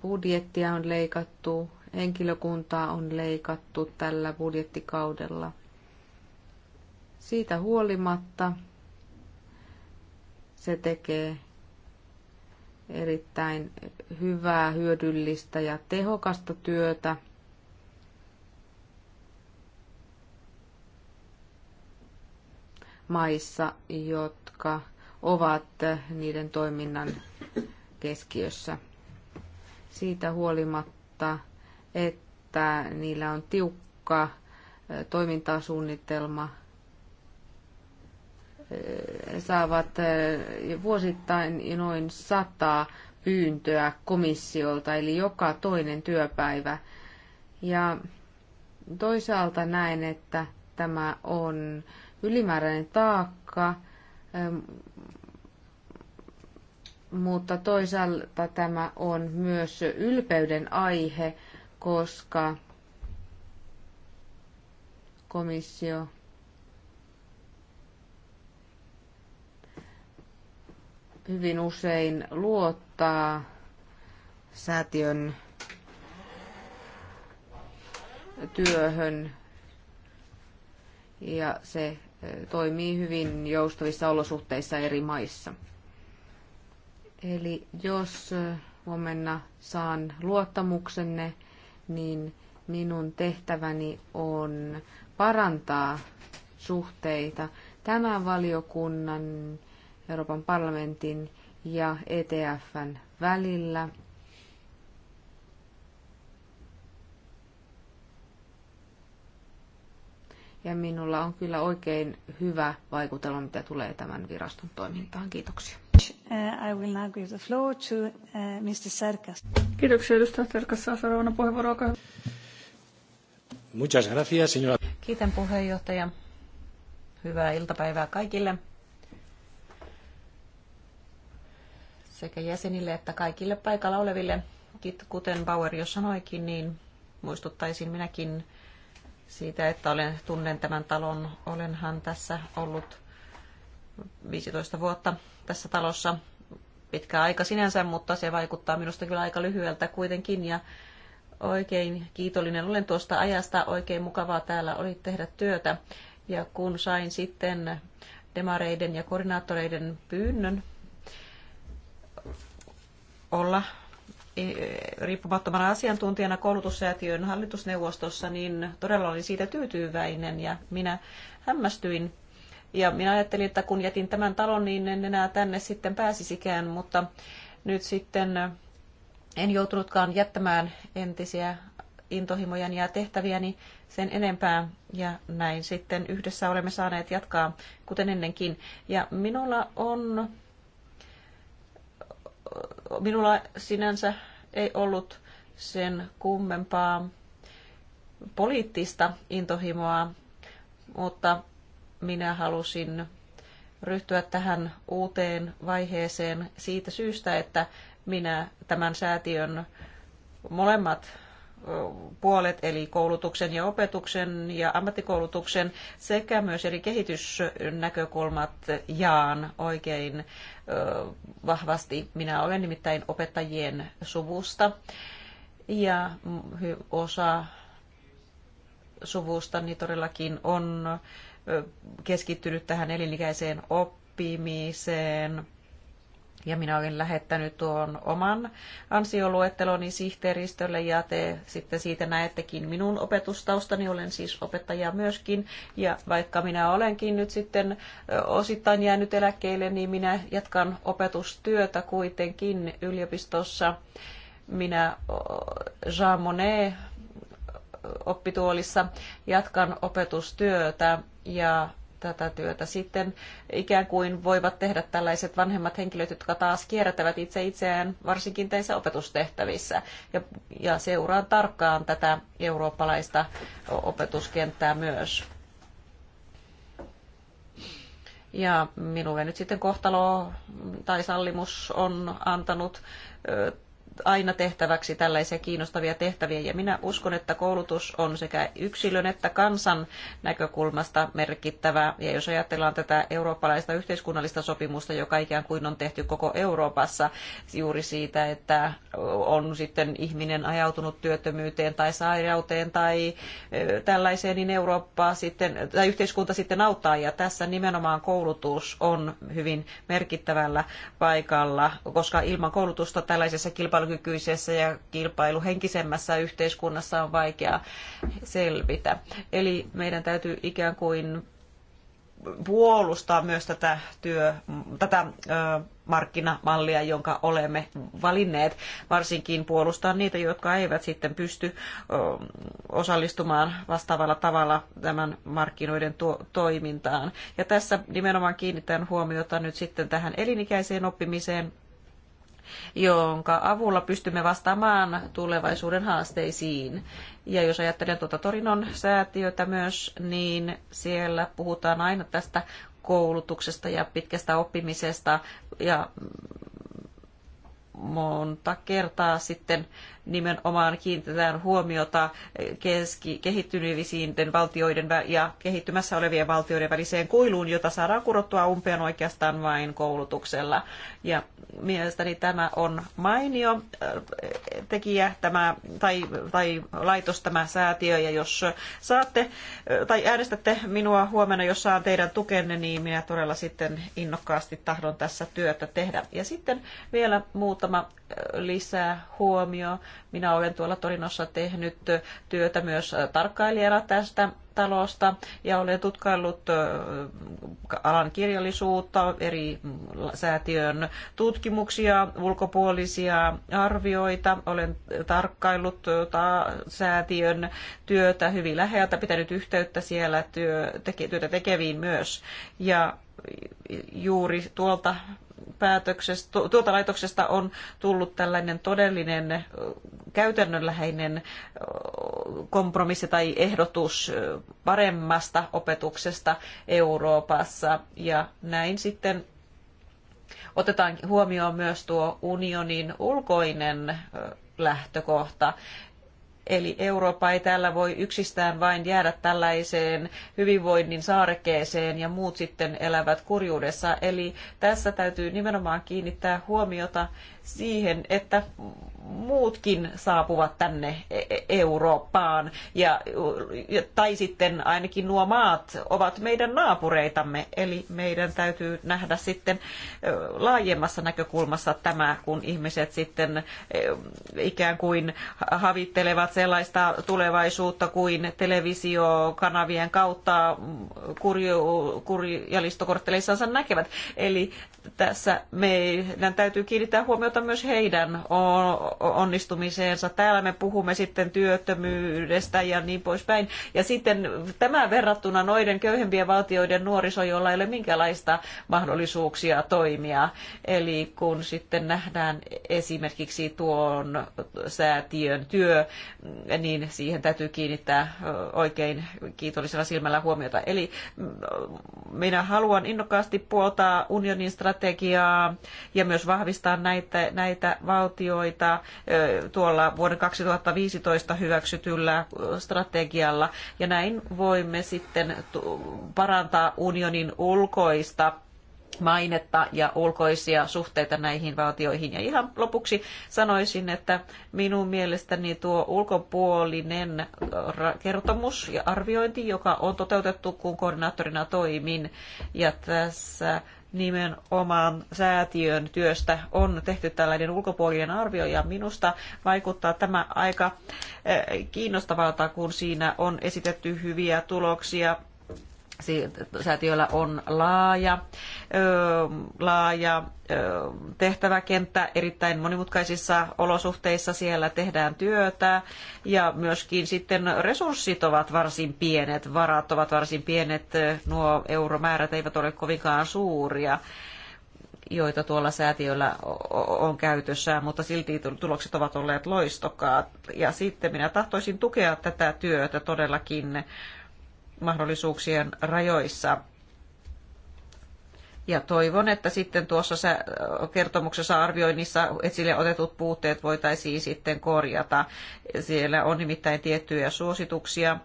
Budjettia on leikattu, henkilökuntaa on leikattu tällä budjettikaudella. Siitä huolimatta se tekee erittäin hyvää, hyödyllistä ja tehokasta työtä. maissa, jotka ovat niiden toiminnan keskiössä. Siitä huolimatta, että niillä on tiukka eh, toimintasuunnitelma, Eh, saavat eh, vuosittain noin sata pyyntöä komissiolta, eli joka toinen työpäivä. Ja toisaalta näen, että tämä on ylimääräinen taakka, mutta toisaalta tämä on myös ylpeyden aihe, koska komissio hyvin usein luottaa säätiön työhön ja se eh, toimii hyvin joustavissa olosuhteissa eri maissa. Eli jos eh, huomenna saan luottamuksenne, niin minun tehtäväni on parantaa suhteita tämän valiokunnan Euroopan parlamentin ja ETFn välillä. Ja minulla on kyllä oikein hyvä vaikutelma, mitä tulee tämän viraston toimintaan. Kiitoksia. Uh, I will now give the floor to uh, Mr. Serkas. Kiitoksia edustaja Serkas. Saa seuraavana puheenvuoroa. Muchas gracias, señora. Kiitän puheenjohtaja. Hyvää iltapäivää kaikille. sekä jäsenille että kaikille paikalla oleville. Kuten Bauer jo sanoikin, niin muistuttaisin minäkin siitä, että olen, tunnen tämän talon. Olenhan tässä ollut 15 vuotta tässä talossa. Pitkä aika sinänsä, mutta se vaikuttaa minusta kyllä aika lyhyeltä kuitenkin. Ja oikein kiitollinen olen tuosta ajasta. Oikein mukavaa täällä oli tehdä työtä. Ja kun sain sitten demareiden ja koordinaattoreiden pyynnön olla e, riippumattomana asiantuntijana koulutussäätiön hallitusneuvostossa, niin todella olin siitä tyytyväinen ja minä hämmästyin. Ja minä ajattelin, että kun jätin tämän talon, niin en enää tänne sitten pääsisikään, mutta nyt sitten en joutunutkaan jättämään entisiä intohimojani ja tehtäviäni sen enempää. Ja näin sitten yhdessä olemme saaneet jatkaa, kuten ennenkin. Ja minulla on minulla sinänsä ei ollut sen kummempaa poliittista intohimoa, mutta minä halusin ryhtyä tähän uuteen vaiheeseen siitä syystä, että minä tämän säätiön molemmat puolet, eli koulutuksen ja opetuksen ja ammattikoulutuksen sekä myös eri kehitysnäkökulmat jaan oikein vahvasti. Minä olen nimittäin opettajien suvusta ja osa niin todellakin on keskittynyt tähän elinikäiseen oppimiseen ja minä olen lähettänyt tuon oman ansioluetteloni sihteeristölle ja te sitten siitä näettekin minun opetustaustani. Olen siis opettaja myöskin ja vaikka minä olenkin nyt sitten osittain jäänyt eläkkeelle, niin minä jatkan opetustyötä kuitenkin yliopistossa. Minä Jean Monnet oppituolissa jatkan opetustyötä ja tätä työtä. Sitten ikään kuin voivat tehdä tällaiset vanhemmat henkilöt, jotka taas kiertävät itse itseään varsinkin teissä opetustehtävissä. Ja, ja seuraan tarkkaan tätä eurooppalaista opetuskenttää myös. Ja minulle nyt sitten kohtalo tai sallimus on antanut aina tehtäväksi tällaisia kiinnostavia tehtäviä. Ja minä uskon, että koulutus on sekä yksilön että kansan näkökulmasta merkittävä. Ja jos ajatellaan tätä eurooppalaista yhteiskunnallista sopimusta, joka ikään kuin on tehty koko Euroopassa juuri siitä, että on sitten ihminen ajautunut työttömyyteen tai sairauteen tai tällaiseen, niin Eurooppa sitten, tai yhteiskunta sitten auttaa. Ja tässä nimenomaan koulutus on hyvin merkittävällä paikalla, koska ilman koulutusta tällaisessa kilpailu kilpailukykyisessä ja kilpailuhenkisemmässä yhteiskunnassa on vaikea selvitä. Eli meidän täytyy ikään kuin puolustaa myös tätä, työ, tätä ö, markkinamallia, jonka olemme valinneet, varsinkin puolustaa niitä, jotka eivät sitten pysty osallistumaan vastaavalla tavalla tämän markkinoiden toimintaan. Ja tässä nimenomaan kiinnitän huomiota nyt sitten tähän elinikäiseen oppimiseen jonka avulla pystymme vastaamaan tulevaisuuden haasteisiin. Ja jos ajattelen tuota Torinon säätiötä myös, niin siellä puhutaan aina tästä koulutuksesta ja pitkästä oppimisesta ja monta kertaa sitten nimenomaan kiinnitetään huomiota keski, kehittyneisiin valtioiden ja kehittymässä olevien valtioiden väliseen kuiluun, jota saadaan kurottua umpeen oikeastaan vain koulutuksella. Ja mielestäni tämä on mainio äh, tekijä tämä, tai, tai laitos tämä säätiö, ja jos saatte äh, tai äänestätte minua huomenna, jos saan teidän tukenne, niin minä todella sitten innokkaasti tahdon tässä työtä tehdä. Ja sitten vielä muutama lisää huomio. Minä olen tuolla Torinossa tehnyt työtä myös tarkkailijana tästä talosta ja olen tutkaillut alan kirjallisuutta, eri säätiön tutkimuksia, ulkopuolisia arvioita. Olen tarkkaillut säätiön työtä hyvin läheltä, pitänyt yhteyttä siellä työ, teke, työtä tekeviin myös. Ja juuri tuolta päätöksestä, tuota laitoksesta on tullut tällainen todellinen käytännönläheinen kompromissi tai ehdotus paremmasta opetuksesta Euroopassa. Ja näin sitten otetaan huomioon myös tuo unionin ulkoinen lähtökohta. Eli Eurooppa ei tällä voi yksistään vain jäädä tällaiseen hyvinvoinnin saarekkeeseen ja muut sitten elävät kurjuudessa. Eli tässä täytyy nimenomaan kiinnittää huomiota siihen, että muutkin saapuvat tänne e-, e-, Eurooppaan, ja, tai sitten ainakin nuo maat ovat meidän naapureitamme, eli meidän täytyy nähdä sitten laajemmassa näkökulmassa tämä, kun ihmiset sitten ikään kuin havittelevat sellaista tulevaisuutta kuin televisiokanavien kautta mm, kurjo, kurjalistokortteleissansa näkevät. Eli tässä meidän täytyy kiinnittää huomiota huomiota myös heidän onnistumiseensa. Täällä me puhumme sitten työttömyydestä ja niin poispäin. Ja sitten tämä verrattuna noiden köyhempien valtioiden nuoriso, jolla ei ole minkälaista mahdollisuuksia toimia. Eli kun sitten nähdään esimerkiksi tuon säätiön työ, niin siihen täytyy kiinnittää oikein kiitollisella silmällä huomiota. Eli minä haluan innokkaasti puoltaa unionin strategiaa ja myös vahvistaa näitä näitä valtioita tuolla vuoden 2015 hyväksytyllä strategialla ja näin voimme sitten parantaa unionin ulkoista mainetta ja ulkoisia suhteita näihin valtioihin. Ja ihan lopuksi sanoisin, että minun mielestäni tuo ulkopuolinen kertomus ja arviointi, joka on toteutettu, kun koordinaattorina toimin, ja tässä nimenomaan säätiön työstä on tehty tällainen ulkopuolinen arvio ja minusta vaikuttaa tämä aika eh, kiinnostavalta, kun siinä on esitetty hyviä tuloksia säätiöllä on laaja, ö, laaja ö, tehtäväkenttä erittäin monimutkaisissa olosuhteissa. Siellä tehdään työtä ja myöskin sitten resurssit ovat varsin pienet, varat ovat varsin pienet, nuo euromäärät eivät ole kovinkaan suuria joita tuolla säätiöllä on käytössä, mutta silti tulokset ovat olleet loistokkaat. Ja sitten minä tahtoisin tukea tätä työtä todellakin mahdollisuuksien rajoissa. Ja toivon, että sitten tuossa kertomuksessa arvioinnissa esille otetut puutteet voitaisiin sitten korjata. Siellä on nimittäin tiettyjä suosituksia.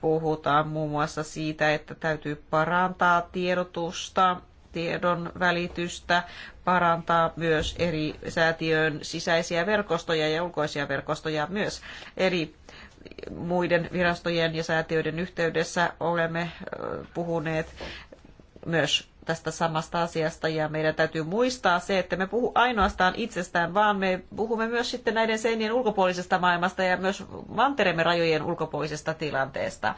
Puhutaan muun muassa siitä, että täytyy parantaa tiedotusta, tiedon välitystä, parantaa myös eri säätiön sisäisiä verkostoja ja ulkoisia verkostoja myös. Eli muiden virastojen ja säätiöiden yhteydessä olemme puhuneet myös tästä samasta asiasta ja meidän täytyy muistaa se, että me puhu ainoastaan itsestään, vaan me puhumme myös sitten näiden seinien ulkopuolisesta maailmasta ja myös mantereemme rajojen ulkopuolisesta tilanteesta.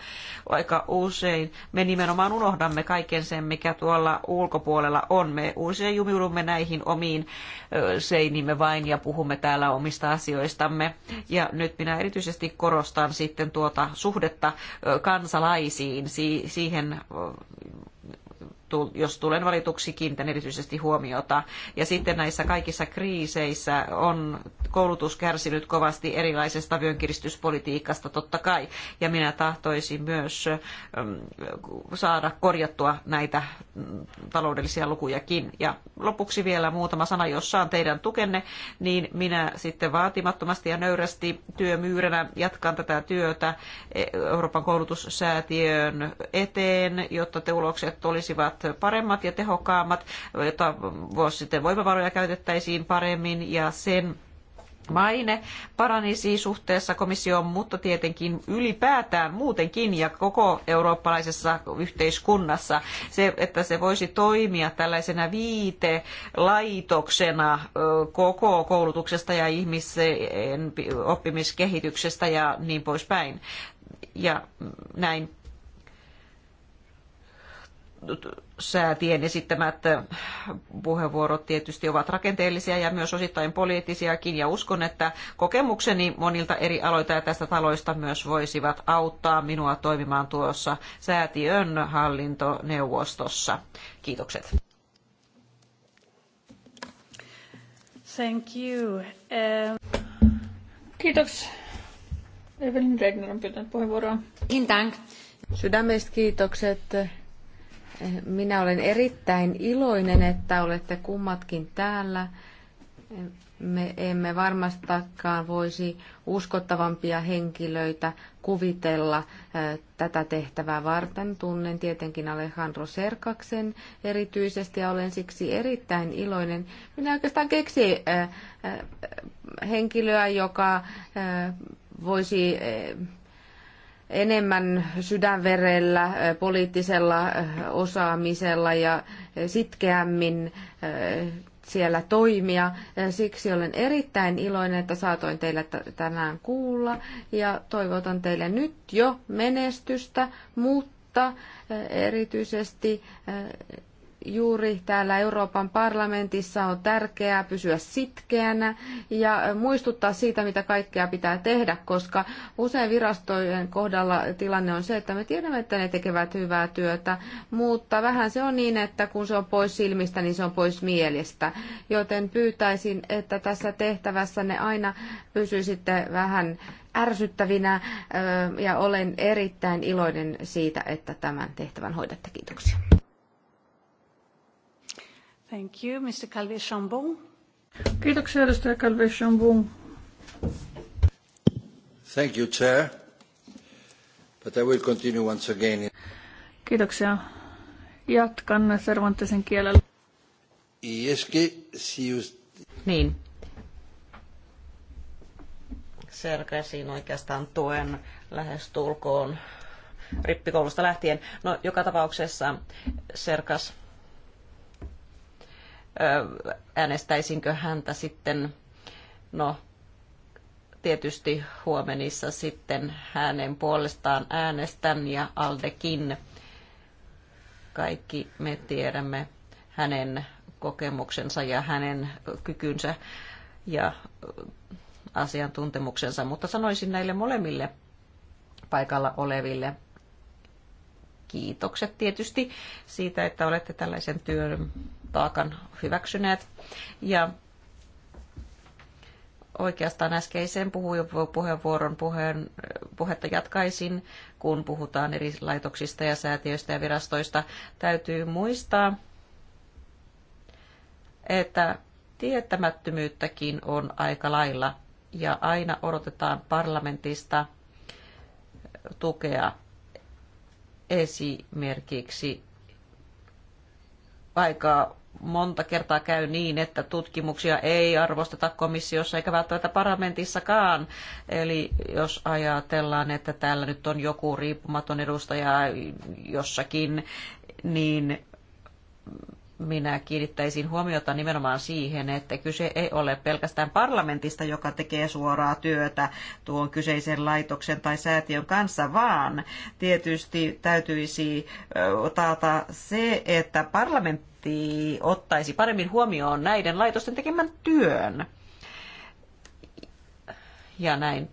Aika usein me nimenomaan unohdamme kaiken sen, mikä tuolla ulkopuolella on. Me usein jumiudumme näihin omiin seinimme vain ja puhumme täällä omista asioistamme. Ja nyt minä erityisesti korostan sitten tuota suhdetta kansalaisiin, siihen jos tulen valituksi, kiinnitän erityisesti huomiota. Ja sitten näissä kaikissa kriiseissä on koulutus kärsinyt kovasti erilaisesta vyönkiristyspolitiikasta totta kai. Ja minä tahtoisin myös mm, saada korjattua näitä mm, taloudellisia lukujakin. Ja lopuksi vielä muutama sana, jos saan teidän tukenne, niin minä sitten vaatimattomasti ja nöyrästi työmyyränä jatkan tätä työtä Euroopan koulutussäätiön eteen, jotta tulokset olisivat paremmat ja tehokkaammat, jotta vuosi sitten voimavaroja käytettäisiin paremmin ja sen maine paranisi suhteessa komissioon, mutta tietenkin ylipäätään muutenkin ja koko eurooppalaisessa yhteiskunnassa se, että se voisi toimia tällaisena viitelaitoksena koko koulutuksesta ja ihmisen oppimiskehityksestä ja niin poispäin. Ja näin säätien esittämät puheenvuorot tietysti ovat rakenteellisia ja myös osittain poliittisiakin ja uskon, että kokemukseni monilta eri aloilta ja tästä taloista myös voisivat auttaa minua toimimaan tuossa säätiön hallintoneuvostossa. Kiitokset. Thank you. Um... Eh. Kiitos. Evelyn Regner on pyytänyt puheenvuoroa. Sydämestä kiitokset minä olen erittäin iloinen, että olette kummatkin täällä. Me emme varmastakaan voisi uskottavampia henkilöitä kuvitella tätä tehtävää varten. Tunnen tietenkin Alejandro Serkaksen erityisesti ja olen siksi erittäin iloinen. Minä oikeastaan keksi henkilöä, joka voisi enemmän sydänverellä, poliittisella osaamisella ja sitkeämmin siellä toimia. Siksi olen erittäin iloinen, että saatoin teille tänään kuulla ja toivotan teille nyt jo menestystä, mutta erityisesti juuri täällä Euroopan parlamentissa on tärkeää pysyä sitkeänä ja muistuttaa siitä, mitä kaikkea pitää tehdä, koska usein virastojen kohdalla tilanne on se, että me tiedämme, että ne tekevät hyvää työtä, mutta vähän se on niin, että kun se on pois silmistä, niin se on pois mielestä. Joten pyytäisin, että tässä tehtävässä ne aina pysyisitte vähän ärsyttävinä ja olen erittäin iloinen siitä, että tämän tehtävän hoidatte. Kiitoksia. Thank you, Mr. chambon Kiitoksia, edustaja Calvé-Chambon. Thank you, Chair. I will continue once again. Kiitoksia. Jatkan Cervantesin kielellä. Y es que si usted... Niin. Selkäsin oikeastaan tuen lähestulkoon rippikoulusta lähtien. No, joka tapauksessa Serkas äänestäisinkö häntä sitten, no tietysti huomenissa sitten hänen puolestaan äänestän ja Aldekin. Kaikki me tiedämme hänen kokemuksensa ja hänen kykynsä ja asiantuntemuksensa, mutta sanoisin näille molemmille paikalla oleville kiitokset tietysti siitä, että olette tällaisen työn taakan hyväksyneet. Ja oikeastaan äskeisen puheenvuoron puheen, puhetta jatkaisin, kun puhutaan eri laitoksista ja säätiöistä ja virastoista. Täytyy muistaa, että tietämättömyyttäkin on aika lailla ja aina odotetaan parlamentista tukea esimerkiksi vaikka monta kertaa käy niin, että tutkimuksia ei arvosteta komissiossa eikä välttämättä parlamentissakaan. Eli jos ajatellaan, että täällä nyt on joku riippumaton edustaja jossakin, niin minä kiinnittäisin huomiota nimenomaan siihen, että kyse ei ole pelkästään parlamentista, joka tekee suoraa työtä tuon kyseisen laitoksen tai säätiön kanssa, vaan tietysti täytyisi taata se, että parlament, parlamentti ottaisi paremmin huomioon näiden laitosten tekemän työn. Ja näin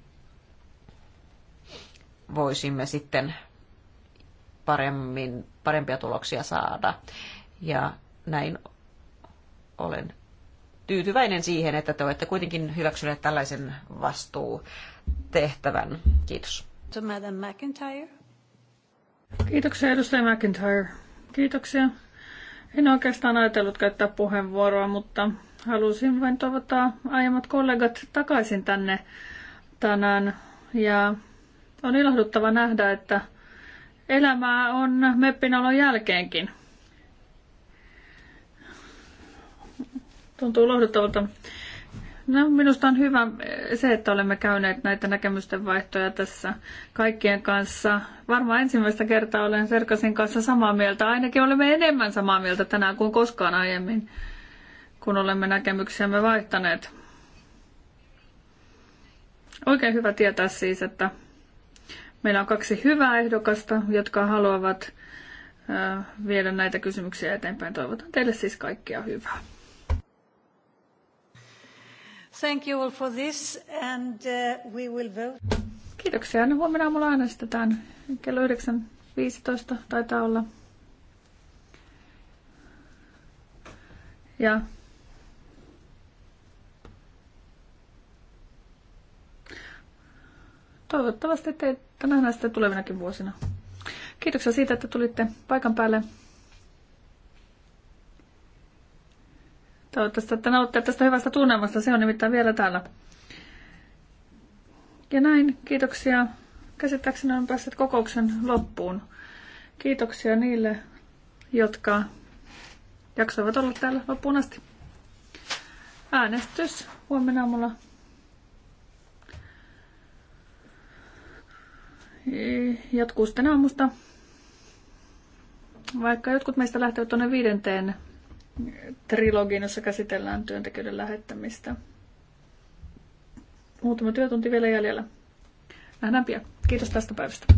voisimme sitten paremmin, parempia tuloksia saada. Ja näin olen tyytyväinen siihen, että te olette kuitenkin hyväksyneet tällaisen vastuutehtävän. Kiitos. Madam McIntyre. Kiitoksia edustaja McIntyre. Kiitoksia. En oikeastaan ajatellut käyttää puheenvuoroa, mutta halusin vain toivottaa aiemmat kollegat takaisin tänne tänään. Ja on ilahduttava nähdä, että elämää on meppinalon jälkeenkin. Tuntuu lohduttavalta. No, minusta on hyvä eh, se, että olemme käyneet näitä näkemysten vaihtoja tässä kaikkien kanssa. Varmaan ensimmäistä kertaa olen Serkasin kanssa samaa mieltä. Ainakin olemme enemmän samaa mieltä tänään kuin koskaan aiemmin, kun olemme näkemyksiämme vaihtaneet. Oikein hyvä tietää siis, että meillä on kaksi hyvää ehdokasta, jotka haluavat eh, viedä näitä kysymyksiä eteenpäin. Toivotan teille siis kaikkia hyvää. Thank you all for this and uh, we will vote. Kiitoksia. No, huomenna aamulla äänestetään kello 9.15 taitaa olla. Ja toivottavasti teitä nähdään sitten tulevinakin vuosina. Kiitoksia siitä, että tulitte paikan päälle. Toivottavasti, että nautitte tästä hyvästä tunnelmasta. Se on nimittäin vielä täällä. Ja näin, kiitoksia. Käsittääkseni on päässyt kokouksen loppuun. Kiitoksia niille, jotka jaksoivat olla täällä loppuun asti. Äänestys huomenna aamulla. Jatkuu sitten aamusta. Vaikka jotkut meistä lähtevät tuonne viidenteen trilogiin, jossa käsitellään työntekijöiden lähettämistä. Muutama työtunti vielä jäljellä. Nähdään pian. Kiitos tästä päivästä.